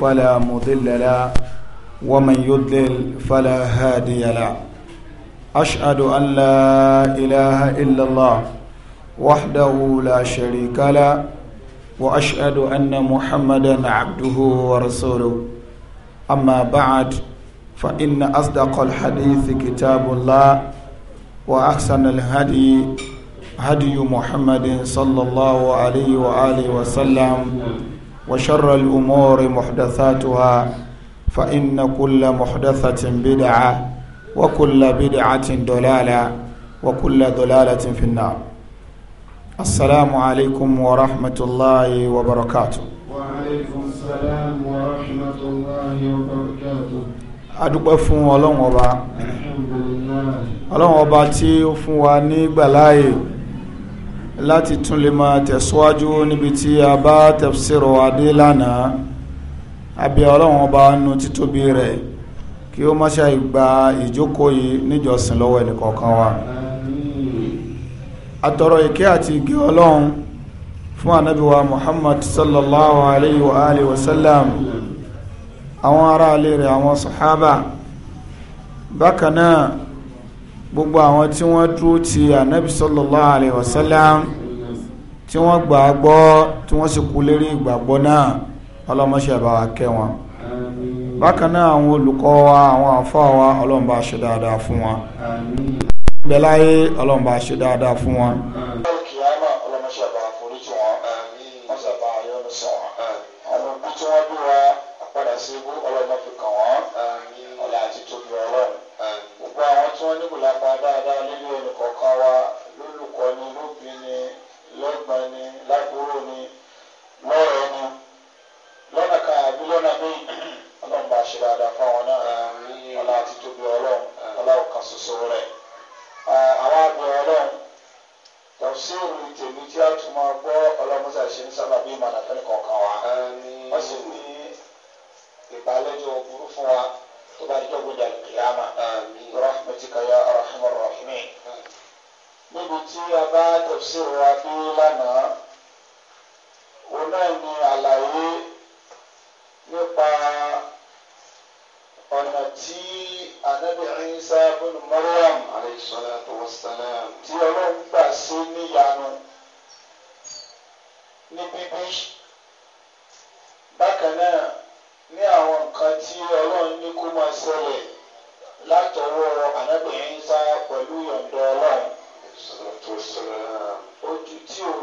فلا مضل لا، ومن يضلل فلا هادي له أشهد أن لا إله إلا الله وحده لا شريك له وأشهد أن محمدا عبده ورسوله أما بعد فإن أصدق الحديث كتاب الله وأحسن الهدي هدي محمد صلى الله عليه وآله وسلم وشر الأمور محدثاتها فإن كل محدثة بدعة وكل بدعة ضلالة وكل ضلالة في النار السلام عليكم ورحمة الله وبركاته وعليكم السلام ورحمة الله وبركاته adúpẹ́ fún ọlọ́run ọba ọlọ́run ọba tí ó fún wa ní gbàláyè láti tún lè máa tẹ̀síwájú níbi tí a bá tafsiru adé lánàá abẹ́ ọlọ́run ọba nu títóbi rẹ̀ kí ó máṣe ìgbà ìjókòó yìí níjọsìn lọ́wọ́ ẹnìkọ̀ọ̀kan wa àtọrọ ìkẹ́ àti ìgẹ́ ọlọ́run fún ànábíwa muhammad sallallahu alayhi wa alihi wa sallam àwọn ará ilé rẹ̀ àwọn sàhábà bákan náà gbogbo àwọn tí wọ́n dúró ti ànábì sallallahu alayhi wa sallam tí wọ́n gbà á gbọ́ tí wọ́n sì kú lérí ìgbàgbọ́ náà ọlọ́mọṣẹ́ bá wa kẹ́ wọn bákan náà àwọn olùkọ́ wa àwọn àfáà wa ọlọ́mọba ṣe dáadáa fún wọn bẹ́láyé ọlọ́mọba ṣe dáadáa fún wọn. Gbogbo àwọn tí wọ́n dáadáa lórí ẹnì kọ̀ọ̀kan wa lẹ́gbọ̀n ni lágbóró ni lọ́rẹ̀ẹ́ ni lọ́nà kan àbí lọ́nà míì ọlọ́run bá ṣe dáadáa fún àwọn náà ọlá àti tóbi ọlọ́run ọlọ́run kan ṣoṣo rẹ̀ àwọn àgbẹ̀ ọlọ́run tafsiru tèmi tí a tún máa gbọ́ ọlọ́mọṣà ṣe ní sábà bí ìmọ̀nà fẹ́ kọ̀ọ̀kan wa wọ́n sì ní ìbálẹ́jọ́ burú fún wa tó bá dé tó gbọdọ̀ kìlámà rahmatika ya arhamar rahimin níbi tí a bá tẹ̀síwò wa dé lánàá òun náà ni àlàyé nípa ọ̀nà tí anabi Isa bin Maryam alayhi salatu wassalam tí ọlọ́run gbà sí níyanu ní bíbí bákan náà ní àwọn nǹkan tí ọlọ́run ní kó máa ṣẹlẹ̀ látọwọ́ anabi Isa pẹ̀lú yọ̀ǹda ọlọ́run.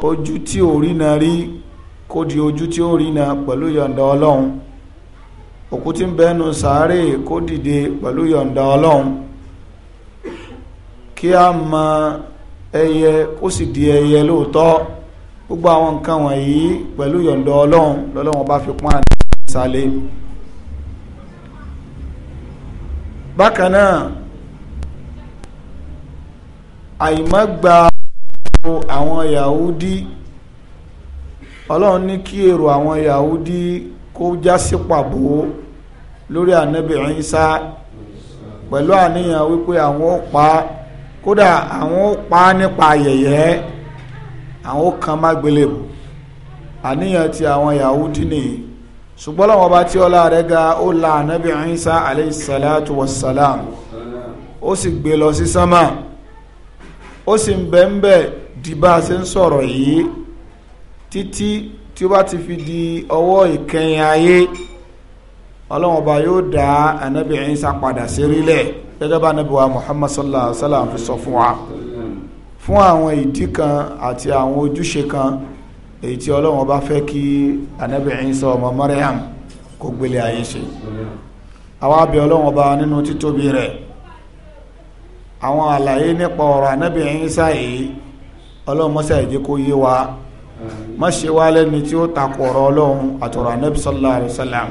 ojú tí ò rí na rí kó di ojú tí ó rí na pẹ̀lú yọ̀ǹda ọlọ́run òkú ń bẹnu sàárè kó dìde pẹ̀lú yọ̀ǹda ọlọ́run kí a mọ ẹyẹ kó sì di ẹyẹ lóòótọ́ gbogbo àwọn nǹkan wọ̀nyí pẹ̀lú yọ̀ǹda ọlọ́run lọ́lọ́run bá fi pọ́n àná ìsàlẹ̀ bákan náà àìmọ́gba àwọn yahudi ọlọ́run ní kí èrò àwọn yahudi kó já sí pàbó lórí ànábì Ìsá pẹ̀lú àníyàn wípé àwọn ó pa kódà àwọn ó pa nípa ayẹyẹ àwọn ó kan mágbélébù àníyàn ti àwọn yahudi nìyí ṣùgbọ́n làwọn ọba tí ọlá rẹ̀ ga ó la ànábì Ìsá aleyhisalatu wasalam ó sì gbé lọ sí sánmà. Si ó sì ń bẹ́ ń bẹ́ di bá a ṣe ń sọ̀rọ̀ yìí títí tí ó bá ti fi di ọwọ́ ìkẹyìn ayé ọlọ́run ọba yóò dá ànábì Ìsá padà sérílẹ̀ gẹ́gẹ́ bá ànábì wa Muhammad sallallahu alaihi wa sallam fi sọ fún wa fún àwọn ìdí kan àti àwọn ojúṣe kan èyí tí ọlọ́run ọba fẹ́ kí ànábì Ìsá ọmọ Maryam kó gbélé ayé ṣe àwa bẹ̀ ọlọ́run ọba nínú títóbi rẹ̀ àwọn àlàyé nípa ọ̀rọ̀ ànábì Ìsá yìí ọlọ́run mọ́sá ìjẹ́ kó yé wa má ṣe wá lẹ́ni tí ó takò ọ̀rọ̀ ọlọ́run àtọ̀rọ̀ ànábì sallallahu alaihi wasallam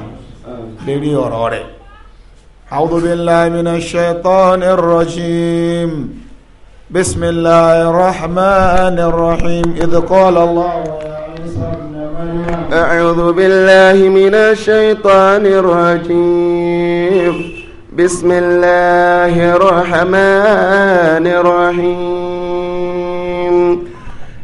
lérí ọ̀rọ̀ rẹ̀. A'udhu billahi minash shaitanir rajim bismillahir rahim idh qala Allah. أعوذ بالله من الشيطان الرجيم بسم الله الرحمن الرحيم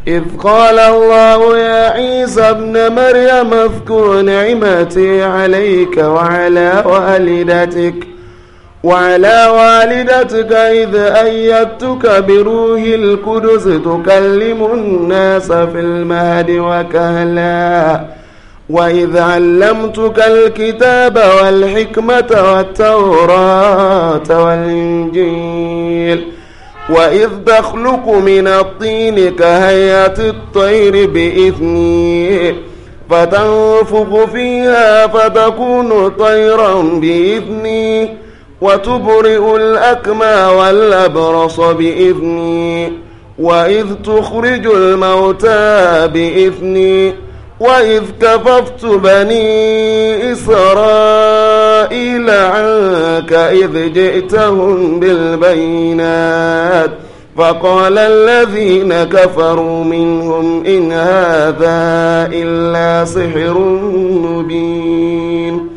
إذ قال الله يا عيسى ابن مريم اذكر نعمتي عليك وعلى والدتك وعلى والدتك إذ أيدتك بروح القدس تكلم الناس في المهد وكهلاً وإذ علمتك الكتاب والحكمة والتوراة والإنجيل وإذ تخلق من الطين كهيئة الطير بإثني فتنفخ فيها فتكون طيرا بإثني وتبرئ الأكمى والأبرص بإثني وإذ تخرج الموتى بإثني وإذ كففت بني إسرائيل عنك إذ جئتهم بالبينات فقال الذين كفروا منهم إن هذا إلا سحر مبين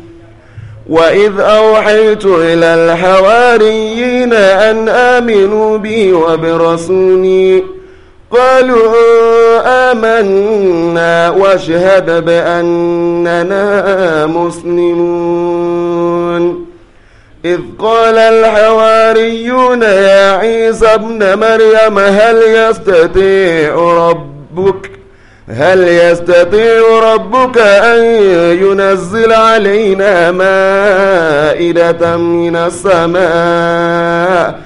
وإذ أوحيت إلى الحواريين أن آمنوا بي وبرسولي قالوا آمنا واشهد بأننا مسلمون إذ قال الحواريون يا عيسى ابن مريم هل يستطيع ربك هل يستطيع ربك أن ينزل علينا مائدة من السماء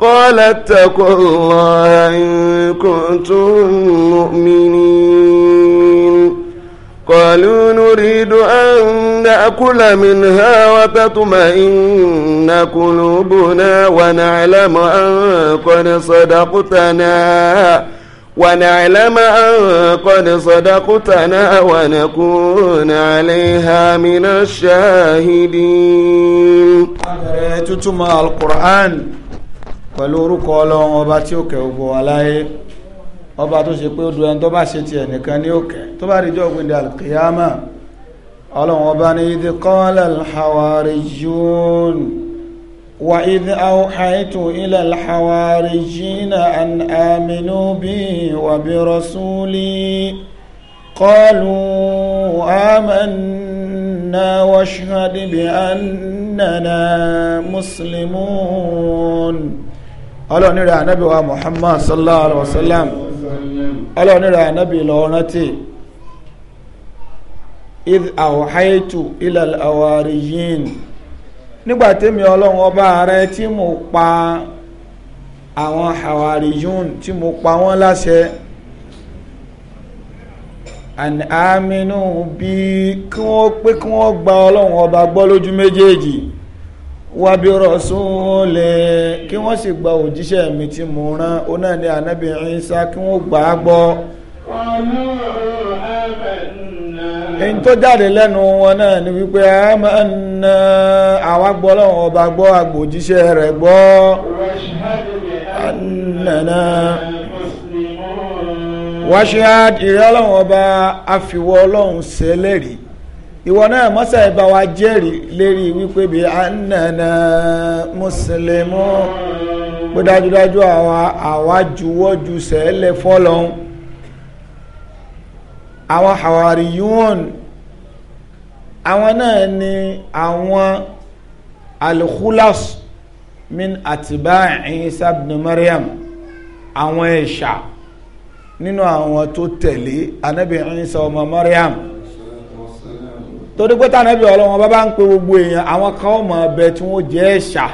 قال اتقوا الله إن كنتم مؤمنين قالوا نريد أن نأكل منها وتطمئن قلوبنا ونعلم أن قد صدقتنا ونعلم أن قد صدقتنا ونكون عليها من الشاهدين. القرآن pẹ̀lú orúkọ ọlọ́run ọba tí ó kẹ́ gbogbo wa láyé ọba tó ṣe pé ó du ẹni tó bá ṣe tiẹ̀ nìkan ní òkè tó bá rí jọ́ ògbìn di alkiyama ọlọ́run ọba ní idh qala alhawariyun wa idh awhaytu ila alhawariyina an aminu bi wa bi rasuli qalu amanna washhad bi annana muslimun ọlọ́nira anabi wa muhammad sallallahu alaihi wa sallam ọlọ́nira anabi lọ́rántí idh awhaytu ilal awariyin nígbàtí mi ọlọ́run ọba rẹ tí mo pa àwọn hawariyun tí mo pa wọ́n láṣẹ an aminu bí kí wọ́n pé kí wọ́n gba ọlọ́run ọba gbọ́ lójú méjèèjì wabirọ̀súnlẹ̀ kí wọ́n sì gba òjíṣẹ́ mi tí mo rán ó náà ní ànábì Ìsá kí wọ́n gbà á gbọ́ ẹni tó jáde lẹ́nu wọn náà ni wípé a máa ń na àwa gbọ́ lọ́wọ́ ọba gbọ́ àgbòjíṣẹ́ rẹ̀ gbọ́ ànàna wáṣíá ọba àfiwọ́ ọlọ́run ṣẹlẹ́rìí ìwọ náà mọ́sà ìbá wa jẹ́rìí lérí wípé bí annana mùsùlùmù pé dájúdájú àwa àwa juwọ́ ju sẹ́lẹ̀ fọ́lọ́hún àwọn hawariyun àwọn náà ni àwọn alkhulas min àtibá Isa ibn Maryam àwọn ẹ̀ṣà nínú àwọn tó tẹ̀lé anábì Isa ọmọ Maryam. torí pé tànàbí ọlọ́wọ́n bá bá ń pe gbogbo èèyàn àwọn kan ó mọ̀ ọbẹ̀ tí wọ́n jẹ́ ẹ̀ṣà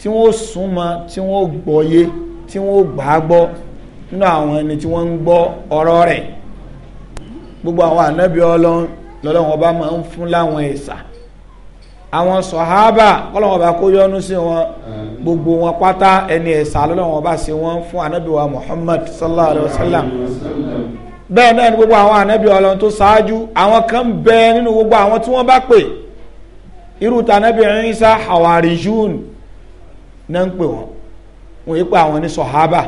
tí wọ́n súnmọ́ tí wọ́n gbọ́yé tí wọ́n gbà á gbọ́ nínú àwọn ẹni tí wọ́n gbogbo àwọn ànábì ọlọ́run lọ́lọ́wọ́n bá máa ń fún láwọn ẹ̀ṣà àwọn sọ̀hábà bá wọn gbogbo wọn pátá ẹni ẹ̀ṣà lọ́lọ́wọ́n bá ṣe wọ́n fún ànábì wa Muhammad sallallahu alayhi wa sallam bẹ́ẹ̀ náà ni gbogbo àwọn ànábì ọlọ́run tó ṣáájú àwọn kan bẹ nínú gbogbo àwọn tí wọ́n bá pè irú tànábì Ìsá hawarijun náà ń pè wọ́n wọ́n yí pé àwọn ní sọ̀hábà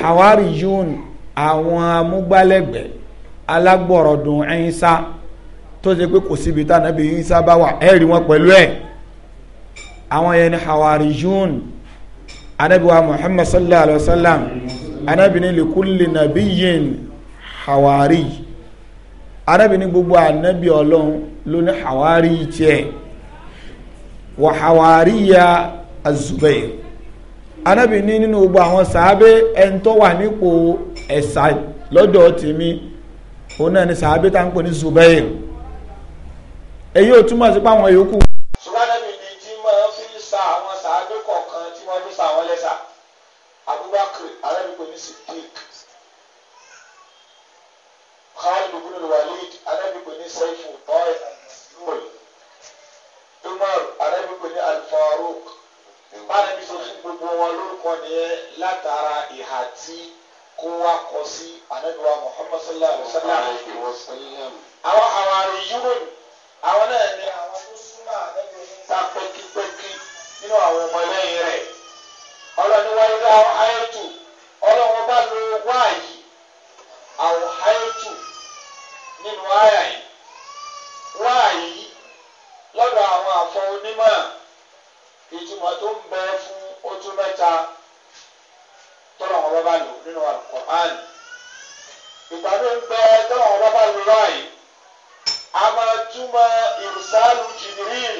hawarijun àwọn amúgbálẹ́gbẹ̀ẹ́ alágbọ̀rọ̀dùn Ìsá tó ṣe pé kò síbi tànábì Ìsá bá wà ẹ̀rí wọn pẹ̀lú ẹ̀ àwọn yẹn ní hawarijun ànábì wa Muhammad sallallahu alayhi wa sallam ànábì ní likulli nabiyyin hawari arábì ní gbogbo ànábì ọlọ́run ló ní hawari tiẹ̀ wà hawari ya azubair anábì ní nínú gbogbo àwọn sàábé ẹni tó wà nípò ẹ̀sà lọ́dọ̀ tèmi òun náà ni sàábé tá ń pè ní zubair èyí ò túmọ̀ sí pé àwọn yòókù Khalid ibn al-Walid Ànábì pè ní Saifu tọ́yì lóòlì Umar Ànábì pè ní Al-Faruq báyìí bí sọ́kì gbogbo wọn lórúkọ nìyẹn látara ìhà tí kó wá kọ sí Ànábì wa Muhammad sallallahu alayhi wa sallam àwọn àwárí yúròn àwọn náà ní àwọn tó súnmọ́ Ànábì ta pẹ́kípẹ́kí nínú àwọn ọmọlẹ́yìn rẹ̀ ọlọ́ni wáyé dá ayẹ́tù ọlọ́wọ́n bá lo wáyé àwòháyẹ́tù. nínú àyà yìí wáàyí lọ́dọ̀ àwọn àfọ onímọ̀ ìtumọ̀ tó ń bẹ fún ojú mẹ́ta tọ́lọ̀ wọn bá bá lò nínú Al-Qur'an ń bẹ tọ́lọ̀ wọn bá a máa túmọ̀ ìrùsálù Jibril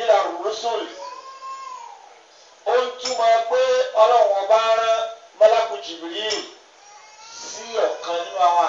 ila rusul ó ń túmọ̀ pé ọlọ́run ọba rán mọ́lákù Jibril sí ọ̀kan nínú àwọn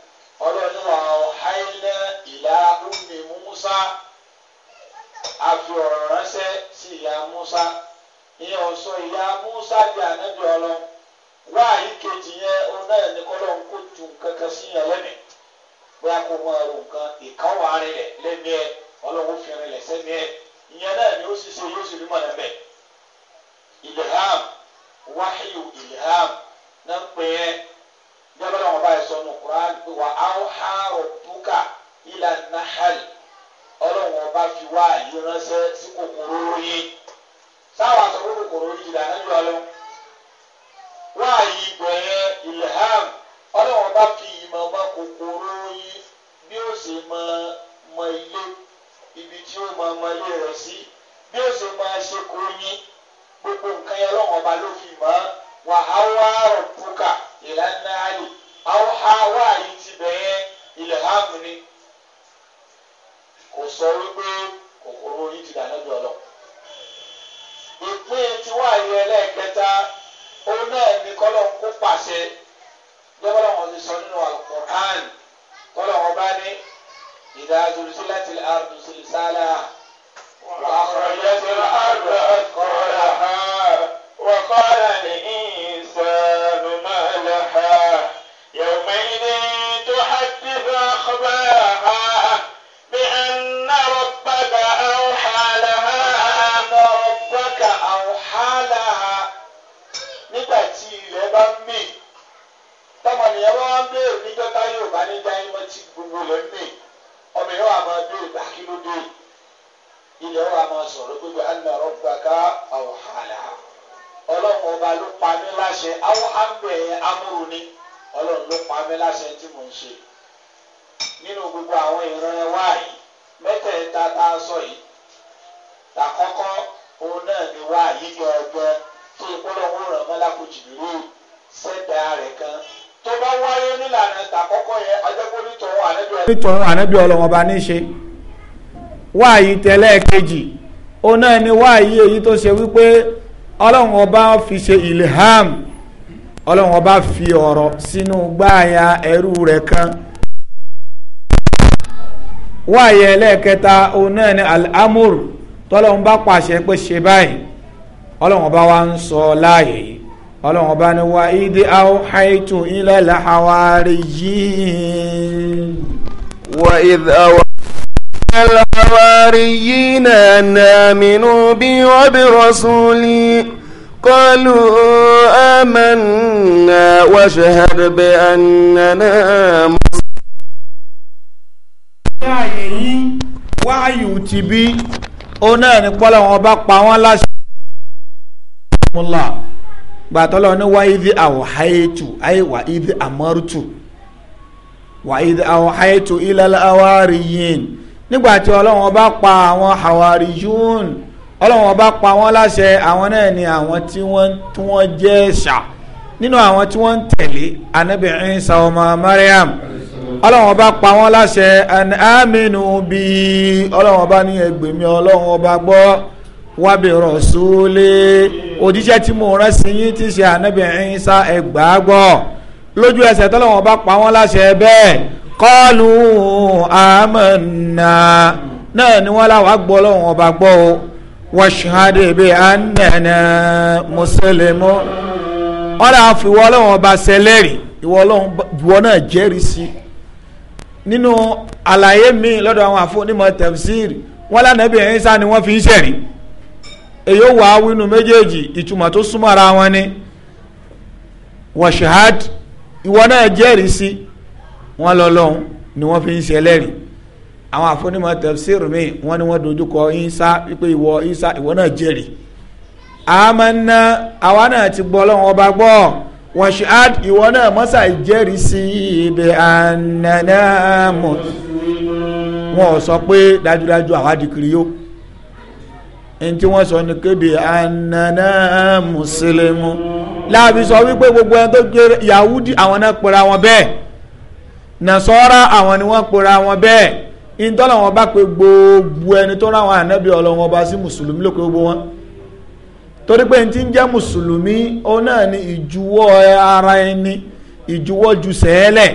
ọlọ́ni wa ọ̀háìnà ìlà ummi musa a fi ọ̀rọ̀ ránṣẹ́ sí ìyá musa ìyẹn ọ̀sọ́ ìyá musa bí ànábì ọlọ́ wáyé kejì yẹn ọ̀nà ẹ̀nìkọ́lọ́ ń kó ju kankan sí yẹn lẹ́nu bóyá kó mọ ẹrù nǹkan ìkáwọ́ arin rẹ̀ lẹ́nu ẹ̀ ọlọ́wọ́ fi rin rẹ̀ sẹ́nu ẹ̀ ìyẹn náà ni ó sì ṣe yóò sì rí mọ̀nà bẹ̀ ilham wáhíù ilham náà pè é jabala wọn báyìí sọ nù Qur'an pé wà á ha rabbuka ila nahal ọlọ́wọ́n bá fi wá àyè ránṣẹ́ sí kòkòrò yìí sáwọn àtọ́kù kòkòrò yìí jìnnà náà jọ lọ. wá àyè gbẹ̀yẹ ilham ọlọ́wọ́n bá fi ìmọ̀ ọmọ kòkòrò yìí bí ó sì mọ mọ ilé ibi tí ó mọ ọmọ ilé rẹ̀ sí bí ó sì mọ ṣe kò yín gbogbo nǹkan yẹn ọlọ́wọ́n bá ló fi mọ́ wàhálà rẹ̀ púkà ìlà nàárì àwọn àwa yìí ti bẹ̀yẹ ìlẹ̀hàmù ni kò sọ wípé kòkòrò yìí ti dànù jọlọ. ìpín tí wọ́n àyè ẹlẹ́ẹ̀kẹta òun náà ní kọ́lọ̀ ń pàṣẹ gbọ́dọ̀ wọn ti sọ nínú al kọ́lọ̀ wọn bá ní ìdá zulzilatil ardu zilzalaha. وأخرجت الأرض أثقالها وقال الإنسان ما bá ń mì tọmọ nìyẹn bá wọn níjọ táyé ò gbogbo lọ ọmọ yẹn wà kí ló dé ilẹ̀ wà sọ̀rọ̀ gbogbo àná rọ́gbà ká ni ọlọ́run ló pa mí láṣẹ tí mò gbogbo àwọn ìran yìí mẹ́tẹ̀ẹ̀ta tá a sọ yìí tàkọ́kọ́ òun náà ni tó ìpolówó ràn mọ́lá sẹ́dá rẹ̀ kan tó bá wáyé ní ṣe wáyé tẹ́lẹ̀ kejì ó náà ni wáyé èyí tó ṣe wípé ọlọ́run ọba fi ṣe ilham ọlọ́run fi ọ̀rọ̀ sínú gbáàyà ẹrú rẹ̀ kan ẹlẹ́ẹ̀kẹta ó náà ni pàṣẹ pé ṣe báyìí ọlọ́run ọba ń sọ láàyè yìí ọlọ́run ọba ni wa ìdí awhaytu ila al-hawariyyin. wa ìdí awọ. الحواريين أن آمنوا بي وبرسولي قالوا آمنا واشهد بأننا مسلمون wáyù tìbí ó náà ní pọ́lọ́ wọn bá pa wọ́n láṣẹ gbàtọ́lọ́ ní wá ìdí àwòháyétu ayé wà ìdí àmọ́rútù wà ìdí àwòháyétu ilẹ̀ awárí yìí nígbà tí ọlọ́wọ́n bá pa àwọn àwárí yún ọlọ́wọ́n bá pa wọ́n láṣẹ àwọn náà ni àwọn tí wọ́n jẹ́ ṣà nínú àwọn tí wọ́n ń tẹ̀lé anabi Isa ọmọ Mariam ọlọ́wọ́n bá pa wọ́n láṣẹ an aminu bíi ọlọ́wọ́n bá ní ẹgbẹ̀mí ọlọ́wọ́n bá gbọ́ wábì rọ̀ṣúlẹ̀ òjíṣẹ́ tí mo rán sí yín ti ṣe ànábì Ìsá ẹgbàágbọ́ lójú ẹsẹ̀ tọ́lọ́wọ́n bá pa wọ́n láṣẹ bẹ́ẹ̀ kọ́ọ̀lù àmọ́nà náà ni wọ́n láwàá gbọ́ lọ́wọ́n bá gbọ́ o wọ́ṣáde bí anana mùsùlùmù wọ́n náà fi wọ́n lọ́wọ́n bá ṣẹlẹ́rì ìwọ náà jẹ́rìí sí nínú àlàyé mi lọ́dọ̀ àwọn àfọ̀nímọ̀ tafsir wọ́n lánàá bí Ìsá ni wọ́n fi ń ṣẹ̀rí èyí ó wà á wínú méjèèjì ìtumọ̀ tó súnmọ́ ara wọn ni wàṣíhad ìwọ náà jẹ́rìí sí wọn lọ lọ́hùn ni wọ́n fi ń ṣe ẹlẹ́rìí àwọn àfúnimọ̀ tafsir mi wọ́n ní wọ́n dojúkọ ìsá wípé ìwọ ìsá ìwọ náà jẹ́rìí àmọ́nà àwa náà ti gbọ́ lọ́wọ́ ọba gbọ́ wàṣíhad ìwọ náà mọ́sà ìjẹ́rìí sí ibi ànànàmù wọn ò sọ pé dájúdájú àwa di kiri yóò ẹni tí wọ́n sọ ni kéde anana mùsùlùmù láàbí sọ wípé gbogbo ẹni tó jẹ yahudi àwọn náà pera wọn bẹ́ẹ̀ nasọ́ra àwọn ni wọ́n pera wọn bẹ́ẹ̀ ìtọ́lọ̀ wọn bá pe gbogbo ẹni tó ráwọn ànábì ọlọ́wọ́n ọba sí mùsùlùmí ló gbogbo wọn torí pé ní ń jẹ́ mùsùlùmí ó náà ni ìjuwọ́ ara ẹni ìjuwọ́ ju sẹ́ẹ̀lẹ̀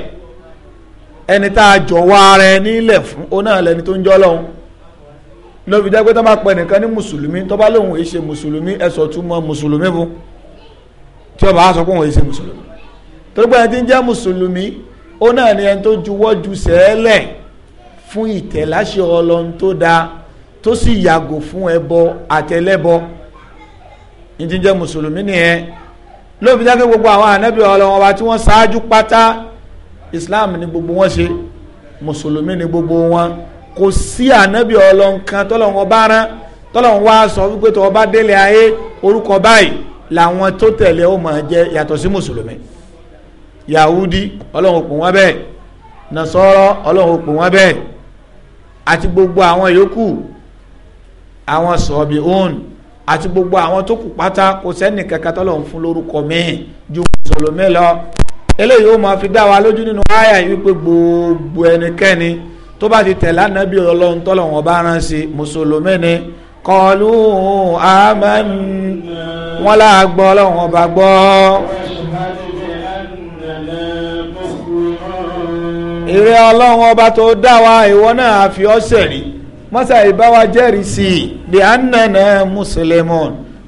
ẹni tá a jọ̀wọ́ ara ẹni lẹ̀ fún ó náà lẹni tó ń jọ́ lọ́hùn ló fi jẹ́ pé tó bá pẹ nìkan ní mùsùlùmí tó bá lóun èyí ṣe mùsùlùmí ẹ̀sọ̀ tún mọ mùsùlùmí fún tí ọba á sọ pé òun èyí ṣe mùsùlùmí torí pé ẹni tí ń jẹ́ mùsùlùmí ó náà ni ẹni tó juwọ́ ju sẹ́ẹ̀lẹ̀ fún ìtẹ̀láṣẹ ọlọ́run tó dáa tó sì yàgò fún ẹbọ àtẹlẹ́bọ ní ti ń jẹ́ mùsùlùmí nìyẹn ló jẹ́ pé gbogbo àwọn ànábì ọlọ́run ọba Islam ni gbogbo wọn ṣe ni gbogbo kò sí ànábì ọlọ́nkan tọ́lọ́run ọba rán tọ́lọ́run wá sọ wípé tó bá délé ayé orúkọ báyìí làwọn tó tẹ̀lé ó máa jẹ yàtọ̀ sí mùsùlùmí yahudi ọlọ́run òpin wọn bẹ́ẹ̀ nasọ́rọ́ ọlọ́run òpin wọn bẹ́ẹ̀ àti gbogbo àwọn yòókù àwọn sọ̀bì òun àti gbogbo àwọn tó kù pátá kò sẹ́ni kankan tọ́lọ́run fún lórúkọ míì ju mùsùlùmí lọ eléyìí ó máa fi dá wa lójú nínú àyà yìí wípé gbogbo ẹnikẹ́ni tó bá ti tẹ̀lé ànábì ọlọ́run tọ́lọ̀ wọn bá rán sí mùsùlùmí ni kọlu amẹ́n wọn là gbọ́ ọlọ́run ọba gbọ́. èrè ọlọ́run ọba tó dá wa ìwọ náà àfi ọ́sẹ̀ rí mọ́sá ìbáwa jẹ́rìí sí i bí ànànà mùsùlùmí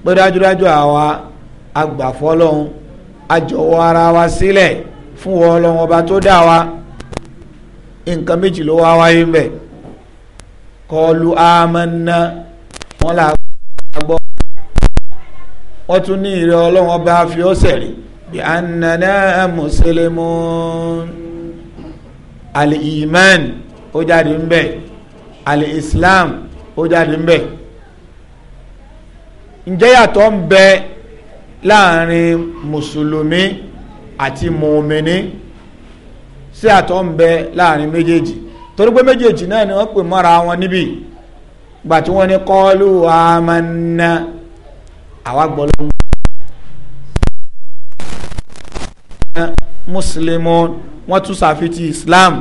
pé dájúdájú àwa agbàfọ́ ọlọ́run àjọwọ́ ara wa sílẹ̀ fún ọlọ́run ọba tó dá wa nǹkan méjì ló wá wáyé ń bẹ̀ kọlu amanna wọn là gbọ́ wọ́n tún ní ìrẹ́ ọlọ́run ọba fi ó sẹ̀rí bí annana muslimun al ó jáde ń bẹ̀ al ó jáde ń bẹ̀ ǹjẹ́ yàtọ̀ ń bẹ láàrin mùsùlùmí àti mùmíní sí àtọ̀ ń bẹ láàrin méjèèjì torí pé méjèèjì náà ni wọ́n pè mọ́ra wọn níbí gbà tí wọ́n ní kọ́ọ́lù àmàna àwa gbọ́ ló ń bọ̀. mùsùlùmí wọ́n tún ṣàfitì islam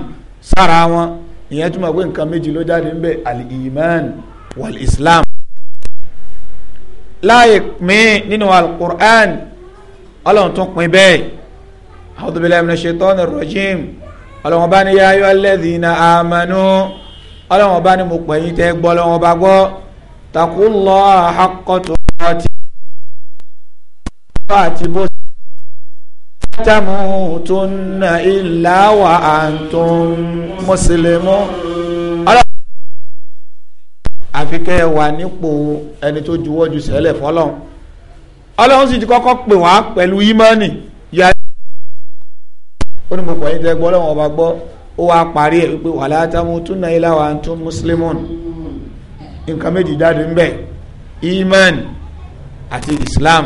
sára wọn ìyẹn túmọ̀ pé nǹkan méjì ló jáde ń bẹ al-iman wal-islam láàyè pín nínú al-Qur'an ọlọ́run tún pín bẹ́ẹ̀ a'udhu billahi minash shaitani rrajim ọlọ́wọ́n bá ní yá ayọ́ alladhina amanu ọlọ́wọ́n bá ní mo pè yín tẹ́ gbọ́ ọlọ́wọ́n bá gbọ́ taqullaha haqqa tuqati àti bó tamutunna illa wa antum muslimun àfi kẹ́ ẹ wà nípò ẹni tó juwọ́ ju sẹ́lẹ̀ fọlọ́n ọlọ́run sì ti kọ́kọ́ pè wá pẹ̀lú ìmánì yá ó ní mo pọ̀ yín tẹ́ gbọ́ lọ́wọ́ ọba gbọ́ ó wá parí ẹ̀ wípé wàlá tamutunna illa wa antum muslimun nǹkan méjì jáde ń bẹ̀ iman àti islam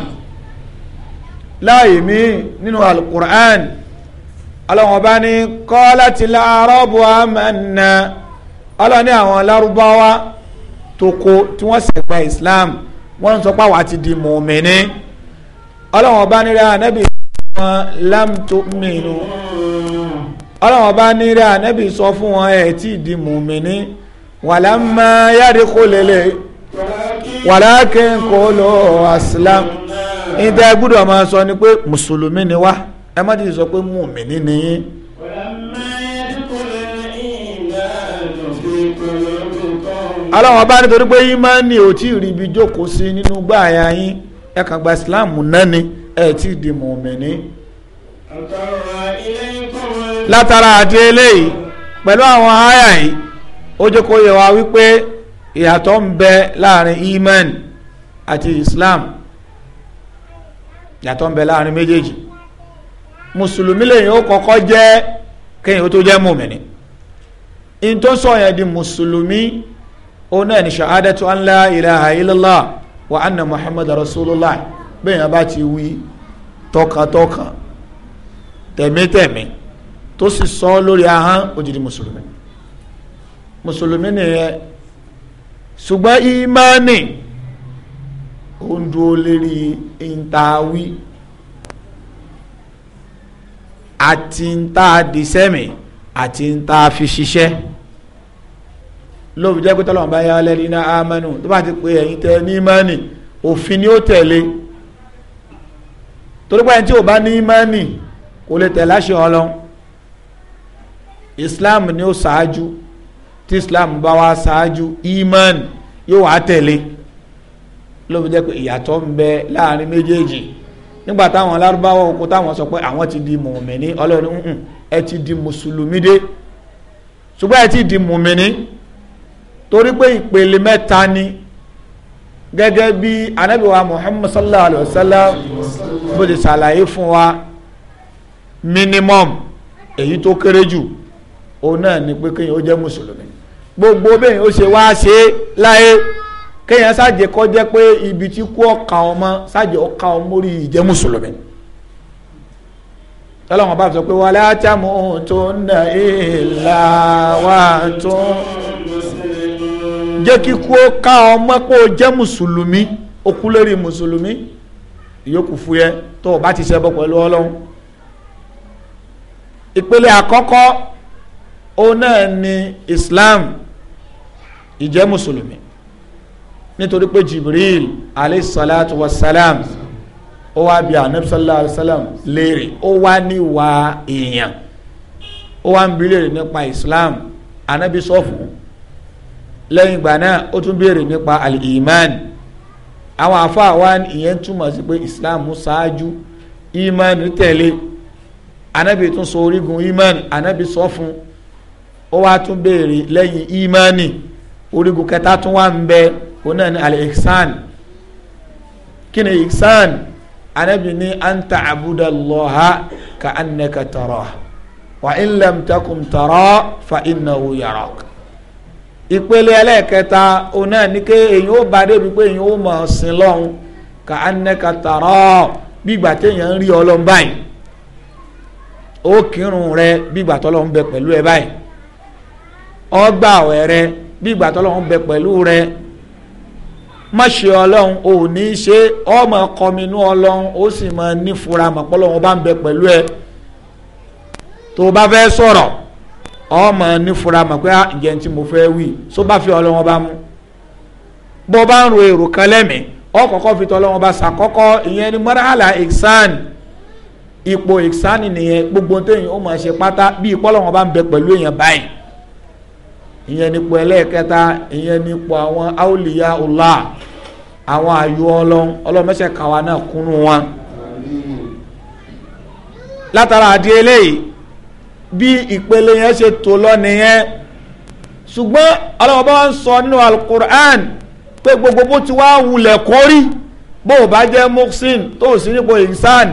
láàyè mí nínú alukur'an ọlọ́wọ́n ọba ní qalatil arabu amanna ọlọ́ni àwọn lárúbáwá tó kó tí wọ́n ṣẹ̀gbà islam wọ́n ń sọ pé àwa ti di mùmíní ọlọ́wọ́n ọba nílẹ̀ anábì wọn lámtó mìíràn ọlọ́wọ́n bá ní rí ànábì sọ fún wọn ẹ̀ tí ìdí mùmíní wàlámà yáde kó lélẹ̀ wàlákẹ́ kó lọ àsìlám ìdá gbọ́dọ̀ máa sọ ni pé mùsùlùmí ni wá ẹ má ti sọ pé mùmíní ni yín. aláwọ̀ bá nítorí pé yín máa ń ní òtí ìrìbí jókòó sí nínú gbàyà yín ẹ̀ka gba ìsìláàmù náà ni ẹ̀ tí di mùmìnì. látara àti eléyìí pẹ̀lú àwọn àyà yìí ó jẹ́ kó yẹ wá wípé ìyàtọ̀ ń bẹ láàrin iman àti islam ìyàtọ̀ ń bẹ láàrin méjèèjì mùsùlùmí lèyìn ó kọ́kọ́ jẹ́ kéyìn ó tó jẹ́ mùmìnì in tó sọ yẹn di mùsùlùmí òun náà ní shahadatu an ilaha illallah wa anna muhammad rasulullah bẹ́ẹ̀ yẹn bá ti wí tọkàntọkàn tẹ̀mítẹ̀mí tó sì sọ lórí ahọ́n ó ti di mùsùlùmí mùsùlùmí nìyẹn ṣùgbọ́n ìmánì ó ń dúró lérí ìntàwí àti ntà dísẹ́mì àti ntà fi ṣiṣẹ́ lóbi jẹ́ pé tọ́lọ́mù bá yá lẹ́ni náà ámánù tó bá ti pé ẹ̀yin tẹ ní ìmánì òfin ni ó tẹ̀lé torí pé ẹni tí ò bá ní ìmánì kò lè tẹ̀ láṣẹ ọlọ́run islam ni ó ṣáájú tí islam bá wá ṣáájú ìmánì yóò wá tẹ̀lé ló fi jẹ́ pé ìyàtọ̀ ń bẹ láàrin méjèèjì nígbà táwọn lárúbáwọ̀ oko táwọn sọ pé àwọn ti di mùmìnì ọlọ́run ń ẹ ti di mùsùlùmí dé ṣùgbọ́n ẹ ti di mùmìnì torí pé ìpele mẹ́ta ni gẹ́gẹ́ bí anabi wa muhammad sallallahu alayhi wa sallam bó ti ṣàlàyé fún wa minimum èyí tó kéré jù òun náà ni pé kéèyàn ó jẹ́ mùsùlùmí gbogbo bẹ́ẹ̀ ó ṣe wá ṣe é láyé kéèyàn ṣàjẹ́ kó jẹ́ pé ibi tí kú ọ̀ka ọmọ ṣàjẹ́ ọ̀ka ọmọ orí ìjẹ́ mùsùlùmí tọ́lọ́wọ́n bá fi sọ pé wala tamutunna illa wa antum jẹ́ kíkú ó ká ọmọ pé ó jẹ́ mùsùlùmí ó kú lórí mùsùlùmí ìyókù fúyẹ́ tó o bá ti ṣẹbọ pẹ̀lú ọlọ́run ìpele àkọ́kọ́ òun náà ni Islam ìjẹ́ mùsùlùmí nítorí pé Jibril aleyhisalatu wasalam ó wá bí anabi sallallahu alayhi wa sallam léèrè ó wá níwà èèyàn ó wá ń bi léèrè nípa Islam anabi lẹ́yìn ìgbà náà ó tún béèrè nípa al-iman àwọn àfáà wa ìyẹn túmọ̀ sí pé islam ṣáájú iman tẹ̀lé anabi tún sọ orígun iman anabi sọ fún ó wá tún béèrè lẹ́yìn imani orígun kẹta tún wà ń bẹ òun náà ni al-ihsan kí ni ihsan anabi ni an ta'abuda allaha ka annaka tara wa in lam takun tara fa innahu yarak ìpele ẹlẹ́ẹ̀kẹta òun náà ní ké èyàn ó ba débi pé èyàn ó mọ̀ sin lọ́hùn ká anẹ́ka tààrọ́ bígbà téèyàn ń rí ọlọ́run báyìí ó kírun rẹ bígbà tọ́lọ́run bẹ pẹ̀lú ẹ báyìí ó gbààwẹ̀ rẹ bígbà tọ́lọ́run bẹ pẹ̀lú rẹ má ọlọ́run ò ní í ṣe ọmọ kọminú ọlọ́run ó sì máa nífura mọ̀pọ́lọ́run bá ń bẹ pẹ̀lú ẹ tó bá ọmọ nífura mọ̀ pé ah, ǹjẹ́ tí mo fẹ́ wí só bá fi ọlọ́wọ́n bá mú bó bá ń ro èrò kan lẹ́mìí ọkọ̀ọ̀kọ̀ fi tọ́lọ́wọ́n bá ṣàkọ́kọ́ ìyẹn ni mọ́ràlá ìsàn ipò ìsàn nìyẹn gbogbo téèyàn ó máa ṣe pátá bí ìpọ́lọ́wọ́n bá ń bẹ pẹ̀lú èèyàn báyìí ìyẹn nípò ẹlẹ́ẹ̀kẹta ìyẹn nípò àwọn aoliya ọlá àwọn àyò ọlọ́run ọlọ́mọṣẹ́ kàwa náà kúnnú wọn látara àdìẹ eléyìí bí ìpele yẹn ṣe tó lọ nìyẹn ṣùgbọ́n ọlọ́wọ́ bá ń sọ nínú alukur'an pé gbogbo bó ti wá wulẹ̀ kórí bó o bá jẹ́ muhsin tó o sì nípo ihsan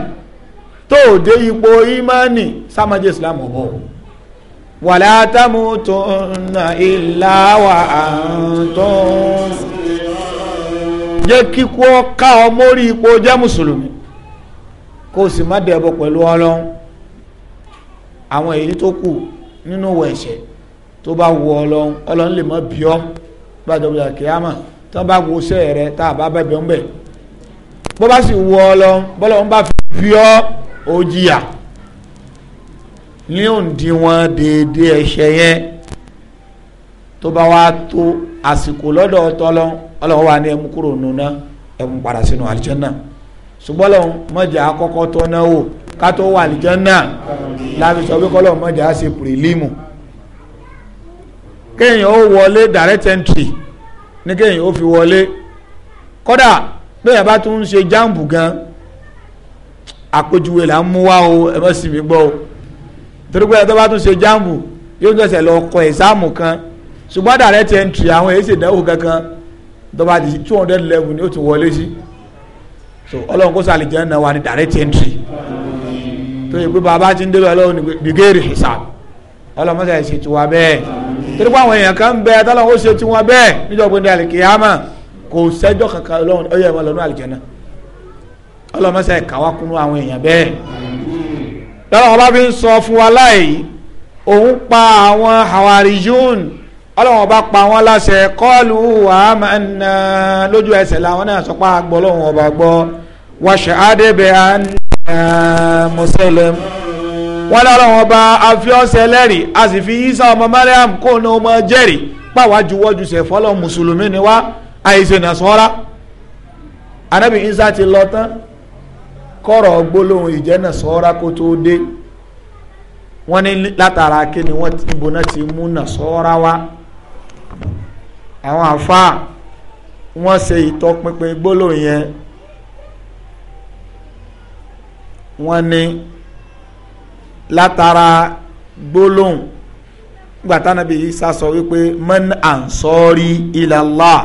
tó o dé ipò imani sàmájẹ́ islam ọ̀bọ̀ wala tamutunna illa wa antum jẹ́ kíkú ká ọ mórí ipò jẹ́ mùsùlùmí kó o sì má dẹ̀bọ̀ pẹ̀lú ọlọ́run àwọn èyí tó kù nínú wọ ẹ̀ṣẹ̀ tó bá wọ ọlọ́run ọlọ́run lè mọ́ bí ọ́ bá dọ̀bọ̀dà kìámà tó bá wo iṣẹ́ rẹ tá a bá bẹ̀bẹ̀ ń bẹ̀ bó bá sì wọ ọlọ́run bọ́lọ́ ń bá bí ọ́ ó jìyà ní òǹdíwọ̀n déédéé ẹ̀ṣẹ̀ yẹn tó bá wá tó àsìkò lọ́dọ̀ ọtọ́lọ́run ọlọ́run wà ní ẹmu kúrò nùnà ẹmu padà sínú àlùjànnà ṣùgbọ́n ọlọ́run mọ̀jà akọ́kọ́ tó náà wò ká tó wà àlìjánná láti sọ pé kọ́lọ́ mọ́jà á ṣe pìrìlímù kéèyàn ó wọlé direct entry ní kéèyàn ó fi wọlé kódà bẹ́ẹ̀ bá tún ń ṣe jáàmù gan àpèjúwe là ń mú wá o ẹ má sì mí gbọ́ o torí ẹ tó bá tún ṣe jáàmù yóò tẹ̀sẹ̀ lọ kọ ẹ̀sáàmù kan ṣùgbọ́n direct entry àwọn èyí ṣèdánwò kankan tó bá two hundred level ni ó tún wọlé sí so ọlọ́run kó sàlìjẹ́ náà wà ní direct entry tó yẹ pé bàbá ti ń débẹ̀ lọ́wọ́ ni bìgẹ́rì hisab ọlọ́mọdé ẹ̀ ṣe ti wá bẹ́ẹ̀ torí pé àwọn èèyàn kan bẹ tọ́lọ́ ó ṣe ti wọn bẹ́ẹ̀ níjọba ní alikiyama kò sẹ́jọ́ kankan lọ́wọ́ ó yẹ lọ́nu alikiyana ọlọ́mọdé ẹ̀ káwá kúnú àwọn èèyàn bẹ́ẹ̀ tọ́lọ́ wọn bá fi ń sọ fún wa láàyè òun pa àwọn hawarijun ọlọ́wọ́n bá pa wọ́n láṣẹ kọ́ọ̀lù àmàna lójú ẹsẹ̀ làwọn náà sọ pé àgbọ̀ lọ́wọ́n ọba gbọ́ wàṣàdé bẹ àná mùsùlùm wọn lọ́rọ̀ bá afiọ́sẹ̀ lẹ́rìí a sì fi Isa ọmọ Mariam kó ní ọmọ jẹ́rìí pàwájú wọ́jú sẹ̀ fọlọ́ mùsùlùmí ni wá àìsè nàṣọ́ra anabi Isa ti lọ tán kọ́rọ̀ gbólóhùn ìjẹ́ nàṣọ́ra kó tó dé wọ́n ní látara kí ni wọ́n ti bọ́nà ti mú nàṣọ́ra wá àwọn àfa wọ́n ṣe ìtọpinpin gbólóhùn yẹn wọ́n ní látara gbólóhùn gbàtà nàbí Isa sọ wípé man ansori ilallah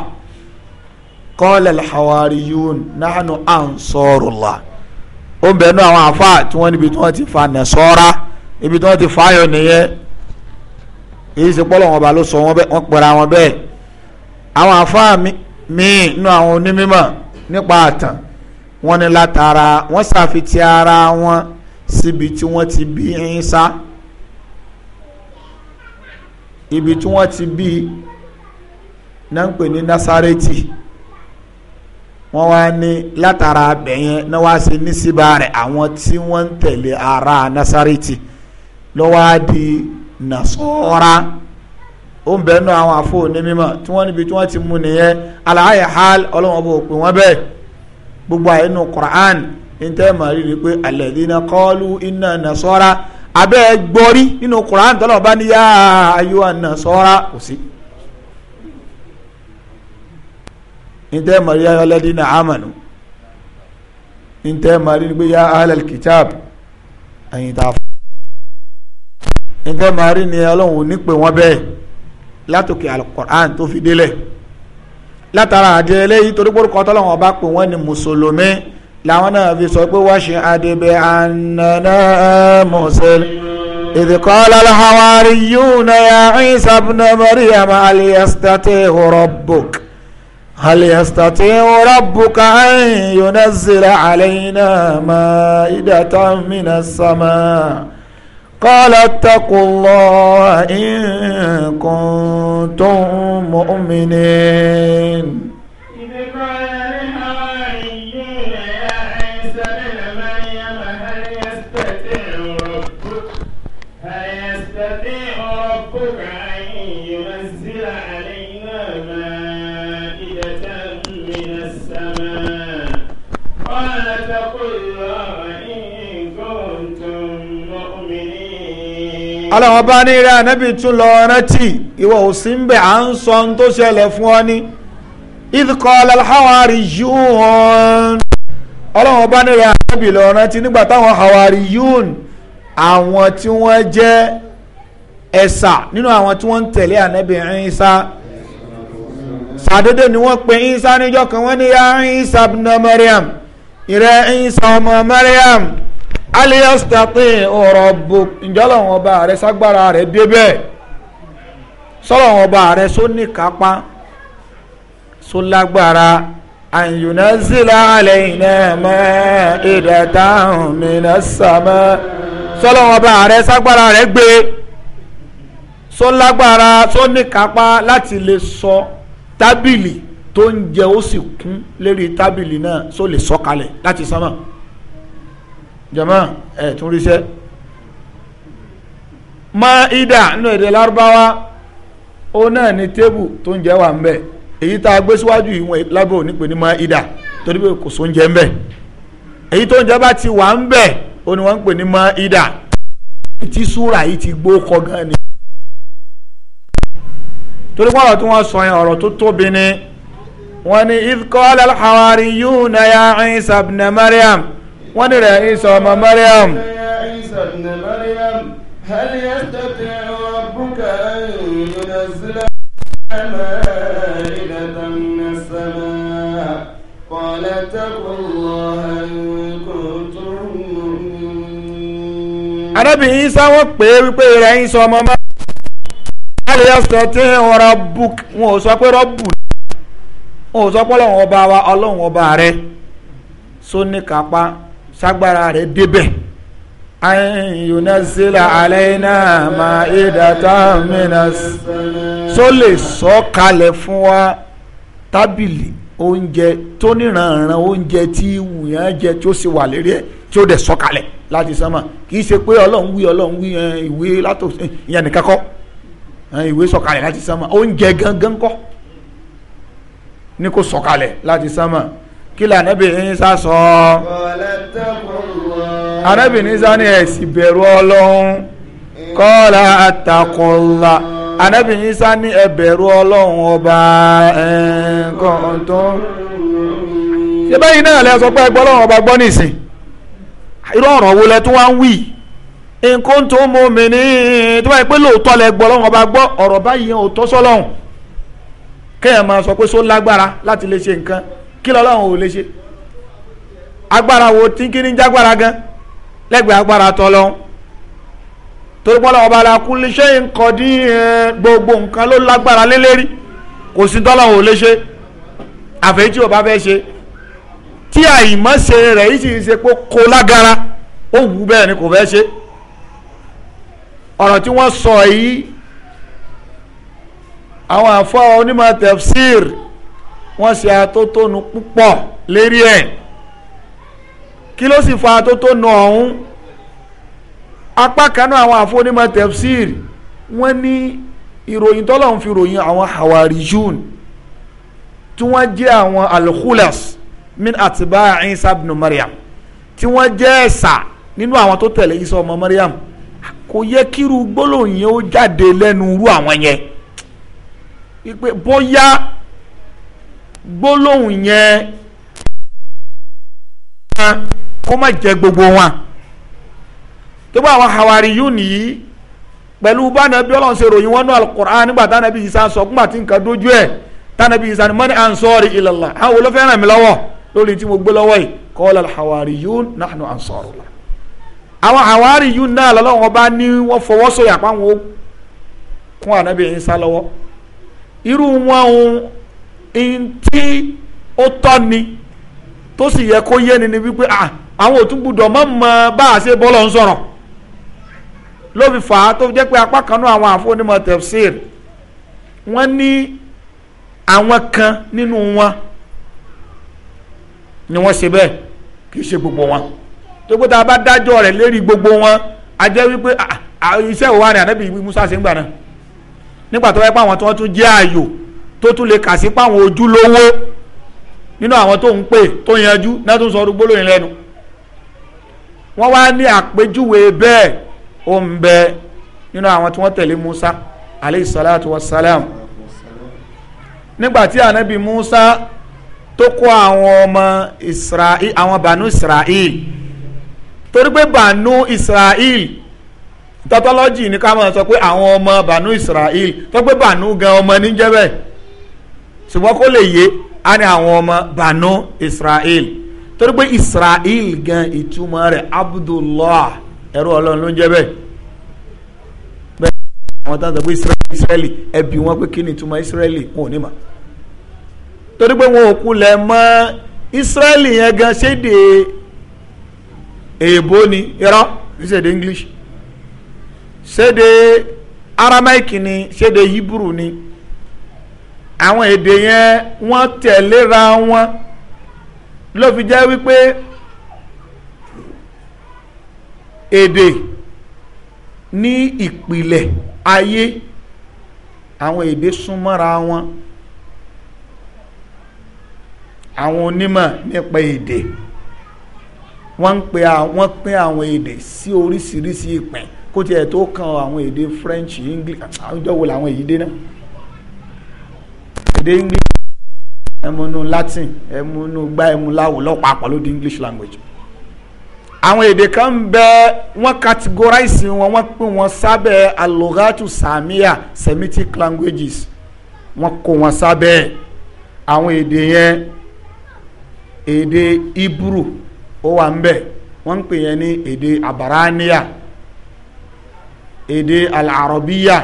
qala alhawariyun nahnu ansorullah ó ń bẹ̀ẹ́nu àwọn àfáà tí wọ́n níbi tí wọ́n ti fa nẹ̀sọ́ra ibi tí wọ́n ti fáyọ̀ nìyẹn èyí ṣe pọ́lọ̀ wọn ba ló sọ wọ́n pẹ̀ra wọn bẹ́ẹ̀ àwọn àfáà míì nínú àwọn onímọ̀ nípa àtàn wọ́n ní látara wọ́n ṣàfitì ara wọn síbi tí wọ́n ti bí Ìsá ibi tí wọ́n ti bí náà ń pè ní Násárẹ́tì wọ́n wá ní látara abẹ̀yẹn náà wá sí nísìbà rẹ̀ àwọn tí wọ́n ń tẹ̀lé ara Násárẹ́tì lọ́wọ́ á di Nasọ́ra ó ń bẹ̀ẹ́ nù àwọn àfọ̀ onímọ̀ tí wọ́n níbi tí wọ́n ti mú nìyẹn aláhàyè hàl ọlọ́wọ́n bò pé wọ́n bẹ́ẹ̀ gbogbo àyẹnu Quran níta ẹ̀ máa rí rí pé alladhina qalu inna nasara abẹ́ ẹ gbọ́rí nínú Quran tọ́lọ̀ bá ní yá ayé wa nasara kò sí. níta ẹ̀ máa rí ayé alladhina amanu níta ẹ̀ máa rí rí pé yá ahlal kitab ẹ̀yin tá a fọ́. níta ẹ̀ ni ọlọ́run ò ní pè wọ́n bẹ́ẹ̀ látòkè al-Quran tó fi délẹ̀ látara àdé eléyìí torí pórúkọ tọ́lọ́wọ́n ọba pè wọ́n ní mùsùlùmí làwọn náà fi sọ pé wọ́n ṣe àdébẹ̀ ànàdá mùsùlùmí ìdíkọ́lá làwárí yóò na ya Isa ibn Maryam aliyastati rabbuk aliyastati rabbuk an yunazila alayna ma'idatan minas samaa. قال اتقوا الله إن كنتم مؤمنين aláwọn bá ní rẹ ànábì tún lọ rántí ìwọ ò sí ń bẹ à ń sọ ohun tó ṣẹlẹ̀ fún ọ ní ìdíkọ aláhàwárí yún ọlọ́wọ́n bá ní rẹ ànábì lọ rántí nígbà táwọn hàwárí yún àwọn tí wọ́n jẹ́ ẹ̀sà nínú àwọn tí wọ́n ń tẹ̀lé ànábì Ìsá sàdédé ni wọ́n pe Ìsá níjọ́ kan wọ́n ní ya Ìsá ibn Maryam ìrẹ Ìsá ọmọ Maryam aliyastatin ọ̀rọ̀ bo ǹjọ́lọ́wọ́n ọba rẹ ságbára rẹ débẹ̀ sọ́lọ́wọ́n ọba rẹ só ní kápá só lágbára àyùnázílà àlẹ́yìnà mọ́ ìdàtàhùn mìíràn sàmọ́ sọ́lọ́wọ́n ọba rẹ ságbára rẹ gbé só lágbára só ní kápá láti lè sọ tábìlì tó ń jẹ ó sì kún lérí tábìlì náà só lè sọ kalẹ̀ láti sánmọ̀. So jama ẹ tún ríṣẹ maida nínú èdè lárúbáwá ó náà ní tébù tó ń jẹ wà ń bẹ èyí tá a gbé síwájú ìwọn lábẹ́ òní pè ní maida torí pé kò sóúnjẹ ń bẹ èyí tó ń jẹ bá ti wà ń bẹ ó wọn pè ní maida tí súra yìí ti gbó kọ gan ni torí pé ọ̀rọ̀ tí wọ́n sọ yẹn ọ̀rọ̀ tó tóbi ni wọ́n ní idh qala al-hawariyuna ya Isa ibn Maryam wọ́n ní rẹ̀ Ìsá ọmọ Mariam. هل يستطيع ربك أن ينزل مائدة من السماء قال اتقوا الله إن كنتم مؤمنين arábìnrin Ìsá wọ́n pè é wípé rẹ̀ Ìsá ọmọ Mariam alẹ́sọ̀ tí ọ̀rọ̀ book wọn ò sọ pé rọ́bù wọn ò sọ pé ọlọ́run ọba wa ọlọ́run ọba rẹ̀ sóníkápá sagbara rẹ̀ ayunazila ayinunasila ma idata minas so lè sọ kalẹ̀ fún wa tábìlì oúnjẹ tó níranran oúnjẹ tí wùyàn jẹ tí ó sì wà lérí ẹ tí ó dẹ̀ sọ̀kalẹ̀ láti sánmà kì í ṣe pé ọlọ́run wí ọlọ́run wí ìwé látò ìyẹn nìkan kọ́ ìwé sọ̀kalẹ̀ láti sánmà oúnjẹ gangan kọ́ ni kò sọ̀kalẹ̀ láti sánmà kí lè ànábì Ìsá sọ. ànábì Ìsá ní ẹ̀sìn bẹ̀rù ọlọ́run kọ́lá àtàkùnlá ànábì Ìsá ní ẹ bẹ̀rù ọlọ́run ọba nǹkan tó. ṣé báyìí náà lẹ sọ pé ẹ gbọ́ ọlọ́run ọba gbọ́ nìsín irú ọ̀rọ̀ wo lẹ tún wá ń wí nǹkan tó mú mi ní tó báyìí pé lóòótọ́ lẹ gbọ́ ọlọ́run ọba gbọ́ ọ̀rọ̀ báyìí yẹn ò tọ́ sọ́lọ́run kẹ́yìn máa sọ pé só lágbára láti lè ṣe nǹkan kí lọ́lọ́run ò lè ṣe agbára wo tí kí ní jágbára gan lẹ́gbẹ̀ẹ́ agbára tọ́lọ́run torí pọ́lọ́ ọba la kulli shay'in qadir gbogbo nǹkan ló lágbára lélẹ́rí kò sí tọ́lọ́run ò lè ṣe àfẹ́yí tí ọba fẹ́ ṣe tí àìmọ́ṣe rẹ̀ yìí sì ń ṣe pé kó lágara ó wù bẹ́ẹ̀ ni kò fẹ́ ṣe ọ̀rọ̀ tí wọ́n sọ yìí àwọn àfọ́ onímọ̀ tafsir wọ́n ṣe atótónu púpọ̀ lérí ẹ̀ kí ló sì fa atótónu ọ̀hún apá kan náà àwọn àfonímọ̀ tefsir wọ́n ní ìròyìn tọ́lọ́hún fi ròyìn àwọn hawarijun tí wọ́n jẹ́ àwọn alkhulas min atiba isa ibn mariam tí wọ́n jẹ́ ẹ̀sà nínú àwọn tó tẹ̀lé isa ọmọ mariam kò yẹ kíru gbólóhùn ó jáde lẹ́nu irú àwọn yẹn bóyá gbólóhùn yẹn kó má jẹ gbogbo wọn gbogbo àwọn hawari yìí nìyí pẹ̀lú bána bí ọlọ́run ṣe ròyìn wọn ní alukur'an nígbà táwọn ẹbí Ìsá sọ kúmà tí nǹkan dojú ẹ̀ táwọn ẹbí Ìsá ni mọ́ni ansọ́ọ̀rì ìlàlá àwọn olófẹ́ ràn mí lọ́wọ́ lórí tí mo gbé lọ́wọ́ yìí kọ́lá hawari yìí nàánú ansọ́ọ̀rùlá àwọn hawari yìí náà lọ́wọ́ bá ní wọ́n fọwọ́sọ̀yà pàwọn kún ànábì Ìsá lọ́wọ́ irú wọn ntí ó tọ́ ni tó sì yẹ kó yé ni ni wípé ah, àwọn òtún gbúdọ̀ mọ́ mọ́ bá a ṣe bọ́lọ̀ ń sọ̀rọ̀ ló fi fà á tó jẹ́ pé apá kan náà àwọn àfọwọ́nímọ̀ tafsir wọ́n ní àwọn kan nínú wọn ni wọ́n ṣe bẹ́ẹ̀ kì í ṣe gbogbo wọn tó gbé tá a bá dájọ́ rẹ̀ lérí gbogbo wọn a jẹ́ wípé ah, ah, iṣẹ́ òwa ni ànábì Musa ṣe ń gbà náà nígbà tó wáyé pé àwọn tí wọ́n tún jẹ́ ààyò tó tún lè kà sí páwọn ojúlówó nínú àwọn tó ń pè tó yanjú náà tó ń sọ ọdún gbólóyìn lẹ́nu wọ́n wá ní àpèjúwe bẹ́ẹ̀ ó ń bẹ nínú àwọn tí wọ́n tẹ̀lé Musa aleyhi salatu wa salam nígbàtí anabi Musa tó kó àwọn ọmọ Israel àwọn banu Israel torí pé banu Israel tọ́tọ́lọ́jì ní ká máa sọ pé àwọn ọmọ banu Israel tó banu bànú gan ọmọ níjẹ́ bẹ́ẹ̀ ṣùgbọ́n kó lè yé a ní àwọn ọmọ banu israel torí pé israel gan ìtumọ̀ rẹ̀ abdullah ẹrú ọlọ́run ló ń jẹ́ bẹ́ẹ̀ bẹ́ẹ̀ àwọn tó ń israeli ẹbí wọn pé kí ni ìtumọ̀ israeli wọn ò ní mà torí pé wọn ò kulẹ̀ mọ́ israeli yẹn gan ṣéde èèbó ni irọ́ kì í ṣèdè english ṣéde aramaic ni ṣéde hebrew ni àwọn èdè yẹn wọ́n tẹ̀léra wọn ló fi jẹ́ wípé èdè ní ìpìlẹ̀ ayé àwọn èdè súnmọ́ra wọn àwọn onímọ̀ nípa èdè wọ́n ń pe àwọn pín àwọn èdè sí oríṣiríṣi ìpín kó tiẹ̀ tó kan àwọn èdè French English àwùjọ wo làwọn èyí dé náà èdè english emunu latin ẹmúnú gbá ẹmúláwò lọ́pàápàá ló di english language àwọn èdè kan ń bẹ wọn categorize wọn wọn pín wọn sábẹ́ alogatu samia semitic languages wọn kó wọn sábẹ́ àwọn èdè yẹn èdè ibru ó wà ń bẹ wọn ń pè yẹn ní èdè abarania èdè alarabiya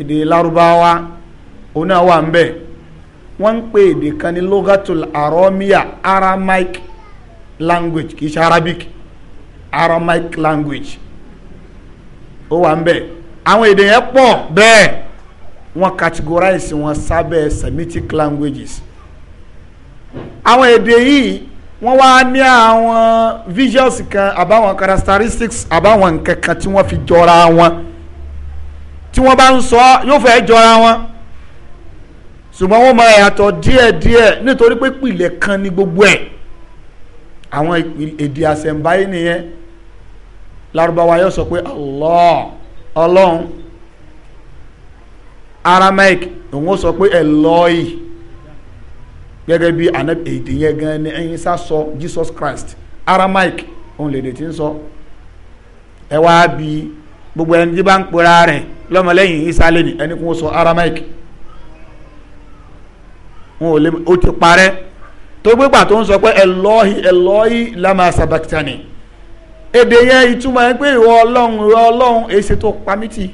èdè larubawa ó náà wà ń bẹ wọ́n ń pè èdè kan ní logatul aromia aramaic language kì í ṣe arabic aramaic language ó wà ń bẹ̀ àwọn èdè yẹn pọ̀ bẹ́ẹ̀ wọ́n categorize wọn sábẹ́ semitic languages àwọn èdè yìí wọ́n wá ní àwọn visuals kan àbáwọn characteristics àbáwọn nǹkan kan tí wọ́n fi jọra wọn tí wọ́n bá ń sọ yóò fẹ́ jọra wọn ṣùgbọ́n wọ́n máa yàtọ̀ díẹ̀díẹ̀ nítorí pé pìlẹ̀ kan ní gbogbo ẹ̀ àwọn èdè àṣẹ̀ǹbáyé nìyẹn Lárúbáwá yóò sọ pé Allah ọlọ́run Aramaic òun sọ pé Eloi gẹ́gẹ́ bí èdè yẹn gan ni ẹyin sá sọ Jesus Christ Aramaic òun lèdè tí ń sọ ẹ wá bí gbogbo ẹni tí bá ń pera lọ́mọlẹ́yìn Isa ẹni sọ Aramaic. wọn ò lè ó ti parẹ́ tó gbégbà tó ń sọ pé ẹlọ́hì ẹlọ́hì lámà sabakitani èdè yẹn ìtumọ̀ yẹn pé ìwọ ọlọ́run ìwọ ọlọ́run èsì tó pamítì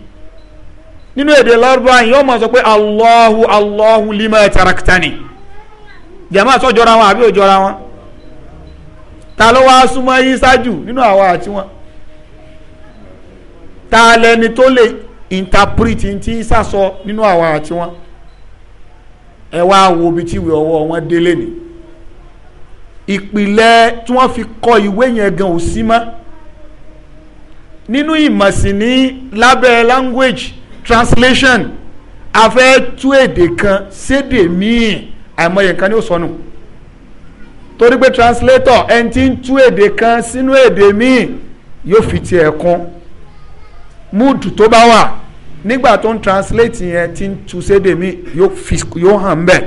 nínú èdè lọ́rùbá ya yóò máa sọ pé allahu allahu lima tarakitani jama sọ jọra wọn àbí ò jọra wọn ta ló wá súnmọ́ yín ṣáájú nínú àwa àti wọn ta lẹni tó lè interpret ti ń sàsọ nínú àwa àti wọn. ẹ wá wo ibi tí ìwé ọwọ́ wọn délé ni ìpìlẹ̀ tí wọ́n fi kọ ìwé yẹn gan ò sí mọ́ nínú ìmọ̀sí ní lábẹ́ language translation a fẹ́ tú èdè kan sédè míì àìmọye nǹkan ni ó sọnù torí pé translator ẹni tí ń tú èdè kan sínú èdè míì yóò fi tiẹ̀ kún múùdù tó bá wà nígbà tó ń translate yẹn tí ń tu sédè mí yóò hàn bẹ́ẹ̀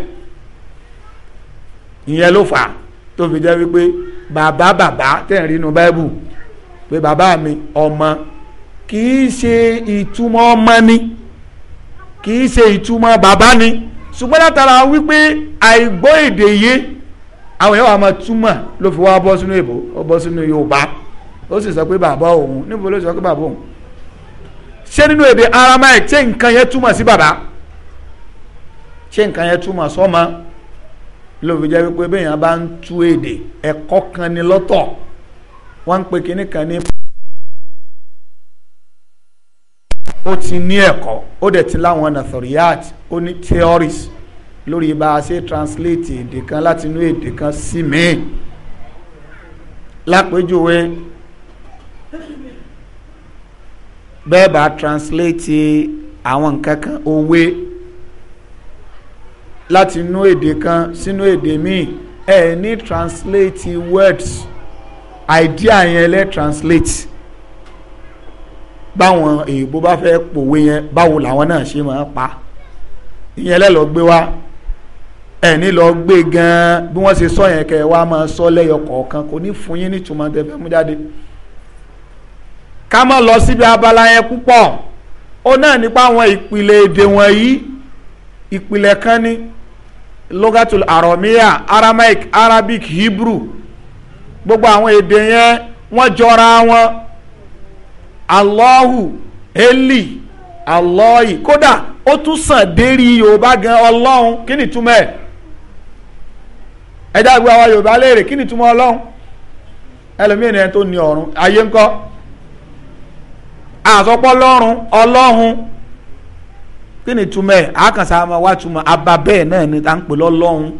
ìyẹn ló fà á tó fi jẹ́ wípé bàbá bàbá tẹ̀ ń rí inú báíbù pé bàbá mi ọmọ kì í ṣe ìtumọ̀ ọmọ ni kì í ṣe ìtumọ̀ bàbá ni ṣùgbọ́n látara wípé àìgbọ́ èdè yé àwọn èèyàn wà máa túmọ̀ ló fi wá bọ́ sínú èbó ó bọ́ sínú yorùbá ó sì sọ pé bàbá òun níbo ló sọ pé bàbá òun ṣé nínú èdè Aramaic ṣé nǹkan yẹn túmọ̀ sí bàbá ṣé nǹkan yẹn túmọ̀ sọ́mọ ló fi jẹ́ wípé béèyàn bá ń tú èdè ẹ̀kọ́ kan ní lọ́tọ̀ wọ́n ń pe kinní kan ní. ó ti ní ẹ̀kọ́ ó dẹ̀ ti láwọn nathriyat ó ní theories lórí bá a ṣe translate èdè kan látinú èdè kan sí míì lápèjúwe. bẹ́ẹ̀ bá translate àwọn nǹkan kan òwe láti inú èdè kan sínú èdè míì ẹ ní translate words idea yẹn lẹ́ translate báwọn èèbó bá fẹ́ pòwe yẹn báwo làwọn náà ṣe máa pa ìyẹn lẹ́lọ́ gbé wá ẹni lọ gbé gan bí wọ́n ṣe sọ yẹn kẹ́ wá máa sọ lẹ́yọ kọ̀ọ̀kan kò ní fún yín nítumọ̀ tẹ́ fẹ́ mú jáde. ká má lọ síbi abala yẹn púpọ̀ ó náà nípa àwọn ìpìlẹ̀ èdè wọ̀nyí ìpìlẹ̀ kan ní logatul aromiya aramaic arabic hebrew gbogbo àwọn èdè yẹn wọ́n jọra wọn allahu eli allahi kódà ó tún sàn dérí yorùbá gan ọlọ́run kí ni túmọ̀ ẹ̀ ẹ̀dá àgbà wa yorùbá léèrè kí ni túmọ̀ ọlọ́run ẹlòmíràn tó ní ọ̀run ayé ńkọ́ a lọ́rùn ọlọ́hun kí ni túmọ̀ ẹ̀ àkànṣe àmọ́ wá túmọ̀ naanị náà ni tá ń pè lọ́lọ́hun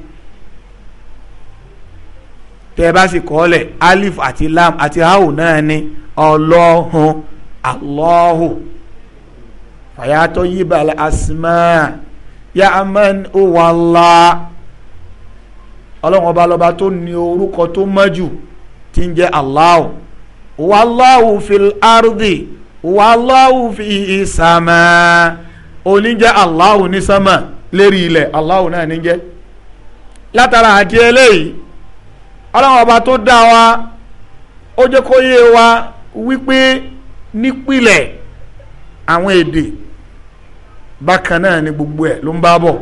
tẹ́ ẹ bá sì alif àti lam àti hau náà ni ọlọ́hun alọ́hù fàyàtọ̀ yìí asimá ya amán ọlọ́run ọba lọ́ba tó ní orúkọ tó mọ́jù tí ń jẹ́ aláwọ̀ wàláwù wàláwù fi sàmà oníjẹ́ aláwù ní sàmà lérí ilẹ̀ aláwù náà níjẹ́ látara àti eléyìí ọlọ́run ọba tó dá wa ó wa wípé nípìlẹ̀ àwọn èdè bákan náà ni gbogbo ẹ̀ ló ń bá bọ̀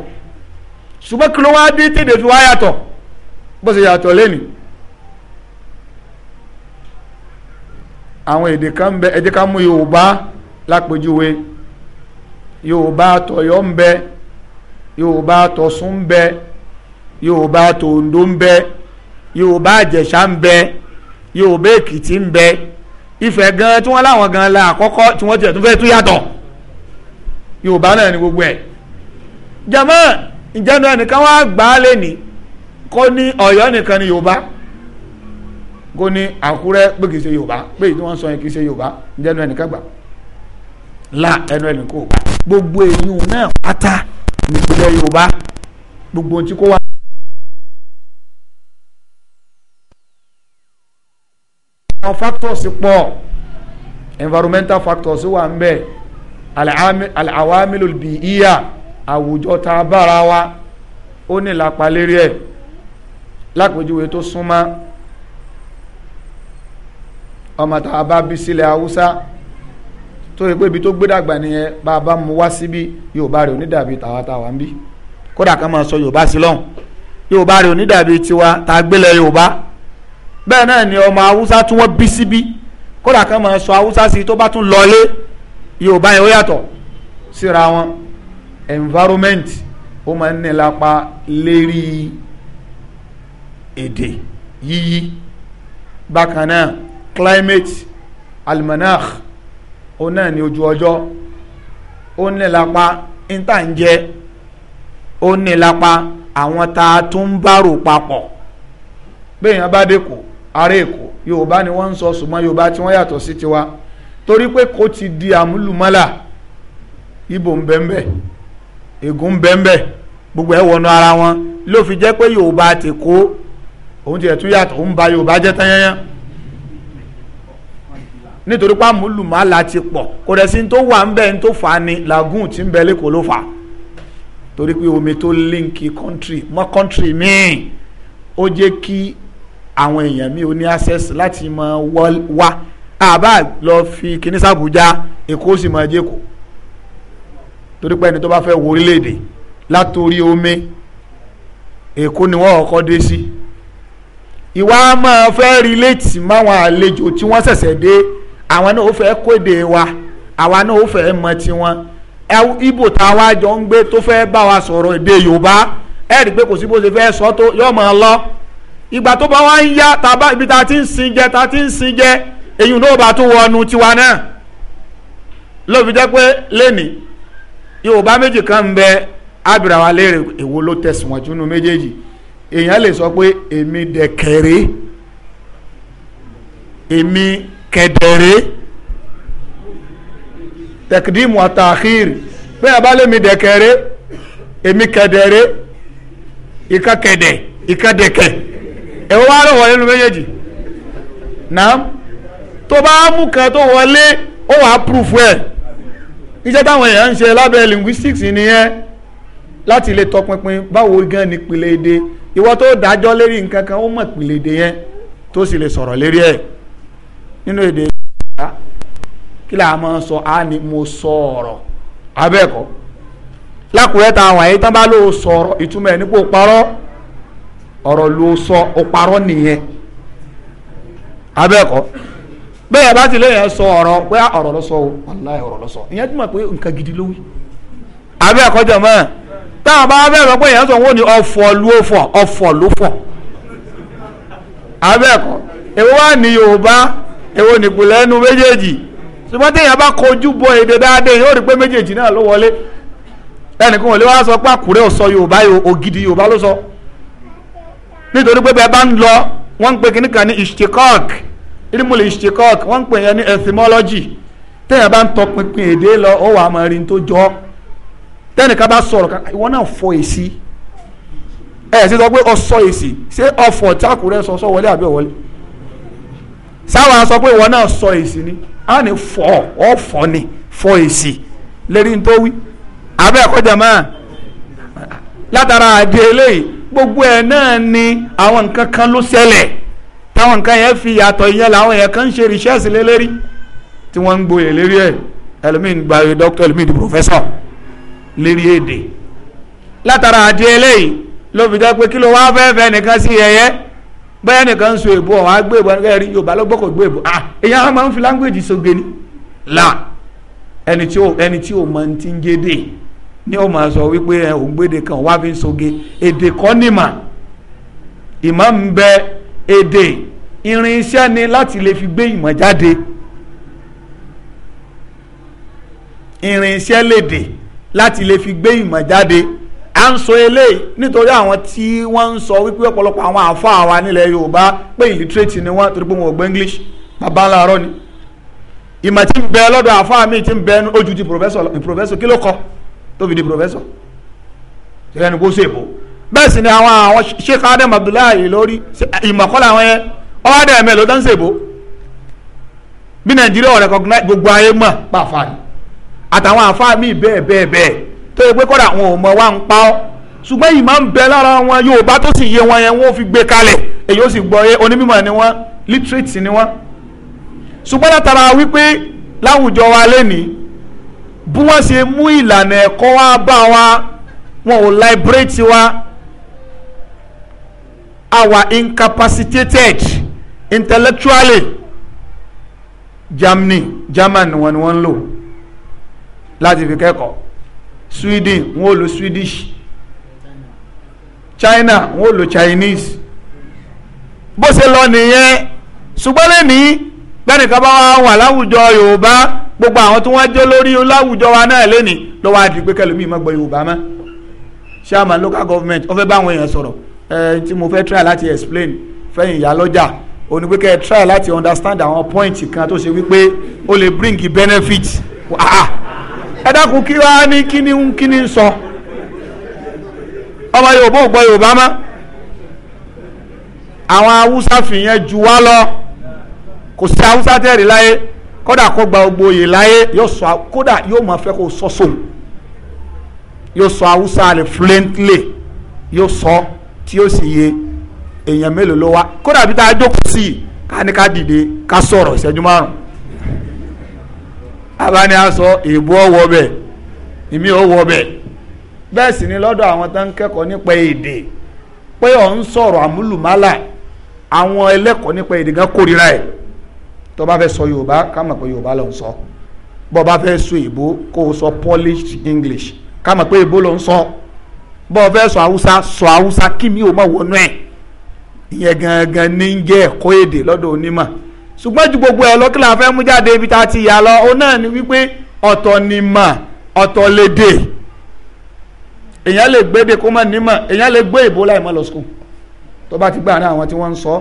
ṣùgbọ́n kí ló wá dé tèdè yàtọ̀ bó ṣe àwọn èdè kan ń bẹ ẹ jẹ́ ká mú yorùbá lápèjúwe yorùbá tọ̀yọ́ ń bẹ yorùbá tọ̀sún ń bẹ yorùbá tòǹdó ń bẹ yorùbá àjẹ̀ṣà ń bẹ yorùbá èkìtì ń bẹ ìfẹ́ gan tí wọ́n láwọn gan la àkọ́kọ́ tí wọ́n tiẹ̀ tún fẹ́ tún yàtọ̀ yorùbá náà ni gbogbo ẹ̀ jama ìjẹnu ẹnìkan wá gbà á lé ní kó nìkan ni yorùbá kó ní àkúrẹ́ pé kìí ṣe yorùbá pé èyí tí wọ́n sọ yẹn kìí ṣe yorùbá ǹjẹ́ ẹnu ẹnìkan la ẹnu ẹnìkan ò gbà gbogbo èyí náà pátá nípínlẹ̀ yorùbá gbogbo ohun tí kò wá. àwọn factors pọ̀ environmental factors wà ń bẹ alawamilu biiya àwùjọ ta bára wa ó ní lápá lérí ẹ̀ lápèjúwe tó súnmọ́ ọmọ tá a bá bí sílẹ̀ haúsá torí pé ibi tó gbé dàgbà nìyẹn bá a bá mu wá síbí yorùbá rẹ̀ onídàbí tàwa tàwa ń bí kódà ká máa sọ yorùbá sí lọ́hùn yorùbá rẹ̀ onídàbí tiwa tá a gbélé yorùbá bẹ́ẹ̀ náà ni ọmọ haúsá tí wọ́n bí síbí kódà ká máa sọ haúsá sí tó bá tún lọlé yorùbá yẹn ó yàtọ̀ síra wọn environment ó máa ń ní lápá lérí èdè yíyí bákan náà climate almanach òun náà ní ojú ọjọ́ ó ní lápá níta ń jẹ ó ní lápá àwọn tá a tún ń bárò papọ̀ béèyàn bá dé kò ará èkó yorùbá ni wọ́n ń sọ ṣùgbọ́n yorùbá tí wọ́n yàtọ̀ sí tiwa torí pé kò ti di àmúlùmọ́là ibo ń bẹ́ńbẹ́ ègún ń bẹ́ńbẹ́ gbogbo ẹ̀ wọnú ara wọn ló fi jẹ́ pé yorùbá ti kó òun tiẹ̀ tún yàtọ̀ ń ba yorùbá jẹ́ tán yányán nítorí pé àmúlùmálà ti pọ̀ kò dẹ̀ sí ní tó wà ń bẹ́ẹ̀ ní tó fà á ni lagoon ti ń bẹ lẹ́kọ̀ọ́ ló fà á torí pé omi tó líǹkì kọ́ńtì mọ́ kọ́ńtì míì ó jẹ́ kí àwọn èèyàn mi ò ní access láti mọ wá àbá lọ fi kíní sàbújá èkó sì máa jẹ́ kó torí pé ẹni tó bá fẹ́ wo orílẹ̀-èdè látòrí omi èkó ni wọ́n kọ́kọ́ dé sí. ìwà máa fẹ́ relate máwọn àlejò tí wọ́n ṣẹ̀ṣẹ̀ dé àwọn náà ó fẹ́ kóde wa àwa náà ó fẹ́ mọ tiwọn ibo táwa jọ ń gbé tó fẹ́ bá wa sọ̀rọ̀ èdè yorùbá ẹ rí i pé kò sí bó ṣe fẹ́ sọ tó yọ mọ̀ ọ́ lọ ìgbà tó bá wá ń yá tàbá ibi tá a ti ń sin jẹ tá a ti ń sin jẹ èyí ló bá tó wọnú tiwa náà ló fi jẹ́ pé lẹ́nìí yorùbá méjì kan ń bẹ abirawa léèrè èwo ló tẹ̀sùn jùnú méjèèjì èèyàn lè sọ pé èmi dẹ̀kẹ̀rẹ́ èmi kẹ̀dẹ̀rẹ́ tẹkidimu àtàkìrì bẹ́ẹ̀ abálẹ́mi dẹ̀kẹ̀rẹ́ èmi kẹ̀dẹ̀rẹ́ ìkàkẹ̀dẹ̀ ìkàdẹ̀kẹ̀ ẹ̀wọ́n wá rẹ̀ wọlé nu méjèèjì náà tó bá mú kan tó wọlé ó wàá proof ẹ̀ iṣẹ́ táwọn èèyàn ń ṣe lábẹ́ linguistics nìyẹn láti lè tọpinpin báwo gan ni pìlẹ̀ èdè ìwọ tó dájọ́ lérí nǹkan kan ó mọ̀ pìlẹ̀ èdè yẹn tó sì lè sọ̀rọ̀ lérí ẹ̀. nínú èdè Yorùbá kí là á sọ á ní mo sọ ọrọ abẹ́ẹ̀kọ́ lákùrẹ́ ta àwọn àyè tán bá ló sọ ọ̀rọ̀ ìtumọ̀ ẹ̀ nípò parọ́ ọ̀rọ̀ ló sọ nìyẹn abẹ́ẹ̀kọ́ bẹ́ẹ̀ bá ti sọ ọrọ pé sọ o ọrọ sọ ìyẹn túmọ̀ pé nǹkan gidi ló wí abẹ́ẹ̀kọ́ mọ́ ẹ̀ táwọn sọ wọn ni ọ̀fọ̀ ló fọ̀ ọ̀fọ̀ ló fọ̀ abẹ́ẹ̀kọ́ èwo wá èwo nìpìlẹ̀ ẹnu méjèèjì ṣùgbọ́n téèyàn bá kojú bọ èdè dáadé yóò rí pé méjèèjì náà ló wọlé ẹnìkan ò lè wá sọ pé àkùrẹ́ ò sọ yorùbá ògidì yorùbá ló sọ nítorí pé bẹ́ẹ̀ bá ń lọ wọ́n ń pè kíní kan ní ishtikok ilmul ishtikok wọ́n ń pè yẹn ní bá tọpinpin èdè lọ ó wà á máa n tó jọ tẹ́nìkan bá sọ̀rọ̀ kan ìwọ náà fọ èsì ẹ̀ sì sọ pé sọ èsì ṣé sáwọn sọ pé ìwọ náà sọ èsì ni á ní fọ ọ fọ ni fọ èsì lérí tó wí abẹ́ ẹ̀kọ́jà máa látara àdé eléyìí gbogbo ẹ̀ náà ni àwọn nǹkan kan ló ṣẹlẹ̀ táwọn nǹkan yẹn fi yàtọ̀ ìyẹn làwọn yẹn kan ń ṣe rìṣẹ́ẹ̀sì lé lérí tí wọ́n ń gboyè lérí ẹ̀ ẹlòmíín gba ẹ̀ dókítà ẹlòmíín di pòfẹ́sọ̀ lérí èdè látara àdé eléyìí ló fi jẹ́ pé kí ló wá fẹ́ fẹ́ nìkan sí yẹyẹ bẹ́ẹ̀ nìkan so èbó ọ̀hún á gbé èbó ẹni kẹ́rin yorùbá ló gbọ́kọ̀ gbé èbó ah èyí àwọn máa ń fi láńgbèjì soge ni là ẹni tí ó ẹni tí ó máa ń ti ń gédè ni ó máa sọ wípé òun gbéde kan wá fi ń soge èdè kọ́ ni mà ìmọ̀ ń bẹ èdè irinṣẹ́ ni láti lè fi gbé ìmọ̀ jáde irinṣẹ́ lèdè láti lè fi gbé ìmọ̀ jáde à ń sọ eléyìí nítorí àwọn tí wọ́n ń sọ wípé ọ̀pọ̀lọpọ̀ àwọn àáfàá wa nílẹ̀ yorùbá pé illiterate ni wọ́n torí pé wọn ò gbọ́ english bàbá ńlá arọ́ ni ìmọ̀ tí ń bẹ lọ́dọ̀ àáfàá mi ti ń bẹ ojú ti professor kí ló kọ tó di professor ṣe ẹni kó ṣe èbó bẹ́ẹ̀ sì ni àwọn àwọn sheikh adam abdullahi lórí ìmọ̀ kọ́ làwọn yẹn ọ̀dà ẹ̀mẹ́ ló dánsẹ̀ èbó bí nàìjíríà ọ̀rẹ́ kọ̀ọ̀kan gbogbo ayé mọ̀ pàfà àtàwọn àáfàá mi bẹ́ẹ̀ tó yẹ pé kódà àwọn ò mọ̀ wá ń pa ọ́ ṣùgbọ́n yìí máa ń bẹ lára wọn Yorùbá tó sì yé wọn yẹn wọn ò fi gbé kalẹ̀ èyí ó sì gbọ́ yé onímọ̀ ni wọ́n literate ni wọ́n ṣùgbọ́n látara wípé láwùjọ wa lẹ́nìí bí wọ́n ṣe mú ìlànà ẹ̀kọ́ wa bá wa wọn ò liberate wa our incapacitated intellectually Germany German ni wọ́n ni wọ́n ń lò láti fi kẹ́kọ̀ọ́ Sweden wọ́n ó lo Swedish China wọ́n ó lo Chinese bó ṣe lọ nìyẹn ṣùgbọ́n lẹ́nìí gbẹ́nìkan bá wà láwùjọ Yorùbá gbogbo àwọn tí wọ́n jẹ́ lórí láwùjọ wa náà lẹ́nìí lọ́wọ́ àdìrí pé kẹlòmíì má gbọ́ Yorùbá mọ́ chairman local government ó fẹ́ bá àwọn èèyàn sọ̀rọ̀ ẹ tí mo fẹ́ try láti explain fẹ́yìn ìyá lọ́jà òní pé kẹ́ ẹ try láti understand àwọn point kan tó ṣe wípé ó lè bring benefit ah, ah ẹ dákun kí wàá ní kíni ń kíni ń sọ ọmọ yorùbá ò gbọ́ yorùbá mọ́ àwọn haúsá fìyẹn ju wá lọ kò sí haúsá tẹ́rì láyé kódà kó gba gbogbo oyè láyé yóò sọ kódà yóò máa fẹ́ kó sọ sóun yóò sọ haúsá rẹ̀ fluently yóò sọ tí yóò sì yé èèyàn mélòó ló wá kódà bí tá a jókòó sí i ká ní ká dìde ká sọ̀rọ̀ ìṣẹ́jú márùn-ún abáni aṣọ èbú ọwọ́ bẹ̀ ìmí ọwọ́ bẹ̀ bẹ́ẹ̀ sì ni lọ́dọ̀ àwọn tó ń kẹ́kọ̀ọ́ nípa èdè pé ọ̀ ń sọ̀rọ̀ àmúlùmálà àwọn ẹlẹ́kọ̀ọ́ nípa èdè gan kórìíra ẹ̀ tó bá fẹ́ sọ Yorùbá ká mọ̀ pé Yorùbá ló ń sọ bó bá fẹ́ sọ èbó kó o sọ Polish English ká mọ̀ pé èbó ló ń sọ bó fẹ́ sọ Haúsá sọ Haúsá kí mi ò mọ̀ wọnú ẹ̀ ìyẹn gangan ní ń jẹ́ ẹ̀kọ́ èdè lọ́dọ̀ onímọ. ṣùgbọ́n ju gbogbo ẹ̀ lọ kí la fẹ́ mú jáde ibi tá a ti yà lọ òun náà ni wípé ọ̀tọ̀ ni mà ọ̀tọ̀ lè dè èèyàn lè gbédè kó mọ̀ nímọ̀ èèyàn lè gbé ìbò láì mọ́ lọ sùkúl tó bá ti gbà ní àwọn tí wọ́n ń sọ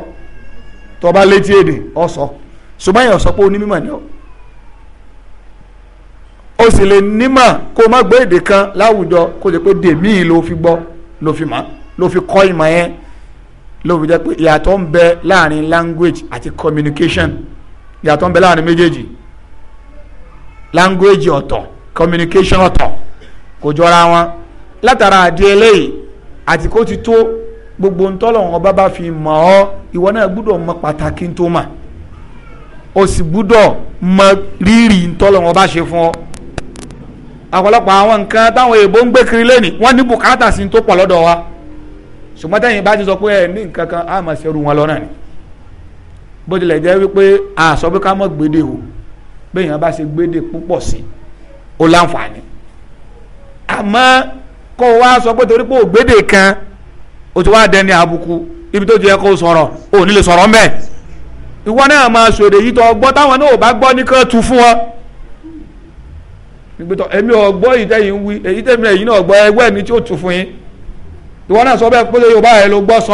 tó bá létí èdè ọ sọ ṣùgbọ́n èèyàn sọ pé o ní mímọ̀ ni ọ o sì lè nímọ̀ kó má gbé èdè kan láwùjọ kó jẹ́ pé dèmí ló fi gbọ́ ló fi mọ̀ ló fi kọ́ ìmọ̀ yẹn ló fi jẹ́ pé ìyàtọ̀ ń bẹ láàrin language àti communication ìyàtọ̀ ń bẹ láàrin méjèèjì language ọ̀tọ̀ communication ọ̀tọ̀ kò jọra wọn látara àdé eléyìí àti kó ti tó gbogbo ntọ́lọ̀ wọn bá bá fi mọ̀ ọ́ ìwọ náà gbúdọ̀ mọ pàtàkì tó mà o sì gbúdọ̀ mọ rírì ntọ́lọ̀ wọn bá ṣe fún ọ àpọ̀lọpọ̀ àwọn nǹkan táwọn èèbó ń gbé kiri lẹ́nìí wọ́n ní bùkátà sí tó pọ̀ lọ́dọ̀ wa ṣùgbọ́n tẹ̀yìn bá ti sọ pé ẹ ní nǹkan kan á máa ṣerú wọn lọ́nà ni bó tilẹ̀ jẹ́ wípé a sọ pé ká mọ̀ gbédè o béèyàn bá ṣe gbédè púpọ̀ sí ó láǹfààní àmọ́ kó o wá sọ pé torí pé ògbédè kan o ti wá dẹni àbùkù ibi tó ti yẹ kó o sọ̀rọ̀ o ò ní lè sọ̀rọ̀ mẹ́ẹ̀ ìwọ náà máa sòdè yìí tó ọgbọ́ táwọn náà ò bá gbọ́ ní kan tu fún wọn ìgbìtọ̀ èmi ọ̀gbọ́ ìtẹ̀yìn wí èyí tẹ̀mí ẹ̀yìn ọ̀gbọ́ ẹgbẹ́ mi tí ó tu fún yín ìwọ náà sọ bẹ́ẹ̀ pé yorùbá rẹ ló gbọ́ sọ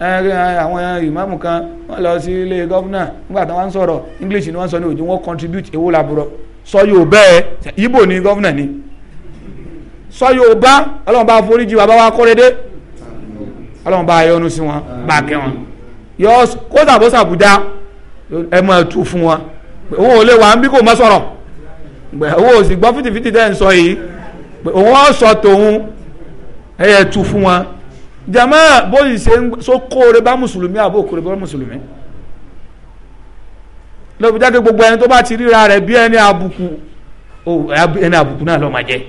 àwọn ìmáàmù kan wọ́n lọ sí ilé gọ́fúnà nígbà tí wọ́n sọ̀rọ̀ english ni wọ́n sọ ní òjò wọ́n contribute èwo làbúrọ̀ sọ yorùbá ẹ ibo ni gọ́fúnà ni sọ yorùbá ọlọ́run bá foríjì bàbá wa kọ́rẹ́dé ọlọ́run bá yọ́nú sí wọn bá kẹ́ wọn yọ kó sàbó sàbújá ẹ mọ̀ ẹ̀tù fún wọn owó olè wa ń bí kò mọ́ sọ̀rọ̀ owó òsì gbọ́ fìtìfìtì tẹ́ ń sọ yìí òun ọ̀ sọ tòun ẹ̀yẹ tu fún wa jama bóyì ṣe ń so kóore bá mùsùlùmí àbò kóore bá mùsùlùmí jáde gbogbo ẹni tó bá ti ríra rẹ̀ bí ẹni àbùkù ẹni àbùkù náà lọ́ọ́ máa jẹ́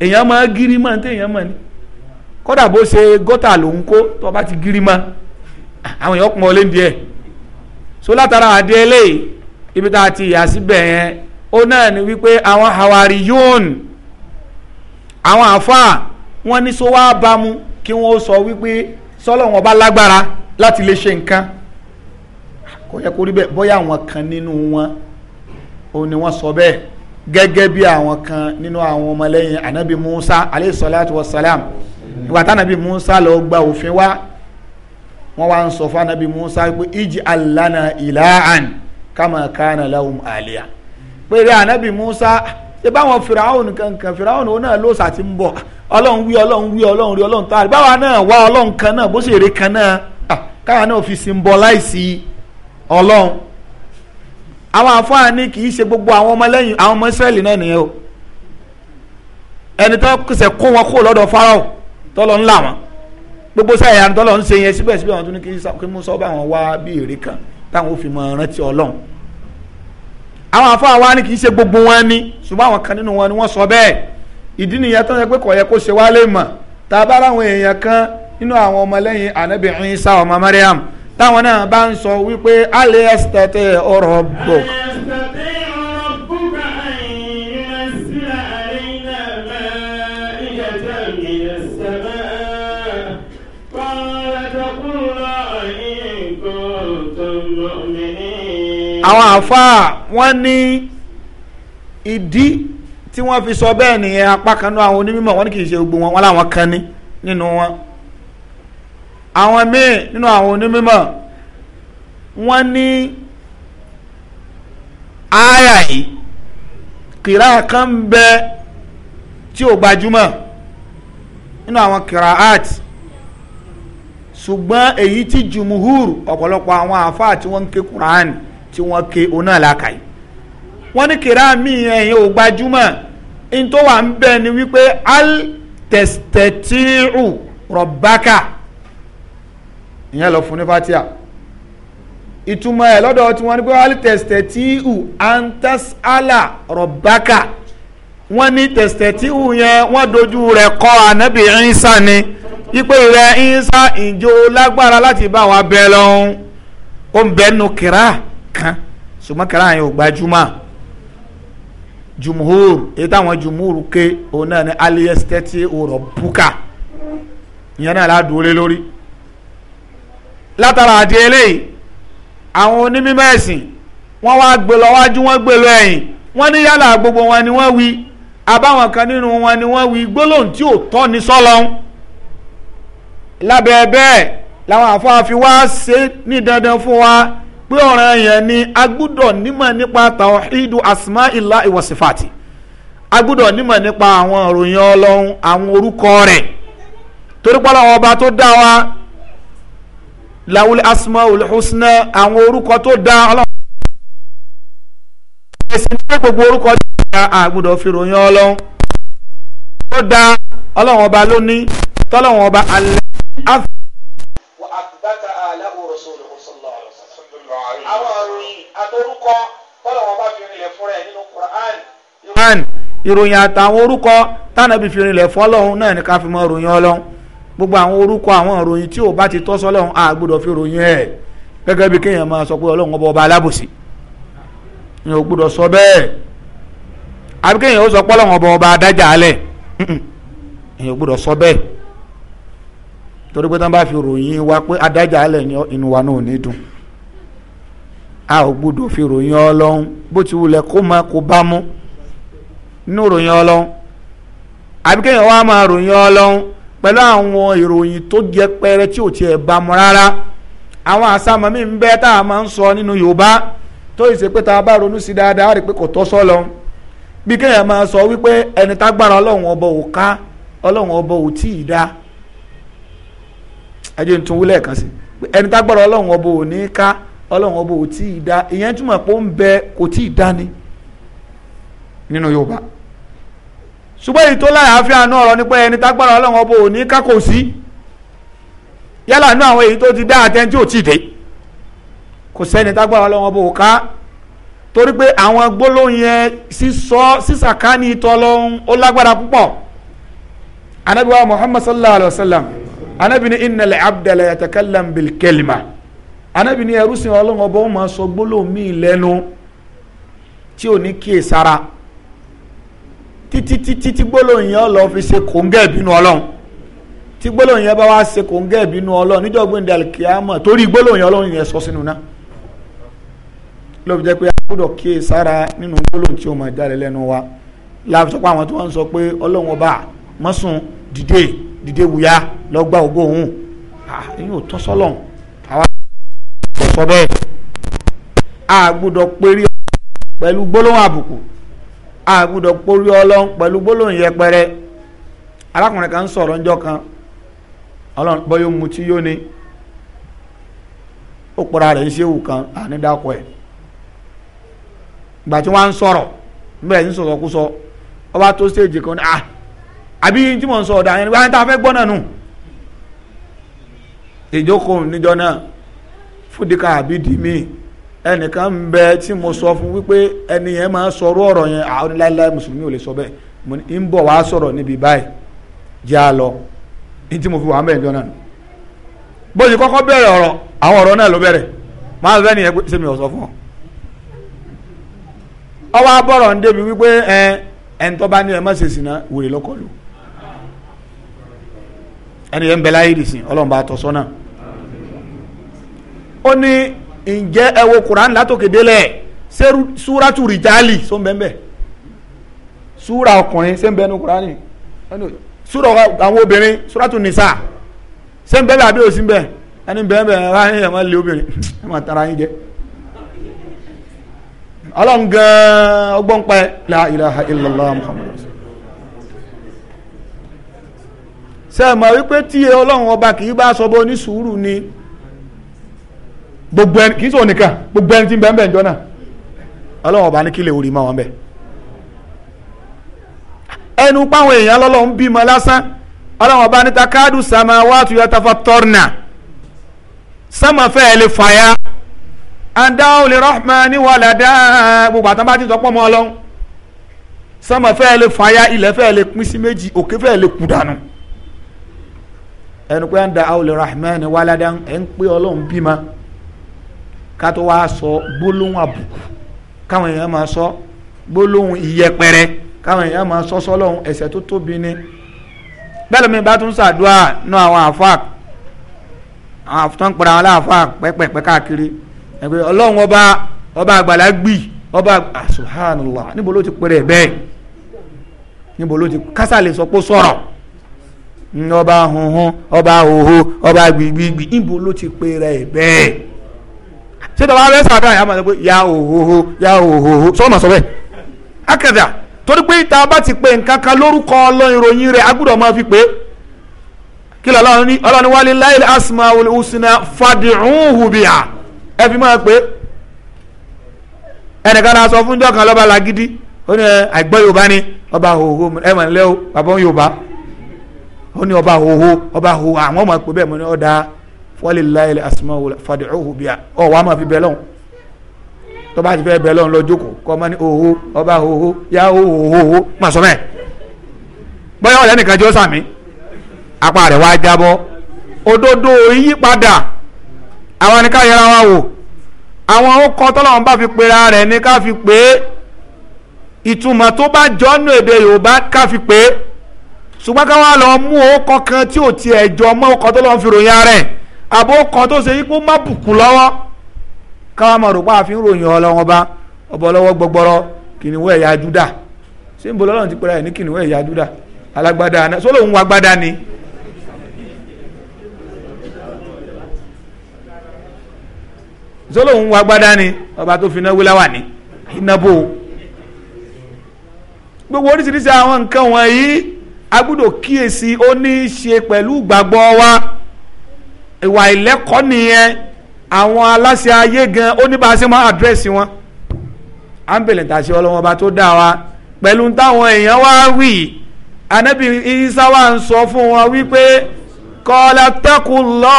èèyàn máa gírí máa ń téèyàn máa ní kódà bó ṣe gọ́tà ló ń kó tó bá ti ibi tá a ti yà síbẹ̀ yẹn ó náà ni wípé àwọn wọ́n ní so wá bámu kí wọ́n sọ wípé sọ́lọ̀ wọn bá lágbára láti lè ṣe nǹkan kò yẹ kó rí bẹ́ẹ̀ bóyá àwọn kan nínú wọn òun ni wọ́n sọ bẹ́ẹ̀ gẹ́gẹ́ bí àwọn kan nínú àwọn ọmọlẹ́yìn anabi musa alayhi salatu wa salam nígbà tí anabi musa lọ gba òfin wá wọ́n wá ń sọ fún anabi musa pé ij'al lana ilahan kama kana lahum aliya pé rí anabi musa ṣé báwọn fìràwọn kankan fìràwọn òun náà ló sàti ń bọ̀ ọlọ́run wí ọlọ́run wí ọlọ́run rí ọlọ́run tó àrí báwa náà wá ọlọ́run kan náà bó ṣe eré kan náà káwa náà fi symbolize ọlọ́run àwọn àfáà ní kì í ṣe gbogbo àwọn ọmọlẹ́yìn àwọn ọmọ Ísírẹ́lì náà nìyẹn o ẹni tó ṣe kó wọn kó lọ́dọ̀ Fáráò tọ́lọ́ ńlá wọn gbogbo sẹ́yà tọ́lọ́ ń ṣe yẹn síbẹ̀síbẹ̀ wọn tún ní kí Musa bá àwọn afọ àwa ni kì í ṣe gbogbo wọn ni ṣùgbọ́n àwọn kan nínú wọn ni wọ́n sọ bẹ́ẹ̀ ìdí nìyẹn tó ń yẹ pé kò yẹ kó ṣe wá lè mọ̀ tá a bá láwọn èèyàn kan nínú àwọn ọmọlẹ́yìn anabi Isa ọmọ Mariam táwọn náà bá ń sọ wípé alẹ́ ẹsẹ̀ tẹ̀ ọ̀rọ̀ bọ̀. alẹ́ ẹsẹ̀ tẹ̀ àwọn àáfàá wọ́n ní ìdí tí wọ́n fi sọ bẹ́ẹ̀ nìyẹn apá kan náà àwọn onímọ̀ wọ́n ni kì í ṣe gbogbo wọn wọ́n láwọn kan ní nínú wọn àwọn míì nínú àwọn onímọ̀ wọ́n ní àyà yìí kìrá kan ń bẹ tí ò gbajúmọ̀ nínú àwọn kìrá art ṣùgbọ́n èyí tí jùmùhúrù ọ̀pọ̀lọpọ̀ àwọn àáfàá tí wọ́n ń ké kúránì tí wọ́n ké oná làákàyè wọ́n ní kìrá mi ẹ̀yìn ò gbajúmọ̀ in tó wà ń bẹ̀ ni wípé al testetiru rọ̀bákà ìyẹn lọ fún ní fatia ìtumọ̀ ẹ̀ lọ́dọ̀ tí wọ́n ní pé al testetiru antasala rọ̀bákà wọ́n ní testetiru yẹn wọ́n dojú rẹ̀ kọ́ ànábì Ìsá ni ipe rẹ̀ Ìsá ìjó lágbára láti bá wa bẹ̀ lọ́hún ó ń bẹ́ẹ̀ nu kìrá kan ṣùgbọ́n kíra yẹn ò gbajúmọ̀ jumhur èyí táwọn jumhur ké òun náà ní aliyesteti ọ̀rọ̀ buka ìyẹn náà ládùúrẹ́ lórí látara àti eléyìí àwọn onímọ̀ ẹ̀sìn wọ́n wá gbé lọ wájú wọ́n gbé lọ ẹ̀yìn wọ́n ní yálà gbogbo wọn ni wọ́n wi abáwọn kan nínú wọn ni wọ́n wí gbólóhùn tí ò tọ́ ní sọ́lọ́hún lábẹ́ bẹ́ẹ̀ làwọn àfọwọ́fi wá ṣe ní dandan fún wa pé ọ̀ràn yẹn ni a gbúdọ̀ nímọ̀ nípa a gbúdọ̀ nímọ̀ nípa àwọn òròyìn ọlọ́run àwọn orúkọ rẹ̀ ọba tó dá wa àwọn orúkọ tó dá ọlọ́run ẹ̀sìn ní gbogbo orúkọ tó dá a gbúdọ̀ fi ròyìn ọlọ́run tó dá ọlọ́run ọba àwọn ìròyìn àtọrúkọ tọ́lọ̀ orúkọ tánàbí fi náà ní ká fi mọ ròyìn gbogbo àwọn orúkọ àwọn ìròyìn tí ò bá ti tọ́ a gbọ́dọ̀ fi ròyìn ẹ gẹ́gẹ́ bí kéèyàn máa sọ pé ọba ọba alábòsí ni sọ ọba ọba adájà alẹ̀ sọ bẹ́ẹ̀ wa pé adájà alẹ̀ ni inú a ò gbúdọ̀ fi ròyìn ọlọ́run bó ti wulẹ̀ kó máa kó bá mú nínú ròyìn ọlọ́run àbí kéèyàn wá máa ròyìn ọlọ́run pẹ̀lú àwọn ìròyìn tó jẹ pẹrẹ tí ò bá mu rárá àwọn mi ń tá a máa ń sọ nínú yorùbá tó pé tá a bá ronú sí dáadáa sọ wípé ẹni tágbára ọlọ́run ò ká ọlọ́run ò tí ì dá ọlọ́run ọba ò tí ì dá ìyẹn túmọ̀ pé ó ń bẹ kò tí ì dá ni nínú yorùbá ṣùgbọ́n èyí tó láyàáfíà náà ọ̀rọ̀ nípa ẹni tágbára ọlọ́run ọba ò ní kákò sí yálà ní àwọn èyí tó ti dá àtẹ́ntí ò tí ì dé kò sẹ́ni tágbára ọlọ́run ọba ò ká torí pé àwọn gbólóhùn yẹn sísọ sísàkánì tọlọ́hún ó lágbára púpọ̀ anabiwa muhammad sallallahu alayhi wa sallam anabi ni innal abdala yatakallam bil kelima anabi ní ẹrú sin ọlọ́run ọba ó máa sọ gbólóhùn míì lẹ́nu tí ò ní kíyè sára títí títí tí gbólóhùn yẹn lọ fi ṣe kòńgẹ́ ìbínú ọlọ́run tí gbólóhùn yẹn bá wá ṣe kòńgẹ́ ìbínú ọlọ́run níjọ́ gbẹ̀ndẹ̀ alikiyama torí gbólóhùn yẹn ọlọ́run yẹn sọ sínú náà ló fi jẹ́ pé a kíyè sára nínú gbólóhùn tí ó máa jáde lẹ́nu wa láàfin sọpọ àwọn tí wọ́n ń sọ pé ọlọ́run ọba mọ́sùn dìde dìde wùyá lọ́gbà ògbóhùn ah ẹ̀yin ò sọ bẹ́ẹ̀ a gbọ́dọ̀ péré pẹ̀lú gbólóhùn àbùkù a gbọ́dọ̀ péré ọlọ́run pẹ̀lú gbólóhùn yẹpẹrẹ arákùnrin kan kan ọlọ́run bọ́ yóò mutí yóò ní ó kan ànídàkọ̀ ẹ ìgbà tí wọ́n á sọ ọba tó stéèjì kan ní àbí tí mò ń sọ fúdíkà àbídì mi ẹnìkan ń bẹ tí mo sọ fún wípé ẹni yẹn máa ọ̀rọ̀ yẹn àwọn mùsùlùmí ò lè sọ bẹ́ẹ̀ mo ní ń bọ̀ sọ̀rọ̀ níbi báyìí jẹ́ a lọ ní tí mo fi wà ń bẹ̀rẹ̀ nù bó ṣe kọ́kọ́ bẹ̀rẹ̀ ọ̀rọ̀ àwọn ọ̀rọ̀ náà ló bẹ̀rẹ̀ máa fẹ́ nìyẹn pé ṣé mi ò sọ fún ọ. ọwọ́ abọ́rọ̀ ń débi wípé ẹ ẹni tó bá ní ẹ má ó ní ǹjẹ́ ẹ wo Quran látòkè délẹ̀ ṣé súrátù rìjálì ṣó ń bẹ́ẹ̀ bẹ́ẹ̀ súra ọkùnrin ṣé ń bẹ́ẹ̀ nu Quran súra àwọn obìnrin súrátù nìsà ṣé ń bẹ́ẹ̀ bẹ́ẹ̀ àbí òsín bẹ́ẹ̀ ẹni bẹ́ẹ̀ bẹ́ẹ̀ ráyìn ẹ̀ máa lé obìnrin ẹ̀ máa tara yín jẹ ọlọ́run gan-an ọgbọ́n la ilaha illallah muhammadu ṣe é mọ̀ wípé tí ọba kì gbogbo ẹni kì í sọ nìkan gbogbo ẹni tí ń bẹ ń bẹ ń jọ náà ọlọ́run ọba ní kí lè orí mọ́ wọn bẹ̀. ẹnu páwọn èèyàn lọ́lọ́run bímọ lásán ọlọ́run ọba ní takádù sàmà wàtú yàtàfà tọ́rnà sàmà fẹ́ẹ́ lè fàyà andáwò lè rahmani wàlàdá gbogbo àtàwọn bá ti sọ pọ́ mọ́ ọlọ́run sàmà fẹ́ẹ́ lè fàyà ilẹ̀ fẹ́ẹ́ lè pín sí méjì òkè fẹ́ẹ́ lè kú dànù ẹnu pé andáwò lè rahmani wàlàdá ẹ̀ ń pé ọlọ́run bímọ kátó wá sọ gbólóhùn àbùkù káwọn èèyàn máa sọ gbólóhùn ìyẹpẹrẹ káwọn èèyàn máa sọ sọlọ́hún ẹ̀ṣẹ̀ tó tóbi ni bẹ́ẹ̀ lómi bá tún ṣàdúrà àwọn àfáà àwọn pẹ̀lú àwọn aláàfáà pẹ́pẹ́pẹ́ káàkiri ẹgbẹ́ ọlọ́run ọba ọba àgbàlá gbì ọba ah, níbo ti pèrè bẹ́ẹ̀ níbo ló ti lè sọ pé sọ̀rọ̀ ọba ọba òhò ọba gbìgbìgbì ṣé tọ́ba abẹ́ sàkà yà ya sọ pé ya òhòhò ya òhòhò sọ́ọ́ máa sọ torí pé tá bá ti pe nǹkan kan lórúkọ ọlọ́run ìròyìn rẹ̀ máa fi pé kí ní wálé asma olùsìnà fàdìrúhù bìà ẹ fi máa pé ẹnìkan fún walillahi al-asma'u fad'uhu biha ọ wàá máa fi bẹ lọ́hùn tó bá ti fẹ́ bẹ lọ́hùn lọ jókòó kọ́ ọmọ ní òhó ọba òhó yá òhóhó má sọ bẹ́ẹ̀ bóyá ọ̀rẹ́ nìkan jẹ́ ó sàmì apá rẹ̀ wá jábọ́ òdodo yípadà àwọn nìkan yẹra wa wò àwọn ọkọ tọ́lọ́wọ́n bá fi pera rẹ̀ ní ká fi pé ìtumọ̀ tó bá jọ́nù èdè Yorùbá ká fi pé ṣùgbọ́n ká lọ mú ọkọ kan tí ò tiẹ̀ jọ mọ́ ọkọ tọ́lọ́wọ́n fi ròyìn ara rẹ̀ àbó kan tó ṣe yípo má bùkún lọ́wọ́ káwọn máa rò pé àfin ròyìn ọlọ́wọ́n bá ọba ọlọ́wọ́ gbọgbọrọ kìnìún ẹ̀yà júdà ṣé ń bọ lọ́lọ́run ti pẹ́ra ẹ̀ ní kìnìún ẹ̀yà júdà alágbádá náà sọ́lọ́ òun wa gbádá ni. sọ́lọ́ òun wa gbádá ni ọba tó fi náwó láwà ní ìnábò gbogbo oríṣiríṣi àwọn nǹkan wọ̀nyí agbọ́dọ̀ kíyèsí ó ní í ṣe pẹ̀lú ìgbàgbọ́ wa ìwà ìlẹ́kọ̀ọ́ nìyẹn àwọn aláṣẹ ayé gan ó ní bá a ṣe máa àdírẹ́sì wọn à ń bèlè tàṣẹ ọlọ́wọ́n ọba tó dá wa pẹ̀lú táwọn èèyàn wá wì ànábì Ìsá wa ń sọ fún wọn wípé kọ́lá tẹ́kù lọ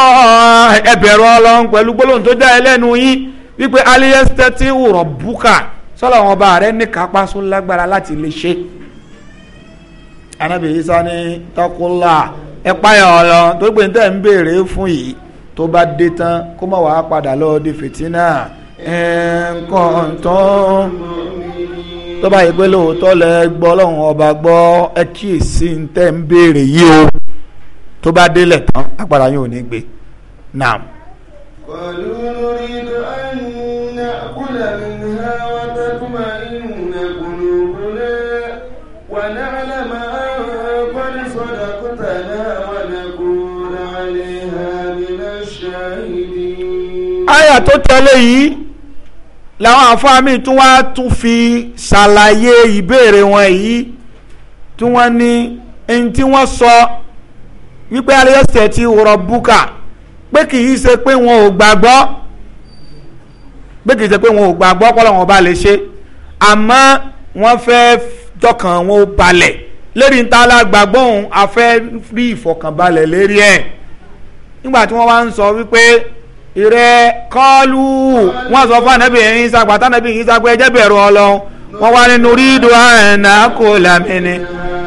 ẹ̀bẹ̀rù ọlọ́run pẹ̀lú gbólóhùn tó dá ẹ lẹ́nu yín wípé aliyẹ́sítẹ́ tí wùrọ̀ búkà sọ́lá wọn ọba rẹ ní kápá sólágbára láti lè ṣe ànábì Ìsá ní tẹ́kù lọ́ọ̀ ẹ páyà Ọlọ́run tó ń fún yìí tó bá dé tán kó wàá padà lọ di náà nǹkan tán tó bá yẹ pé lóòótọ́ gbọ́ Ọlọ́run ọba gbọ́ ẹ kíyèsí níta ń o tó bá délẹ̀ tán agbára yóò ní gbé naam. àyà tó tẹ̀lé yìí làwọn àfáàmì tún wá tún fi ṣàlàyé ìbéèrè wọn yìí tí wọ́n ní ẹni tí wọ́n sọ wípé aláyọ̀sẹ̀ ti rọ̀ búkà pé kì í ṣe pé wọn ò gbàgbọ́ pé kì í ṣe pé wọn ò gbàgbọ́ kọ́ làwọn ọba lè ṣe àmọ́ wọ́n fẹ́ tọkàn wọn ó balẹ̀ lórí ń ta alágbàgbọ́ òun a fẹ́ rí ìfọ̀kànbalẹ̀ lérí ẹ̀ nígbà tí wọ́n wá ń sọ wípé ire kọlu wọn sọ fún anabi Ìsá pàtó anabi Ìsá pé ẹjẹ bẹ̀rù Ọlọ́run wọn wá nínú rídu àná kò lámìnì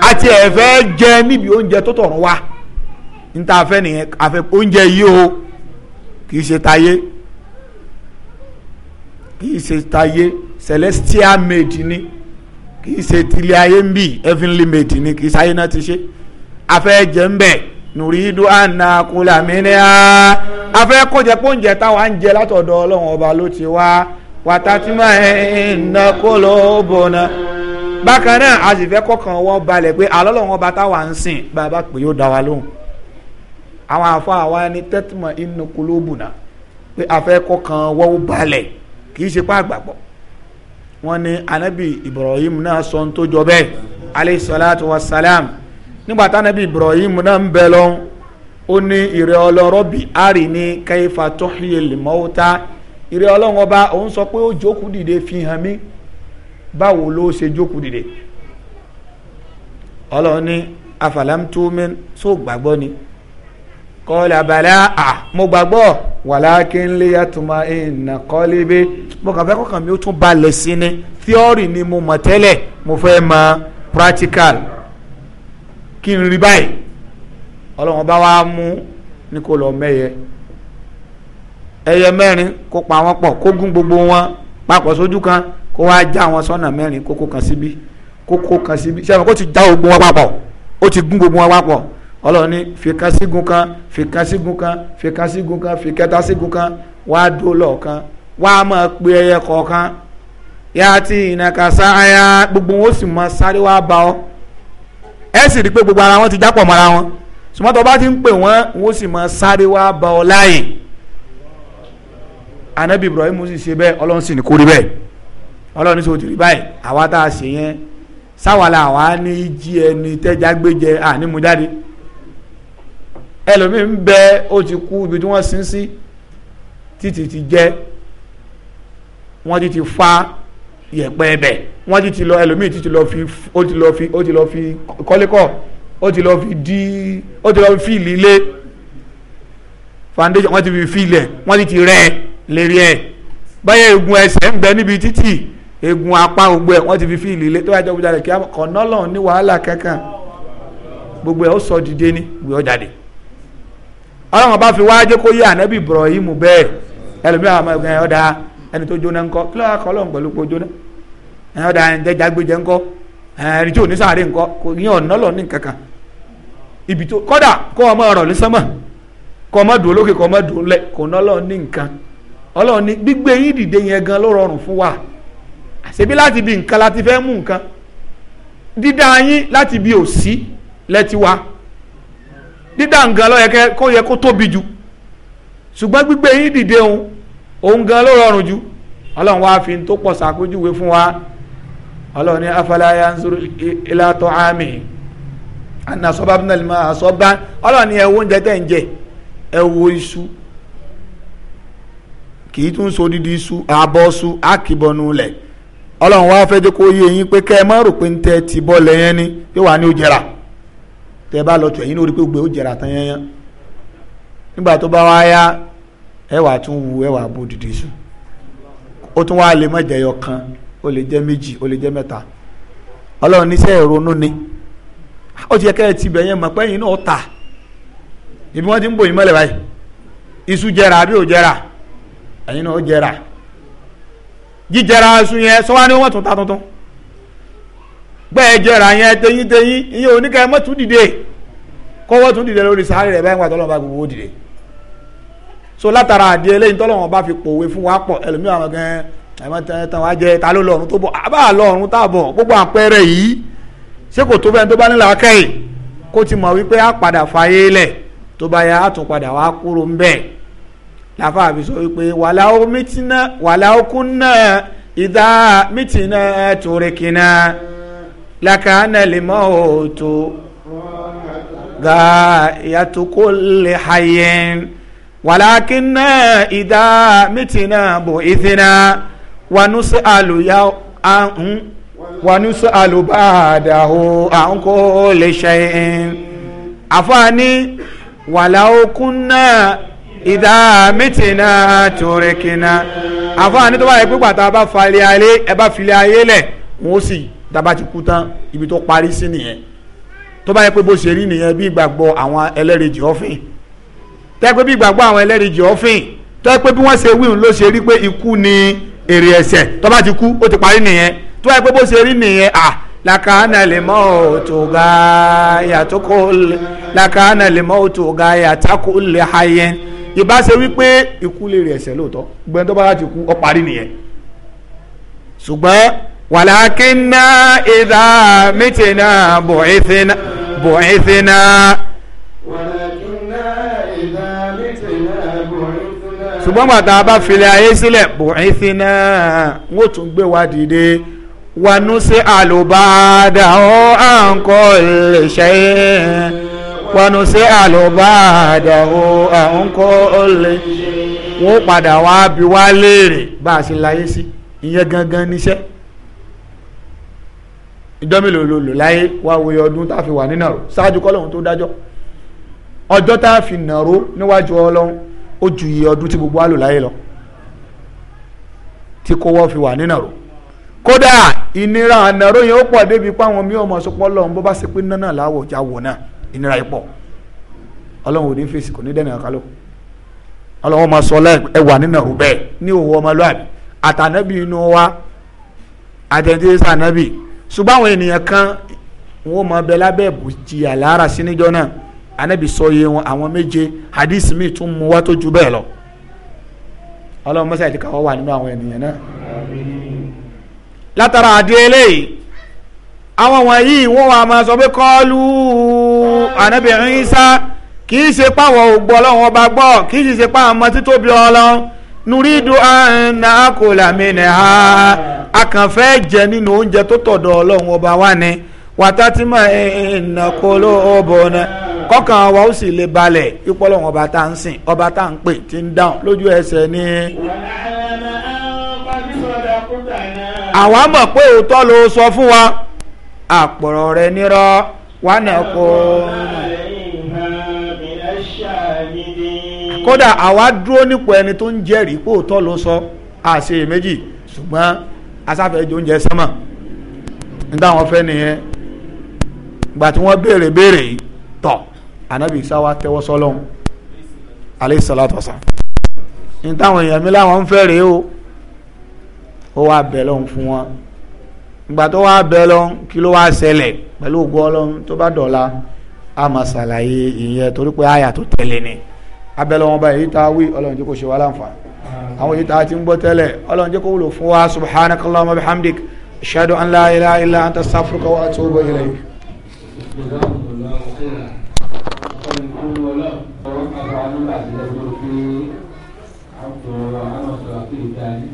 àti ẹfẹ jẹ níbi oúnjẹ tó tọrọ wa níta afẹ nìyẹn afẹ oúnjẹ yìí o kì í ṣe tayé kì í ṣe tayé celestial made ni kì í ṣe tilẹ̀ ayé ń bì heavenly made ni kì í ṣe náà ti ṣe afẹ jẹ ń bẹ nùrídu àná kò lámìnì afẹ́ kó jẹ́ pé oúnjẹ táwa ń jẹ látọ̀dọ̀ ọlọ́run ọba ló ti wá wàtátìmá ẹ̀ẹ́nà kó ló bọ̀nà bákan náà a sì fẹ́ kọ́kàn balẹ̀ pé ọba táwa ń sìn bàbá pé yóò dá wa lóhùn àwọn afọ àwa ni tẹ́tìmọ̀ inú kó ló bùnà pé afẹ́ kọ́kàn wọn ó balẹ̀ kì í ṣe pé àgbàgbọ́ anabi Ibrahim náà sọ ń tó jọ bẹ́ẹ̀ aleyhi salatu wa salam nígbà tánabi Ibrahim náà ń bẹ lọ́hùn ó ní ìrẹ ọlọrọ bí ari ní kẹfà tuhyil mauta ìrẹ Ọlọ́run ọba òun sọ pé ó jókòó dìde fi hàn mí báwo ló ṣe jókòó dìde Ọlọ́run ní afalam tu'min só gbàgbọ́ ni qala bala à mo gbàgbọ́ walakin liyatma inna qalbi mo kàn fẹ́ kọ́kàn mi ó tún balẹ̀ sí ni theory ni mo mọ̀ tẹ́lẹ̀ mo fẹ́ mọ̀ practical kí n rí báyìí ọlọ́run bá wá mú ní kó lọ mẹ́yẹ ẹyẹ mẹ́rin kó pa wọ́n pọ̀ kó gún gbogbo wọn papọ̀ sójú kan kó wá já wọn sọ́nà mẹ́rin kókó kan síbí kókó kan síbí sẹ́wọ̀n kó ti já gbogbo wọn papọ̀ ó ti gún gbogbo wọn papọ̀ ọlọ́run ní fìkan sígun kan fìkan sígun kan fìkan sígun kan fìkẹta sígun kan wá dó lọ́ọ̀kan wá máa pe ẹyẹ kọ̀ọ̀kan yàtì ìnàkàsá ayá gbogbo wọn ó sì máa sáré wá bá ọ ẹ sì rí i pé gbogbo ara wọn ti jápọ̀ mọ́ra wọn ṣùgbọ́n tó bá ti ń pè wọ́n wọ́n sì máa sáré wá ba ọ láàyè anabi ibrahim sì ṣe bẹ́ẹ̀ ọlọ́run sì ní kó rí bẹ́ẹ̀ ọlọ́run sì ti rí báyìí àwa tá a ṣe yẹn sáwàlà àwa ní jí ẹni tẹ́já gbé jẹ àní mu jáde ẹlòmíín bẹ ó ti kú ibi tí wọ́n sin sí títí ti jẹ́ wọ́n ti ti fa yẹ̀pẹ̀ ẹ̀bẹ̀ wọ́n ti ti lọ ẹlòmíín ti ti lọ fi ó ti lọ fi ó ti lọ fi kọ́lékọ́. ó ti lọ fi di ó ti lọ fi fíìlì ilé foundation wọ́n ti fi fíìlì ẹ̀ wọ́n ti rẹ̀ lérí ẹ̀ egun ẹsẹ̀ ń bẹ níbi títì egun apá gbogbo ẹ̀ wọ́n ti fi fíìlì ilé tó bá jẹ́ ọ̀gbìn jáde kí ọ̀nà ní kankan gbogbo ẹ̀ ó sọ dìde ní ọlọ́run bá fi wá kó yé ànábì bẹ́ẹ̀ àwọn ọmọ ọ̀dà ẹni tó jóná ẹ̀ẹ́dì tí ò ní sáré nǹkan kò ní ọ̀nà lọ ní kankan ibi tó kọ́dà kọ́ ọmọ ọ̀rọ̀ ní sánmọ̀ kọ́ ọmọ dùn lókè kọ́ ọmọ dùn lẹ̀ kò ná lọ ní nǹkan ọlọ́ọ̀ni gbígbé yín dìde yẹn gan ló rọrùn fún wa àṣebí láti bi nǹkan láti fẹ́ mú nǹkan dídá yín láti bi òsì lẹ́tí wa dídá nǹkan ló yẹ kó yẹ kó tóbi jù ṣùgbọ́n gbígbé yín dìde òun òun gan ló rọrùn jù ọlọ́run wa fi tó pọ̀ ṣàpèjúwe fún wa ọlọ́run ni afala yanzuru ila ta'ami anna sababna al-ma'a sabban ọlọ́run ní ẹ wo oúnjẹ nje ń jẹ ẹ iṣu kì so dídí iṣu abọ iṣu àkìbọnú lẹ̀ ọlọ́run wá fẹ́ jẹ́ yé yín pé kẹ́ ẹ má rò ti bọ́ ni yóò wá ní bá lọ tù ẹ̀yìn lórí pé gbé tán wu ẹ wà bó dídí iṣu ó tún wá lè ó lè jẹ́ méjì ó lè jẹ́ mẹ́ta ọlọ́run níṣẹ́ ìrònú ni ó ti yẹ ti tibẹ̀ yẹn mọ̀ pẹ́yìn náà ta ibi wọ́n ti ń bò yín mọ́lẹ̀ báyìí iṣu jẹra àbí ò jẹra ẹ̀yin náà ó jẹra jíjẹra yẹn tún ta tuntun gbẹ́ẹ̀ jẹra yẹn tẹyin tẹyin tún dìde lórí sáré báyìí gbogbo dìde so látara àdìẹ fi pòwe fún wa ẹlòmíràn gan ẹ̀mọ́tàn wá jẹ ta ló lọ́run tó bọ̀ àbá lọ́run tá a bọ̀ gbogbo àpẹẹrẹ yìí ṣé kò tó bẹ́ẹ̀ tó bá nílò akẹ́yìn kó ti mọ̀ wípé á padà fàyè lẹ̀ tó bá yá á tún padà wá kúrò ń bẹ̀ làfà àbí sọ wípé wàláwó mítínà wàláwó kúnnà ìdá mítínà tòrékìnà làkàánà lèmọ́ òòtò gà ìyàtòkó lè hayẹn wàlákínà ìdá mítínà bò ìdínà. Wanu wanusi aluya ahun wanusi alubadahu ahun kò lè ṣe àfààní wàláwó kúnná ìdá mìtìnà tòrékìnà àfààní tó bá yẹ pé pàtó bá falẹ̀ ayé ẹ bá filẹ̀ ayé lẹ̀ wọ́n sì dábàá ti kú tán ibi tó parí sí nìyẹn tó bá yẹ pé bó ṣe rí nìyẹn bí ìgbàgbọ́ àwọn ẹlẹ́rìí ọ̀fìn tẹ́ pé bí ìgbàgbọ́ àwọn ẹlẹ́rìí ọ̀fìn tẹ́ pé bí wọ́n ṣe wíhùn ló ṣe rí pé ikú ni èrè ẹ̀ṣẹ̀ tó bá ti kú ó ti parí nìyẹn tó wáyé pé bó ṣe rí nìyẹn à lakana lemo mọ ya gáyà lakana lemo mọ ya gáyà tá kó lè hayẹn ìbá ṣe wípé ikú lè rí ẹ̀ṣẹ̀ lóòótọ́ gbẹ́ni tó bá ti kú ó parí nìyẹn ṣùgbọ́n wàlákínà ìdá mìtìnà bọ̀ẹ́sìnà bọ̀ẹ́sìnà. ṣùgbọ́n gbàtà bá filẹ̀ ayé sílẹ̀ bùhín sí náà wọ́n tún gbé wa dìde wọnú sí àlùbádà ó à ń kọ́ lè ṣe é wọnú sí àlùbádà ó à ń kọ́ lè ṣe é wọ́n padà wá bí wá léèrè bá a ṣe láyé sí ìyẹn gangan níṣẹ́ ìjọ́ mélòó ló lò láyé wá wòye ọdún tá a fi wà nínàró ṣáájú kọ́lọ́hún tó dájọ́ ọjọ́ tá a fi nàró níwájú ọlọ́hún ó ju iye ọdún tí gbogbo wa lò láyé lọ tí kówó fi wà nínà rò kódà ìnira ànàró yẹn ó pọ̀ débi pé àwọn míì ọmọ sọpọ́ lọ́wọ́ bó bá ṣe pé nánà láwọ̀ já wò náà ìnira yìí pọ̀ ọlọ́run ò ní fèsì kò ní dẹ́nà kálọ̀ ọlọ́run ọmọ sọ ẹwà nínà rò bẹ́ẹ̀ ní òwò ọmọlúwàbí àtànábì inú wa àtẹ̀jẹ́ sànábì ṣùgbọ́n àwọn ènìyàn kan wọ́n mọ abẹ lábẹ́ ìbùjì sí níjọ́ náà anabi sọ iye wọn àwọn méje hadith mi tún mú wá tó ju bẹ́ẹ̀ lọ ọlọ́run mọ́sá ìdíkà wọ́n wà nínú àwọn ènìyàn náà látara àdé eléyìí àwọn wọ̀nyí wọ́n wà máa sọ pé kọ́ọ́lù anabi Isa kì í ṣe pàwọ̀ ògbọ́ ọlọ́run ọba gbọ́ kì í ṣe pàwọ̀ ọmọ títóbi ọlọ́run nuridu anna akula minha akanfẹ jẹ nínú oúnjẹ tó tọ̀dọ̀ ọlọ́run ọba wa ni wàtátìmọ̀ ẹ̀ẹ́nà kọlọ́ ọ̀bọ̀n náà kọ́kàn wa ó sì lè balẹ̀ ìpọ́lọ̀ wọn ọba tá à ń sìn ọba tá à ń pè ti ń dáhùn lójú ẹsẹ̀ ni. àwa mọ̀ pé òótọ́ ló sọ fún wa àpọ̀rọ̀ rẹ nírọ̀ wà ní ẹ̀kọ́. kódà àwa dúró nípò ẹni tó ń jẹ́rìí pé òótọ́ ló sọ àṣeyè méjì ṣùgbọ́n asáfẹ́jọ oúnjẹ sánmà nígbà wọn fẹ́ nìyẹn gbà tí béèrè béèrè yìí tọ̀ anabi isa wa tẹ́wọ́ sọ́lọ́hún aleyhi salatu wasalam ní táwọn èèyàn mi láwọn ń fẹ́ rèé o ó wá bẹ̀ lọ́hún fún wọn ìgbà tó wá bẹ̀ lọ́hún kí ló wá ṣẹlẹ̀ pẹ̀lú ògùn ọlọ́hún tó bá dọ̀la a máa ṣàlàyé ìyẹn torí pé àyà tó tẹ̀lé ni abẹ́lẹ́ wọn báyìí tá wí ọlọ́run jẹ́ kó ṣe wá láǹfààní àwọn èyí ti ń gbọ́ tẹ́lẹ̀ ọlọ́run jẹ́ kó wúlò fún wa subhanakallahumma wa bihamdik ashhadu ilaha illa anta astaghfiruka atubu ilayk nígbà tí lẹ́gbẹ́ pé àjọ alọ́sọ̀rọ̀ pé ìdarí.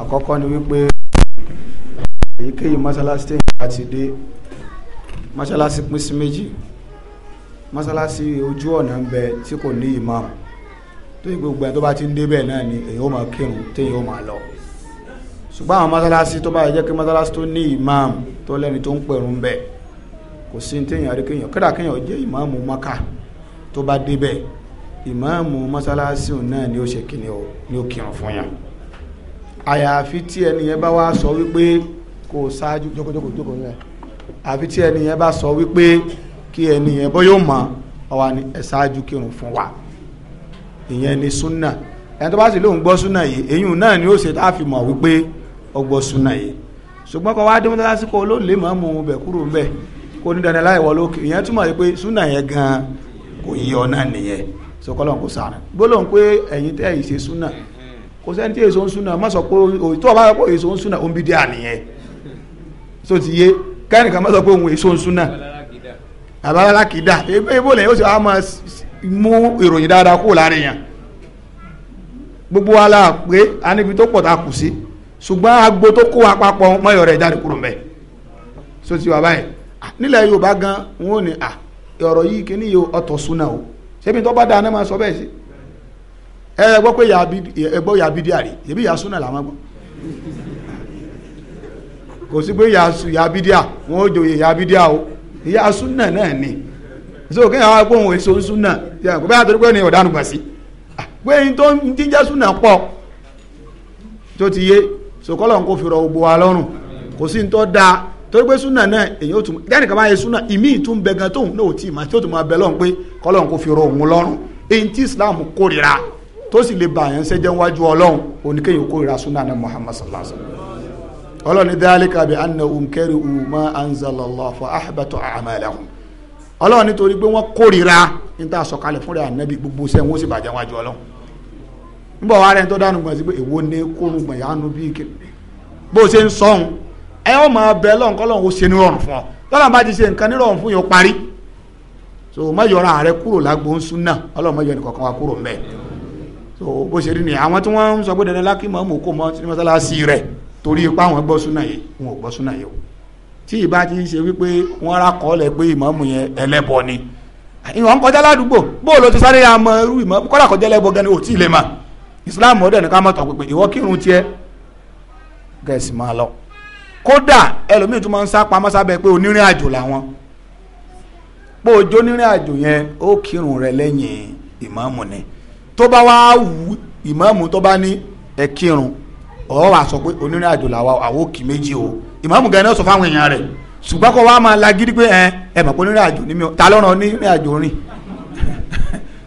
àkọ́kọ́ ni wípé èyíkéyìí mọ́sálásí tí ìyá ti dé mọ́sálásí pín sí méjì mọ́sálásí ojú ọ̀nà ń bẹ tí kò ní imam tó yẹ gbogbo ẹ̀ tó bá ti ń débẹ̀ náà ni èyí ó máa kírun téyí ó máa lọ ṣùgbọ́n àwọn mọ́sálásí tó bá yẹ jẹ́ kí mọ́sálásí tó ní imam tó lẹ́ni tó ń pẹ̀rù ń bẹ́ẹ̀ kò sí téèyàn rí kéèyàn kódà kéèyàn jẹ́ ìmáàmù mọ́kà tó bá débẹ̀ ìmáàmù mọ́sálásí náà ni ó ṣe kíni o ni ó kírun fún yàn àyàfi tí ẹni yẹn bá wá sọ wípé kò ṣáájú jókòjókò jókòó rẹ̀ àfi tí ẹni yẹn bá sọ wípé kí ẹni yẹn bọ́ yóò mọ̀ ọ wà ní ṣáájú kírun fún wa ìyẹn ni súnà ẹni tó bá sì lóun gbọ́ súnà yìí èyún náà ni ó ṣe tá a fi mọ̀ wípé ó súnà yìí ṣùgbọ́n kọ́ wá dé mọ́tò lásìkò olóòlè mú un bẹ̀ kúrò ń bẹ̀ kó ní dandan láì wọlé òkè ìyẹn túmọ̀ pé súnà yẹn gan kò yí ọ náà nìyẹn so kọ́lọ́n kò sàrìn gbólóhùn pé ẹ̀yin tẹ́ ìṣe súnà kò sẹ́ni tí èso ń súnà má sọ pé òtítọ́ bá sọ pé èso ń súnà ó ń bí dé àníyẹn so ti yé kẹ́nìkan má sọ pé òun èso ń súnà àbáwálá kìdá ebó ebó lẹ́yìn ó sì á máa mú ìròyìn dáadáa kúrò láàrin yàn gbogbo wa la pé a níbi tó pọ̀ tá kù sí ṣùgbọ́n agbo tó kó wa mọ́yọ̀ rẹ̀ jáde kúrò mbẹ́ so ti wà báyìí Ah, nílẹ̀ yorùbá gan wọn ò ní à ah, ọ̀rọ̀ yìí kí ni yóò ọ̀tọ̀ o ṣébi tó bá dáa náà máa sọ bẹ́ẹ̀ sí ẹ gbọ́ pé ẹ gbọ́ yàbí díà rè ṣébi yà làwọn gbọ́ kò sí pé yàbí díà wọn ò o Ya náà ni so kéèyàn wá pé òun èso súnà kò bá yàtọ̀ pé ní ọ̀dánù gbà sí ah, pé ní tó ń jíjẹ́ pọ̀ tó ti yé sòkòlò ń kó fi rọ torí pé súnà náà èyí ó tún dẹ́nìkan bá yẹ súnà ìmí ìtún bẹ gan tóun náà ò tí ì máa tí ó tún máa bẹ lọ́run pé kọ́lọ́run kò fi rọ òun lọ́rùn èyí tí Islam kórìíra tó sì lè bà yẹn sẹ́jẹ́ wájú ọlọ́run oníkéyìn kórìíra súnà náà Muhammad sallallahu alayhi wa sallam ọlọ́ni dhalika bi annahum karihu ma anzalallahu fa ahbata a'malahum ọlọ́run nítorí pé wọ́n kórìíra níta sọ̀kalẹ̀ fúnra ànábì gbogbo sẹ́wọ́n ó sì bàjẹ́ wájú ọlọ́run nígbà wàá rẹ̀ ń tọ́ dánù gbọ̀n sí pé èwo bó ṣe ẹ ọ máa bẹ lọ́n kọ́ lọ́n ó ṣe nírọ̀rùn fún ọ tọ́lá bá ti ṣe nǹkan nírọ̀rùn fún yóò parí so má yọra rẹ kúrò lágbo ń sún náà ọlọ́run má yọ ẹnìkọ̀ọ̀kan wa kúrò ńbẹ so bó ṣe rí ni àwọn tí wọ́n ń sọ pé dandan lákì mọ́ mọ́ kó mọ́ sí mọ́sálásí rẹ̀ torí ipá àwọn gbọ́ súnà yìí wọn ò gbọ́ súnà yìí o tí ìbá ti ṣe wípé wọ́n ra kọ́ọ̀lẹ̀ pé ìmọ̀ọ́mù yẹn ẹlẹ́bọ ni ìwọ̀n ń kọjá ládùúgbò bóòlù ti sáré àmọ́ irú ìmọ̀ kọ́lá kọjá ẹlẹ́bọ gan ni ò tí ì lè mà ìsìláàmù ọ̀dẹ̀ ní ká mọ̀ pípé ìwọ kírun tiẹ̀ gẹ̀ẹ́sì máa lọ kódà ẹlòmíì tún máa ń sá pamọ́ sábẹ́ pé onírìn yẹn ó kírun rẹ lẹ́yìn ni tó bá wá wù tó bá ní ẹ kírun ọ̀ sọ pé onírìn àjò àwọn òkì méjì o ìmáàmù gan-an sọ fáwọn èèyàn rẹ̀ ṣùgbọ́n kó wá máa lagídí pé ẹ ẹ mọ̀ pé onírìn àjò ni mi ò ta lọ́rọ̀ onírìn àjò rìn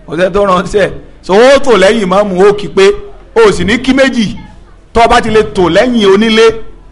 ọ̀sẹ̀ tó so ó tò lẹ́yìn pé ní kí méjì tó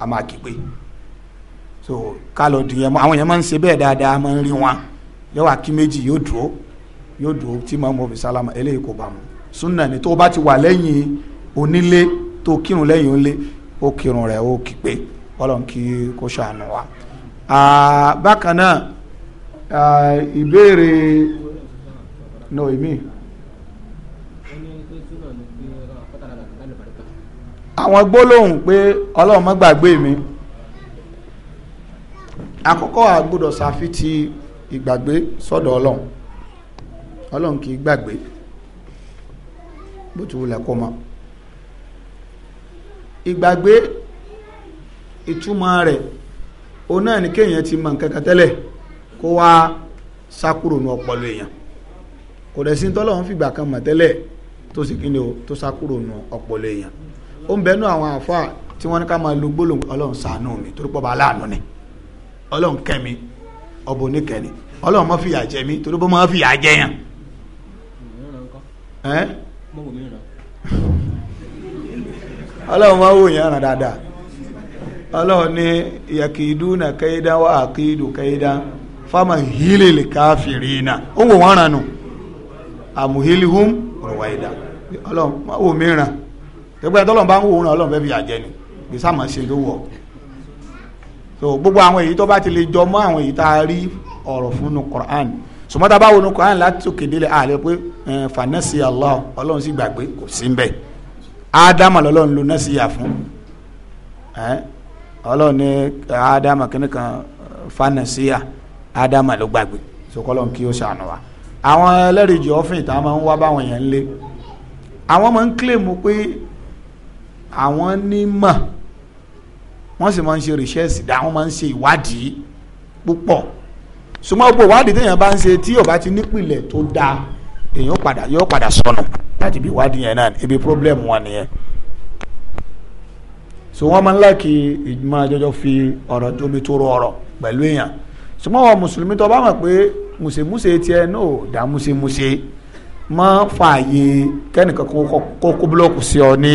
a máa kí so kálọ̀ dìyẹn mọ́ àwọn yẹn máa ń ṣe bẹ́ẹ̀ dáadáa máa ń rí wọn yóò wá kí méjì yóò dúró yóò dúró tí màá mọ̀ fi sálámà eléyìí kò bá mu súnà ni tó bá ti wà lẹ́yìn onílé tó kírun lẹ́yìn onílé ó kírun rẹ̀ ó kí ọlọ́run kí kó ṣàánú wa. bákan náà ìbéèrè no ìmíì. àwọn gbólóhùn pé ọlọ́run má gbàgbé mi àkọ́kọ́ àgbọ́dọ̀ ṣàfitì ìgbàgbé sọ́dọ̀ ọlọ́run ọlọ́run kì í gbàgbé bó ti wulẹ̀ kó mọ́ ìgbàgbé ìtumọ̀ rẹ̀ òun náà ni kéèyàn ti mọ nǹkan kan tẹ́lẹ̀ kó wá sákúrò ní ọpọlọ èèyàn kò dẹ̀ sí tọ́lọ́run fìgbà kan mọ̀ tẹ́lẹ̀ tó sì kí ni o tó sákúrò ní ọpọlọ èèyàn ó ń bẹnu àwọn àfa tí wọ́n ní ká máa lo gbólóhùn ọlọ́run ṣàánú mi torí pọ́ bá aláàánú ni ọlọ́run kẹ́ mi ọbọ oníkẹ́ni ọlọ́run má fìyà jẹ mi torí pọ́ má jẹ yàn. ọlọ́run máa wò yẹn ràn dáadáa ọlọ́run ní yakiduna kaidan wa akidu kaidan fama hilil káfìrínà ó wò wọ́n ràn nù àmúhílihùn ọ̀rọ̀ wáyé dá ọlọ́run máa wò mí ràn tẹgbẹ́ tọ́lọ̀ bá ń wò ràn fi àjẹ ni bí sáà máa ṣe ló wọ̀ so gbogbo àwọn èyí tó bá ti lè jọ mọ́ àwọn èyí tá a rí ọ̀rọ̀ fún nu Qur'an sùmọ́tà bá wo nu Qur'an láti òkè délé àlẹ́ pé eh, fanẹ́sì Allah ọlọ́run sì gbàgbé kò sí ń bẹ̀ Adam lọ́lọ́run ló náà sì yà fún eh, ọlọ́run ní ádámà kìnnìkan fanẹ́sì yà ádámà ló gbàgbé sọkọlọ́n kí ó ṣàánú wa àwọn ẹlẹ́rìí jù ọ́fìn ìta máa ń wá báwọn yẹn ń lé àwọn máa ń kílèmù pé àwọn nímọ̀ wọ́n sì máa ń ṣe rìṣẹ́ẹ̀sì dá wọ́n máa ń ṣe ìwádìí púpọ̀ ṣùgbọ́n gbogbo ìwádìí téèyàn bá ń ṣe tí ó bá ti nípìnlẹ̀ tó dáa èèyàn padà yóò padà sọnù láti ibi ìwádìí yẹn náà ibi problem wọn nìyẹn so wọ́n máa ń láàkì ìgbìmọ̀ àjọjọ́ fi ọ̀rọ̀ tóbi tó rọ ọ̀rọ̀ pẹ̀lú èèyàn ṣùgbọ́n wọn mùsùlùmí tó bá mọ̀ pé mùsèmùsè tiẹ̀ náà dá mùsèmùsè máa fààyè kẹ́nìkan kó kó búlọ́ọ̀kù sí ọ ní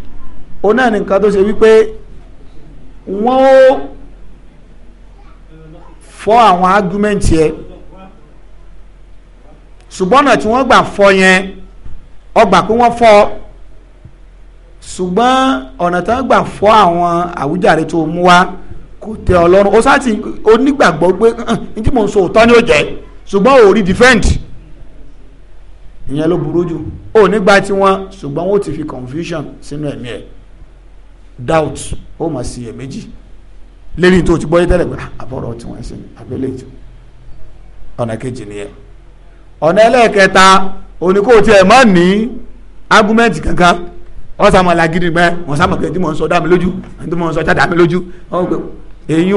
òun náà ní nǹkan tó ṣe wípé wọ́n ó fọ́ àwọn ágúmẹ́ǹtì ẹ ṣùgbọ́n ọ̀nà tí wọ́n gbà fọ́ yẹn ọgbà pé wọ́n fọ́ ṣùgbọ́n ọ̀nà tí wọ́n gbà fọ́ àwọn àwùjáre tó mú wá kò tẹ ọlọ́run ó sáàtì onígbàgbọ́ pé ní tí mò ń sọ òótọ́ ni ó jẹ́ ṣùgbọ́n ò rí defend ìyẹn ló burú jù ò nígbà tí wọ́n ṣùgbọ́n wọ́n ti fi confusion sínú ẹ̀mí ẹ̀. doubt ó mà sí iyèméjì lérí tó ti gbọ́yé tẹ́lẹ̀ pé ah, àbọ̀rọ̀ tí wọ́n ṣe àbẹ́lẹ̀ ètò ọ̀nà kejì nìyẹn ọ̀nà ẹlẹ́ẹ̀kẹta òní kò tiẹ̀ má ní argument kankan wọ́n sá máa lagidi gbẹ́ wọ́n sá máa kẹ́ tí mò ń sọ lójú tí mò ń sọ lójú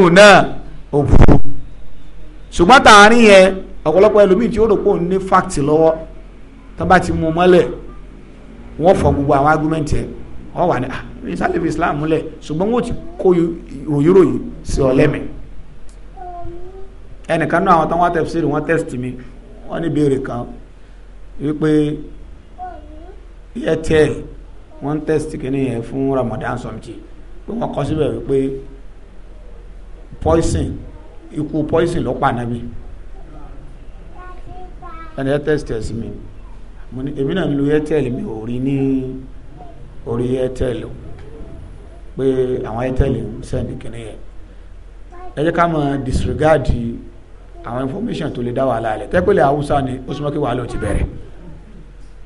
ò náà ṣùgbọ́n tààrin yẹn ọ̀pọ̀lọpọ̀ ẹlòmíì tí ó rò pé òun ní fact lọ́wọ́ tó ti gbogbo àwọn argument yẹn wọ́n wà ní ah ìsàlẹ̀ fi islam múlẹ̀ ṣùgbọ́n wọ́n ti kó ròyìnròyìn sí ọlẹ́mì ẹnìkan náà àwọn tó wọ́n tẹ̀síìrì wọ́n tẹ̀sítì mi wọ́n ní ìbéèrè kan wípé airtel wọ́n tẹ̀sítì kìíní yẹn fún ramadan sọ̀mtì pé wọ́n kọ síbẹ̀ wípé poison ikú poison ló pa nàbí ẹni airtel tẹ̀sí mi èmi náà lu airtel mi ò rí ní orí airtel o pé àwọn airtel ń sẹ́ndì kìnìún yẹn ẹ jẹ́ ká máa disregard àwọn information tó lè dá wàhálà rẹ̀ tẹ́pẹ́lẹ̀ haúsá ni ó súnmọ́ kí wàhálà ò ti bẹ̀rẹ̀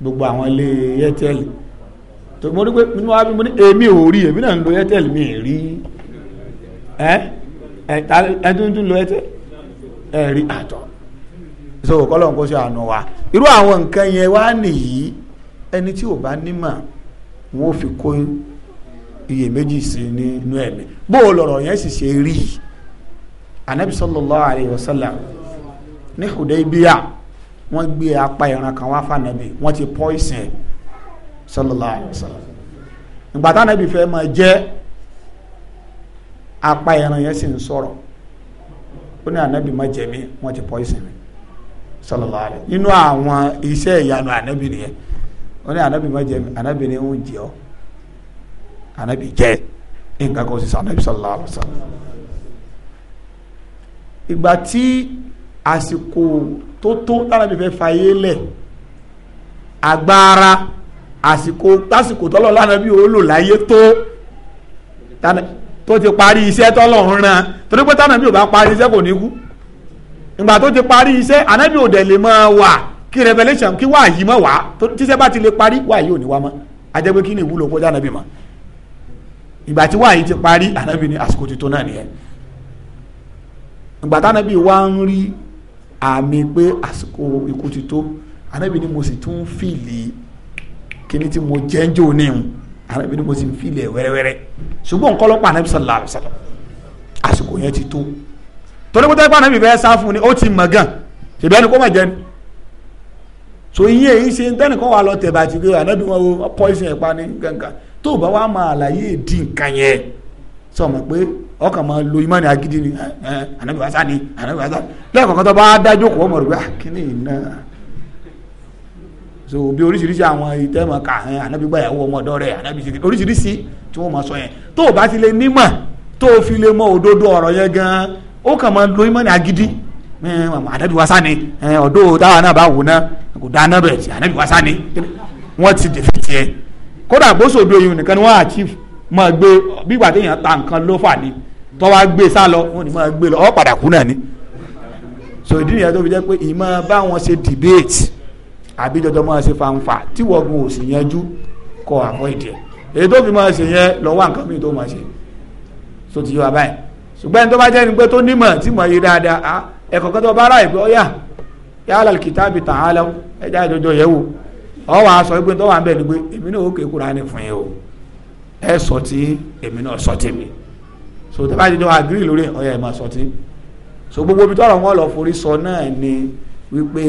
gbogbo àwọn ilé airtel tó mo rí pé mo wá bí mo ní èmi ò rí èmi náà ń lo airtel mi ì rí ẹ ẹ tó ń tún lo airtel ẹ rí àtọ so kọ́lọ́n kó ṣe àánú wa irú àwọn nǹkan yẹn wá nìyí ẹni tí ò bá nímọ̀ wọn ò fi kó iyèméjì sí nínú ẹ̀mí bó o lọ̀rọ̀ yẹn sì ṣe rí anabi sallallahu alayhi wa sallam ní Hudaybiya wọ́n gbé apá ẹran kan wá fànàbì wọ́n ti poison ẹ̀ sallallahu alayhi wa sallam ìgbà tánàbì fẹ́ máa jẹ́ apá ẹran yẹn sì ń sọ̀rọ̀ ó ní anabi má jẹ mí wọ́n ti poison mi sallallahu alayhi nínú àwọn iṣẹ́ ìyanu anabi nìyẹn ó ní anabi má jẹ mi anabi ni ń jẹ ọ anabi jẹ nǹkan kan ó sì sàn anabi sallallahu alaihi wasallam ìgbà tí àsìkò tó tó tánàbí fẹ́ fàyè lẹ̀ agbára àsìkò tásìkò tọ́lọ̀ lánàbí ó lò láyé tó tó ti parí iṣẹ́ tọ́lọ̀ ń ran torí pé tánàbí ò bá parí iṣẹ́ kò ní kú ìgbà tó ti parí iṣẹ́ ànábì ò dẹ̀ lè máa wà kí revelation kí wáàyí mọ̀ wá tíṣẹ́ bá ti lè parí wáàyí ò ní wá mọ́ ajẹ́ kí ni ìwúlò pọ́jà ànábì mọ́ ìgbà tí wáàyí ti parí ànábì ní àsìkò ti tó náà nìyẹn ìgbà tánábì wá ń rí àmì pé àsìkò ikú ti tó ànábì ni mo sì tún fìlì kíní tí mo jẹ́ ń jò níhun ànábì ni mo sì ń fìlì ẹ̀ wẹ́rẹ́wẹ́rẹ́ ṣùgbọ́n nǹkan lọ́pàá ànábì sallallahu alaihi wasallam àsìkò yẹn ti tó torí pé tẹ́lifíà ànábì bẹ́ẹ̀ sá fún ni ó ti mọ̀ gan ṣèbí kó mọ̀ jẹ́ so iye yìí ṣe tẹnìkan wà lọ tẹ̀bà tí pé ànábì wọn o poison ẹ̀pa ní kankan tó bá wà máa àlàyé ìdí nǹkan yẹn sọ ma pé ọkàn máa lo imọ́ ni agídí ni ànábì wàásà ni ànábì wàásà lẹ́ẹ̀kọ̀kan tó bá dájọ́ kọ́ mọ̀ rẹ̀ pé ah, kíní náà so bí oríṣiríṣi àwọn ìtẹ́mọ̀ kà ẹ̀ ànábì gbàyàwó ọmọdọ́ rẹ̀ ànábì ṣe oríṣiríṣi tí wọ́n máa sọ yẹn tó bá ti lè nímọ̀ tó fi lè mọ òdodo ọ̀rọ̀ yẹn gan-an ó kàn máa lo imọ́ ni ànábì wa sani ọ̀dọ́ táwa náà bá wò ná kò dáná bẹ̀ tí ànábì wa sani wọ́n ti dè fi tiẹ̀ kódà bóso do yìí nìkan ni wọ́n àchieve máa gbé bígbà téèyàn ta nǹkan ló fà ní tọ́wá gbé sá lọ wọ́n ní máa gbé lọ ọ́ padà kú náà ni so ìdí nìyẹn tó fi jẹ́ pé ìmọ̀ báwọn ṣe debate àbí jọjọ máa ṣe fanfa tí wọ́n gun òsì yanjú kọ́ avoid ẹ̀ èyí tó fi máa ṣe yẹn lọ wá nǹkan míì tó máa ṣe so ti yọ abáyé ṣùgbọ́n tó bá jẹ́ ni pé tó nímọ̀ tí mọ̀ yé dáadáa ah, ẹ̀kọ́ kọ́tọ́ bá ráì pé ọ́yà yálà kìtàbì tààlà ẹja ìjọjọ yẹ wò ọ wà á sọ pé tó wà ń bẹ̀ ni pé èmi náà ó ké Kùránì fún yẹn o ẹ sọ tí èmi náà sọ tèmi so tẹ́ bá ti jọ àgírí lórí ọ̀yà ẹ̀ máa sọ tí so gbogbo ibi tọ́rọ̀ wọn lọ forí sọ náà ni wípé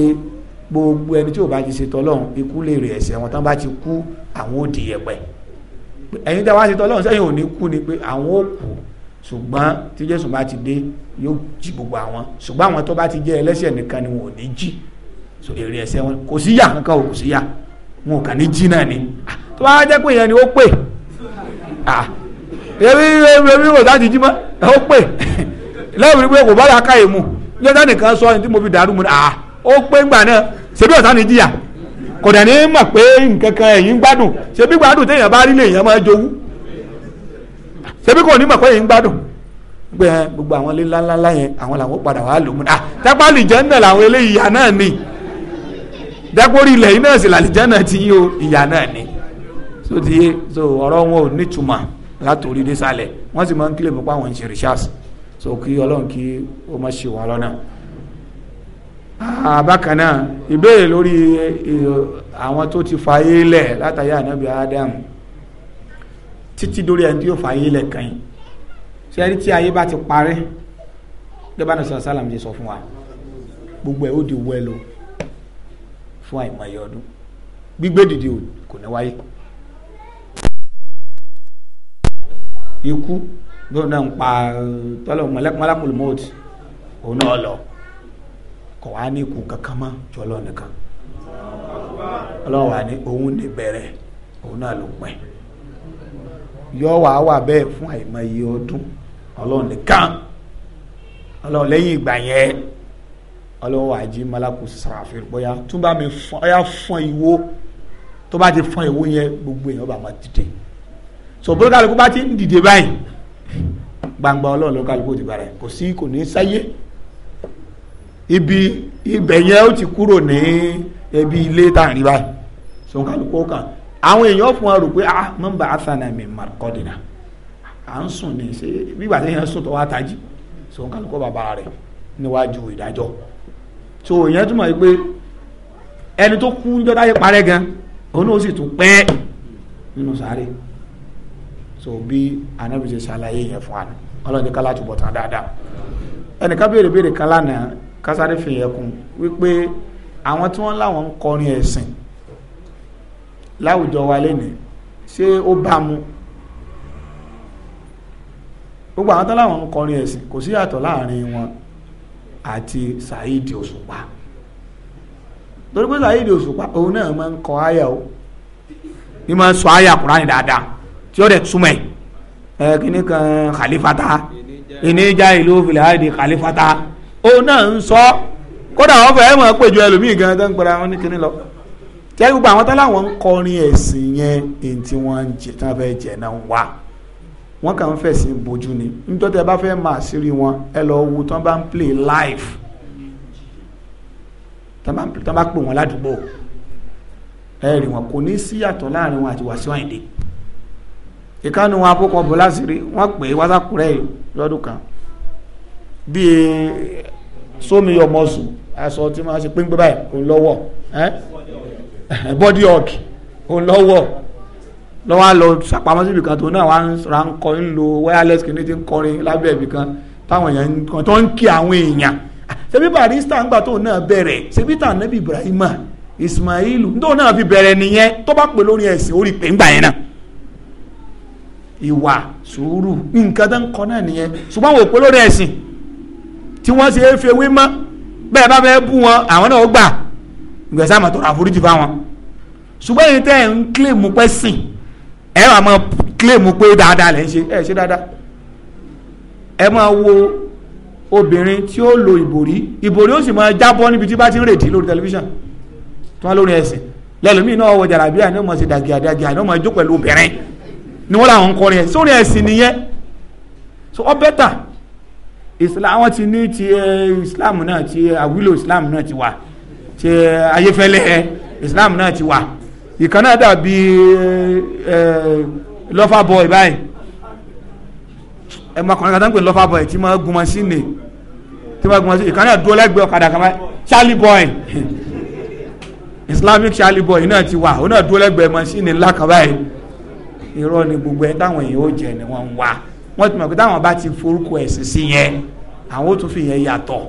gbogbo ẹni tí ò bá ti ṣe tọ́lọ́run ikú lè rè ẹ̀ṣẹ̀ wọn tán bá ti kú àwọn ò dìyẹ̀pẹ̀ ẹ̀yin tẹ́ wá ṣe tọ́lọ́run sẹ́yìn ò ní kú ni pé àwọn ò kú ṣùgbọ́n tí jésù bá ti dé yóò jí gbogbo àwọn ṣùgbọ́n àwọn tó bá ti jẹ́ ẹlẹ́ṣẹ̀ nìkan ni wọn ò ní jí so èrè ẹ̀ṣẹ̀ wọn kò sí yà kankan o kò sí yà wọn ò kàn ní jí náà ni ah, tó bá jẹ́ pé ìyẹn ni ó pè ah, èmi èmi kò sáà ti jí mọ́ ó pè lẹ́yìn pé kò bá yà ká èmu jẹ́sẹ̀ nìkan sọ ẹni tí mo fi dàrú mu ah, náà ó pé ńgbà náà ṣebí ọ̀sán ni jíyà kò dẹ̀ ní mọ̀ pé nǹkan kan ẹ̀yìn gbádùn ṣebí gbádùn téèyàn bá rí lè yàn máa jowú ṣebí kò ní mọ̀ pé yìí ń gbádùn gbé ẹ eh, gbogbo àwọn ilé ńláńlá yẹn àwọn làwọn padà wà lòmù náà ah, tẹ́pá àlìjẹ́nà làwọn eléyìí ìyá náà ni dẹ́kórí ilẹ̀ yìí náà sì làlìjẹ́nà ti yí o ìyá náà ni so ti yé so ọ̀rọ̀ wọn ò nítumọ̀ látòrí désàlẹ̀ wọ́n sì máa ń kílè pípa àwọn ìṣèrìṣàs so kí ọlọ́run kí ó má ṣe wà lọ́nà. Ah, bákan náà ìbéèrè lórí eh, eh, àwọn tó ti fa ayé lẹ̀ látàyè ànábì Ádámù títí dórí ẹni tí yóò fà ayé lẹ́ẹ̀kan yìí ṣe rí tí ayé bá ti parí gẹ́bánà sọ sálàm ti sọ fún wa gbogbo ẹ̀ ó di wẹ́ lọ fún àìmọye ọdún gbígbé dìde kò ní wáyé ikú ló náà ń pa tọ́lọ̀ mọ́lákùlù mọ́ọ̀tì òun náà lọ kọ̀ wá ní ikú kankan mọ́ jọlọ nìkan ọlọ́wà ní òun ní bẹ̀rẹ̀ òun náà ló pẹ́ yọ wà wà bẹ́ẹ̀ fún àìmọye ọdún ọlọ́run nìkan ọlọ́run lẹ́yìn ìgbà yẹn ọlọ́run wà jí malaku sàràfin bóyá tún bá mi fọn ọyá fọn ìwo tó bá ti fọn ìwo yẹn gbogbo èèyàn bá máa dìde so bólúkàlùkù bá ti ń dìde báyìí gbangba ọlọ́run lọ́kàlùkù ti bàrẹ̀ kò sí kò ní sáyé ibi ibẹ̀ yẹn ó ti kúrò ní ẹbí ilé tá à ń rí báyìí so kàlùkù ó kàn àwọn èèyàn fún wa rò pé ah mọ̀ n athana mi mara kọ́dínà à ń sùn ní ṣe bí ìgbà tí yẹn sùn tó wá tají sọ wọn kálukọ́ bàbá rẹ̀ níwájú ìdájọ́ so ìyẹn túmọ̀ yìí pé ẹni tó kú ń jọ́dá yẹ parẹ́ gan òun náà sì tún pẹ́ nínú sáré so bí anábì ṣe ṣàlàyé yẹn fún wa ọlọ́run ní kálá túbọ̀ tán dáadáa ẹnìkan béèrè béèrè kálá náà kásáré fi yẹn kún wípé àwọn tí wọ́n láwọn ń kọrin ẹ̀sìn láwùjọ wa lénìí ṣé ó bá mu gbogbo àwọn tó láwọn ń kọrin ẹ̀sìn kò sí yàtọ̀ láàrin wọn àti Saheed Òṣùpá torí pé Saheed Òṣùpá òun náà máa ń kọ àyà o ní máa ń sọ àyà Kùránì dáadáa tí ó dẹ̀ túmọ̀ ẹ̀ kíní kan kàlífàtà ìníjà ìlú fìlàádì kàlífàtà òun náà ń sọ kódà wọn fẹ́ mọ̀ péjọ ẹlòmíì gan tó ń pera wọn ní lọ tí wọ́n gbogbo àwọn tán láwọn ń kọrin ẹ̀sìn yẹn èyí tí wọ́n ń jẹ tí wọ́n fẹ́ jẹ náà wà wọ́n kàn ń fẹ̀sìn bojú ni nítorí ẹ bá fẹ́ máa sírí wọn ẹ lọ wo tí wọ́n bá ń play live tí wọ́n bá pè wọ́n ládùúgbò ẹ rí wọn kò ní sí yàtọ̀ láàrin wọn àti Wasiu Ayinde ìkànnì wọn akókò bọ́lá sírí wọ́n pè é wásákùrẹ́ lọ́dún kan bíi sómi ọmọ sùn aṣọ tí wọ́n ṣe pínpín báyìí kò lọ́wọ́ body hug òun lọ́wọ́ lọ́wọ́ á lọ sàpamọ́ síbi kan tó náà wà ń ra ń kọ lo wireless kìíní tí ń kọrin lábẹ́ ibì kan táwọn èèyàn kan tó ń kí àwọn èèyàn ṣebí barista ń gbà tó náà bẹ̀rẹ̀ ṣebí tà nẹ́bí Ibrahima Ismail tó náà fi bẹ̀rẹ̀ nìyẹn tó bá pè lórí ẹ̀sìn orí pé ńgbà yẹn náà ìwà sùúrù nǹkan tó ń kọ náà nìyẹn ṣùgbọ́n wò pé lórí ẹ̀sìn tí wọ́n ṣe é fewé mọ́ bẹ́ẹ̀ bá fẹ́ bú wọn àwọn náà gbà ìgbésẹ̀ àmọ́ tọrọ àforíjì fáwọn ṣùgbọ́n yìí tẹ́ ẹ̀ ń kílèmù pẹ́ sìn ẹ wà máa kílèmù pé dáadáa lẹ́ ń ṣe ẹ ṣe dáadáa ẹ máa wo obìnrin tí ó lo ìbòrí ìbòrí ó sì máa jábọ́ níbi tí bá ti ń rèdí lórí tẹlifíṣàn tí wọ́n lórí ẹsẹ̀ lẹ́lòmíì náà wọ jàlábíà ní ọmọ ṣe dàgìà dàgìà ní ọmọ jó pẹ̀lú obìnrin ni wọ́n làwọn ń kọrin ẹ̀ sórí ẹ̀sìn nìyẹn so ọ bẹ́tà islam wọn ti ní ti eh, islam náà ti eh, àwílò islam náà ti wà ṣe ayéfẹ́lẹ́ islam náà ti wà ìkan náà dàbí lọ́fà bọ̀ ìbáyìí ẹ máa kọ́ni kàtà ń pè lọ́fà bọ̀ ẹ̀ tí máa gun masínì tí máa gun masínì ìkan dúró lẹ́gbẹ̀ẹ́ ọ̀kadà kan charlie boy islamic charlie boy náà ti wà òun náà dúró lẹ́gbẹ̀ẹ́ masínì ńlá kan báyìí irọ́ ni gbogbo ẹ̀ táwọn èèyàn ó jẹ ni wọ́n ń wá wọ́n ti mọ̀ pé táwọn bá ti forúkọ ẹ̀sìn sí yẹn àwọn ó tún fi yẹn yàtọ̀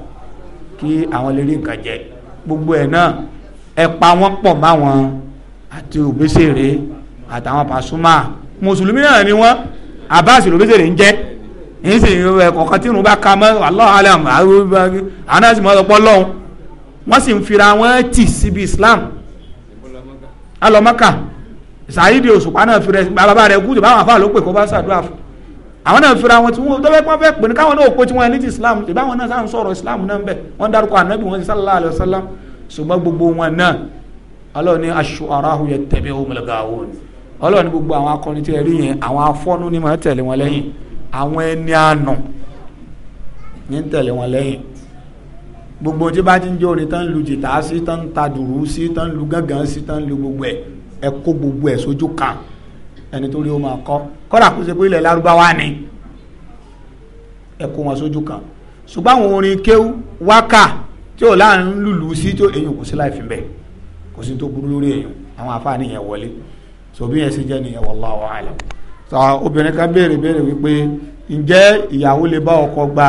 kí àwọn lè rí nǹkan jẹ gbogbo ẹ̀ náà ẹ pa wọ́n pọ̀ máwọn àti Òbésèré àtàwọn Pasuma mùsùlùmí náà ni wọ́n Abbas Òbésèré ń jẹ́ èyí sì kọ̀ọ̀kan tí irun bá ka mọ́ Allahu alam àwọn náà sì mọ́ ọ̀pọ̀ lọ́hùn sì ń fira wọn tì síbi Islam alọ́mọ́kà Saheed Òṣùpá náà fi rẹ̀ bàbá rẹ̀ kú tó báwọn afáà ló pè kó bá ṣàdúrà fún un àwọn náà fira wọn tí wọn tọ́wẹ́ pọ́n fẹ́ pè ní káwọn náà òpó tí wọ́n ní ti islam ṣùgbọ́n àwọn náà sáà ń sọ̀rọ̀ islam náà ń bẹ̀ wọ́n dárúkọ ànábì wọn sallallahu alayhi wa sallam ṣùgbọ́n gbogbo wọn náà ọlọ́ọ̀ni aṣọ aráhu yẹ tẹ̀mí ohun gàwọ́n ọlọ́ọ̀ni gbogbo àwọn akọni tí ẹ rí yẹn àwọn afọ́nú ni máa tẹ̀lé wọn lẹ́yìn àwọn ẹni àná ní tẹ̀lé wọn lẹ́yìn gbogbo tí bá ti ń jórin tán lu jìtá sí tán ta dùrú sí tán lu gángan sí tán lu gbogbo ẹ ẹ kó gbogbo ẹ sójú kan ẹni tó rí ó máa kọ́ kọ́dà kó ṣe pé ilẹ̀ lárúbáwá ni ẹ kó wọn sójú kan ṣùgbọ́n àwọn orin kéwú wákà tí ò láàrin lùlù sí tó èyàn kò sí láì fi bẹ́ẹ̀ kò sí tó burú lórí èyàn àwọn àfáàní yẹn wọlé so bí yẹn sì jẹ́ nìyẹn wallahu a'lam so obìnrin kan béèrè béèrè wípé ǹjẹ́ ìyàwó lè bá ọkọ gba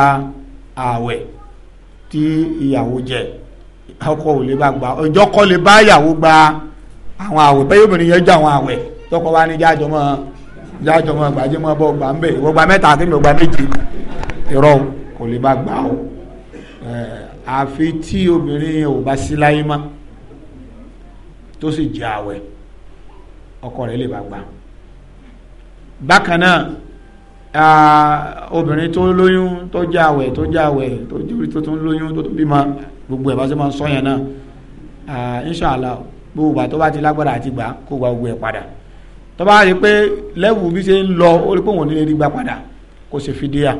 ààwẹ̀ tí ìyàwó jẹ ọkọ ò lè bá gba ọjọ́ kọ́ lè bá ìyàwó gba àwọn ààwẹ̀ bẹ́ẹ̀ obìnrin yẹn jẹ́ àwọn ààwẹ̀ tọkọ wa ní jájọ́ mọ́ ọ jájọ mọ gbàjẹ mọ bọ gbà ń bẹ ìwọ gba mẹ́ta àti mi ò gba méje irọ́ kò lè má gbà ó àfi tí obìnrin ò bá sí láyé mọ́ tó sì jẹ àwẹ̀ ọkọ rẹ̀ lè bá gbà bákan náà obìnrin tó lóyún tó jẹ àwẹ̀ tó jẹ àwẹ̀ tó jórí tó tún lóyún tó tún bímọ gbogbo ẹ̀ bá ṣe máa ń náà inṣàlá gbogbo àtọ́ bá ti lágbára àti gbà kó gba gbogbo ẹ̀ padà tó bá rí pé lẹ́wù bí ṣe ń lọ ó rí pé òun nílé rí padà kó ṣe fìdíà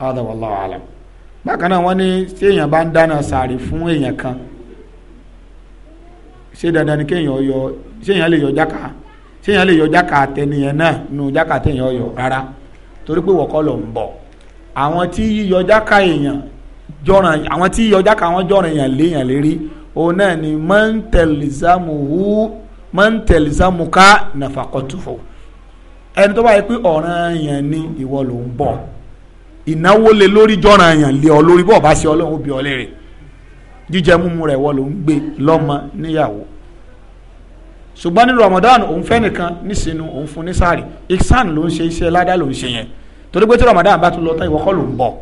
hada wallahu alam bákan náà wọ́n ní tí èèyàn bá ń dáná sàárì fún èèyàn kan ṣé dandan ni kéèyàn yọ ṣé èèyàn lè yọ jáka ṣé èèyàn lè yọ jáka tẹniyẹn náà nu jáka tẹ̀yàn yọ rárá torí pé wọ́kọ́ lọ ń bọ̀ àwọn tí yíyọ jáka èèyàn jọ̀ràn àwọn tí yíyọ jáka wọn jọ̀ràn èèyàn léèyàn lérí òun náà ni mọ́ńtẹ̀lìsámù hù man muka nafaqatuhu ẹni tó bá yẹ pé ọ̀ràn yẹn ni ìwọ ló ń bọ̀ ìnáwó lé lórí jọ̀ràn yẹn lé ọ lórí bọ́ọ̀ bá ṣe ọlọ́run bí ọlẹ́rẹ̀ jíjẹ múmu rẹ̀ ìwọ ló ń gbé lọ́mọ níyàwó ṣùgbọ́n ní Ramadan òun fẹ́ nìkan nísìnyí òun fún ní sáàrì iksan ló ń ṣe iṣẹ́ ládàá ló ń ṣe yẹn torí pé tí Ramadan bá tún lọ tán ìwọ kọ́ ló ń bọ̀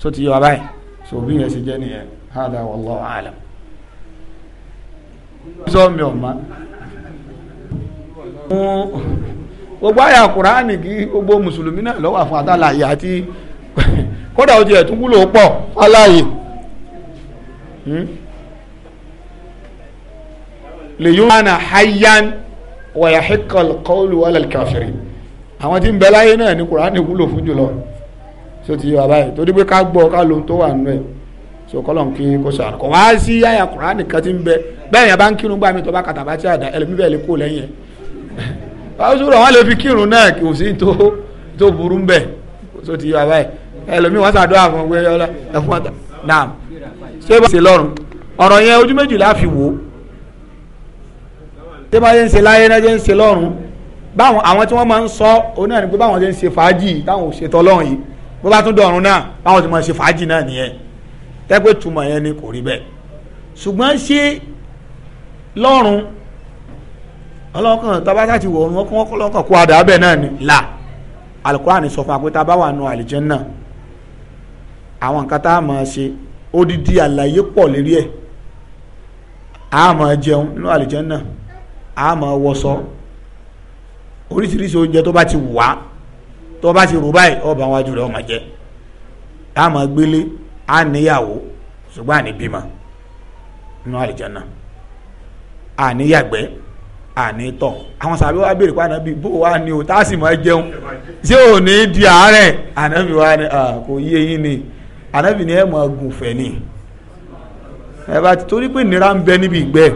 so ti yọ wa báyìí so bí yẹn ṣe jẹ́ nìyẹn hada wallahu alam. sọ gbogbo àyà kùránì kí gbogbo mùsùlùmí náà lọ́wọ́ àfún àtàlàyé àti kódà ó ti ẹ̀ tún wúlò pọ̀ aláyè hmm? lè yóò máa nà hayyan wàyà hekal kọ́ọ̀lù wàlẹ̀ kàfẹ́rì àwọn tí ń bẹ láyé náà ní kùránì wúlò fún jùlọ so ti yọ àbáyé torí pé ká gbọ́ ká lóhun tó wà nínú ẹ̀ so kọlọ̀n kí kó sàrọ̀ kọ̀ wá sí àyà kùránì kan tí ń bẹ bẹ́ẹ̀ yẹn bá ń kírun gbà mí tó bá kàtàbá tí àdá ẹlòmíbẹ̀ lè kó lẹ́yìn ẹ̀ pàṣúrà wọn lè fi kírun náà kò sí tó tó burú bẹ tó ti yọ àbáyé ẹlòmíì wọn ṣàdúrà fún ọgbẹ ọlá ẹfún ọtá naam ṣé bá ṣe lọrùn ọ̀rọ̀ yẹn ojú méjì la fi wò ó ṣé bá ṣe ń ṣe láyé náà ṣe ń ṣe lọ́rùn báwọn àwọn tí wọ́n máa ń sọ òun náà ni pé báwọn ṣe ń ṣe fàájì táwọn ò ṣe tọ́lọ́run yìí bó bá tún dọ̀run náà báwọn ti máa ṣe fàájì náà nìyẹn tẹ́pẹ́ túmọ̀ yẹn ọlọ́kàn tábà sáti wọ̀ ọ́n wọ́n kọ́ lọ́kàn kó adà bẹ́ẹ̀ náà ni là alukurani sọ fún wa pé tábà wà nù àlìjẹ́nnà àwọn nǹkan tá a máa ṣe odidi àlàyé pọ̀ lérí ẹ̀ a máa jẹun nínú àlìjẹ́nnà a máa wọṣọ oríṣiríṣi oúnjẹ tó bá ti wà tó bá ti rò báyìí ọba wájú rẹ̀ ó máa jẹ a máa gbélé a níyàwó ṣùgbọ́n àní bímọ nínú àlìjẹ́nnà àníyàgbẹ́. No ànítọ̀ àwọn sàbí wa béèrè pé ànábì bó wa ni o tá a sì máa jẹun ṣé ò ní di àárẹ̀ ànábì wa ni kò yé yín ni ànábì ni ẹ máa gùnfẹ̀ ni ẹ bá ti torí pé ìnira ń bẹ níbi ìgbẹ́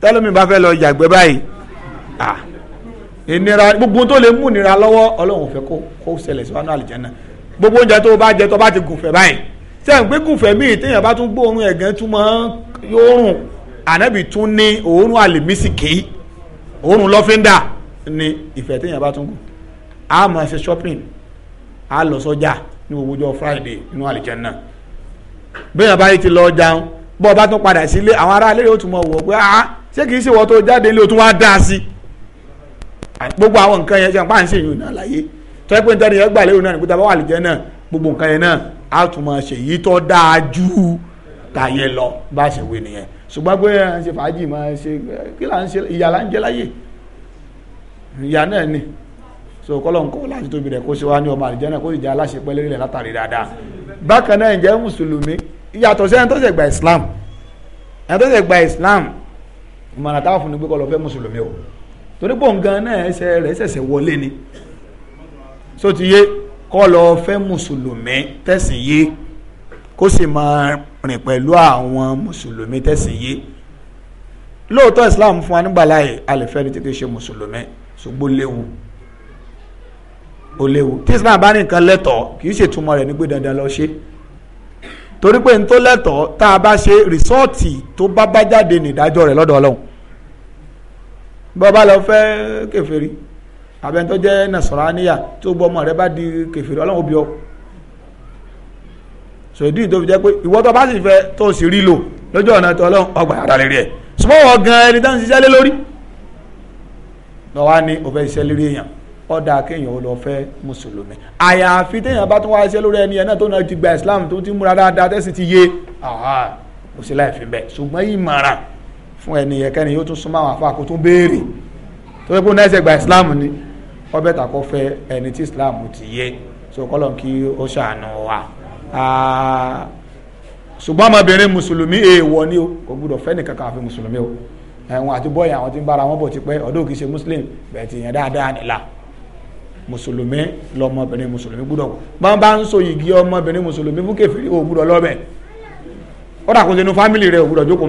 tẹ́lómi bá fẹ́ lọ yàgbẹ́ báyìí ìnira gbogbo tó lè mú ìnira lọ́wọ́ ọlọ́run fẹ́ kó ṣẹlẹ̀ síwájú àlìjẹ́nà gbogbo oúnjẹ tó bá jẹ tó bá ti gùnfẹ̀ báyìí sẹ́yìn pé gùnfẹ̀ míì téèyàn bá tún gbóòórùn ẹ̀gẹ́ tún máa yóò rùn ànábì tún ní òórùn àlèmísìkì òórùn lọ́fíńdà ni ìfẹ́ téèyàn bá tún kù a máa ṣe shopping a lọ sọ́jà ní òwúrọ̀ friday nínú àlìjẹ́nà bẹ́ẹ̀ bá yìí ti lọ jàun bọ́ọ̀ bá tún padà sílé àwọn ará ilé yóò tún mọ̀ wọ̀ pé ah ṣé kìí ṣe wọ́n tó jáde ilé o tún wá dá sí i gbogbo àwọn nǹkan yẹn ṣe àpá à ń ṣe ìyún náà láyé tọ́jú pé nítorí yẹn gbà lérò náà nígbà wà àlìjẹ́nà gbogbo nǹkan yẹn náà a tún máa ṣe èyí tó dáa ju tàyẹ lọ bá ṣe wé nìyẹn ṣùgbọ́n pé à ń ṣe fàájì máa ṣe kí là ń ṣe ìyà là ń jẹ láyè ìyà náà ni so kọ́lọ̀nkọ́ láti tóbi rẹ̀ kó ṣe wá ní ọmọ àlìjẹ́ náà kó sì jẹ́ aláṣẹ pẹ́ lérí rẹ̀ látàrí dáadáa bákan náà ìjẹ́ mùsùlùmí yàtọ̀ sí ẹni tó ṣe Islam ẹni tó ṣe Islam ìmọ̀ràn táwọn fún ni pé kọ́ lọ fẹ́ mùsùlùmí o torí pọ̀ nǹkan náà ẹsẹ̀ rẹ̀ ṣẹ̀ṣẹ̀ wọlé ni so ti yé kọ́ lọ fẹ́ mùsùlùmí tẹ̀sìn yé kó sì máa rìn pẹ̀lú àwọn mùsùlùmí tẹ̀sìn yé lóòótọ́ islam fún wa nígbà láàyè alẹ́fẹ́ ni tètè ṣe mùsùlùmí ṣùgbọ́n léwu ó léwu tí islam bá ní nǹkan lẹ́tọ̀ọ́ kì í ṣètumọ̀ rẹ̀ ní pé dandan lọ ṣe torí pé n tó lẹ́tọ̀ọ́ tá a bá ṣe rìsọ́ọ̀tì tó bá bá jáde nídájọ́ rẹ̀ lọ́dọ̀ ọlọ́run bọ́ba lọ fẹ́ kèfèrí abẹ́ntọ́jẹ́ nasọ̀rọ̀ àníyà tó gbọ́ ọmọ rẹ bá di kèfèrí ọlọ́run ó bí ọ sòdí tó fi jẹ́ pé ìwọ tó bá sì fẹ́ tó sì rí lò lójú ọ̀nà tó ọlọ́run ọgbà yàrá lérí ẹ̀ sọ́wọ́ gan ẹni tó ń ṣiṣẹ́ lé lórí lọ wá ní òfẹ́ ṣiṣẹ́ lérí èèyàn ọ̀dà kéèyàn ó lọ fẹ́ mùsùlùmí àyàfi téèyàn bá tún wá ṣiṣẹ́ lórí ẹni ẹ̀ náà tó náà ti gba Islam tó ti múra dáadáa tẹ́sí ti yé kò sí láì fi bẹ́ẹ̀ ṣùgbọ́n ìmọ̀ràn fún ẹni ẹ̀kẹ́ni yóò tún súnmọ́ àwọn afá kó tún béèrè tó fẹ́ kó náà ṣe gba Islam ni ọbẹ̀ tàkọ́ fẹ́ ẹni tí Islam ti yé so kọ́lọ̀ kí ó ṣàánú wa. ṣùgbọ́n ọmọbìnrin mùsùlùmí èèwọ̀ ni o kò gbúdọ̀ fẹ́ nìkan àfi mùsùlùmí o ẹ̀wọ̀n àti bọ́ọ̀yì àwọn tí ń bára ti pẹ́ ọdún kìí ṣe muslim ti dáadáa nìlà mùsùlùmí lọmọbìnrin mùsùlùmí gbúdọ̀ bá ń so yìgì ọmọbìnrin mùsùlùmí fún kèfèrí o gbúdọ̀ lọ́bẹ̀ ó dà kó fámìlì o gbúdọ̀ jókòó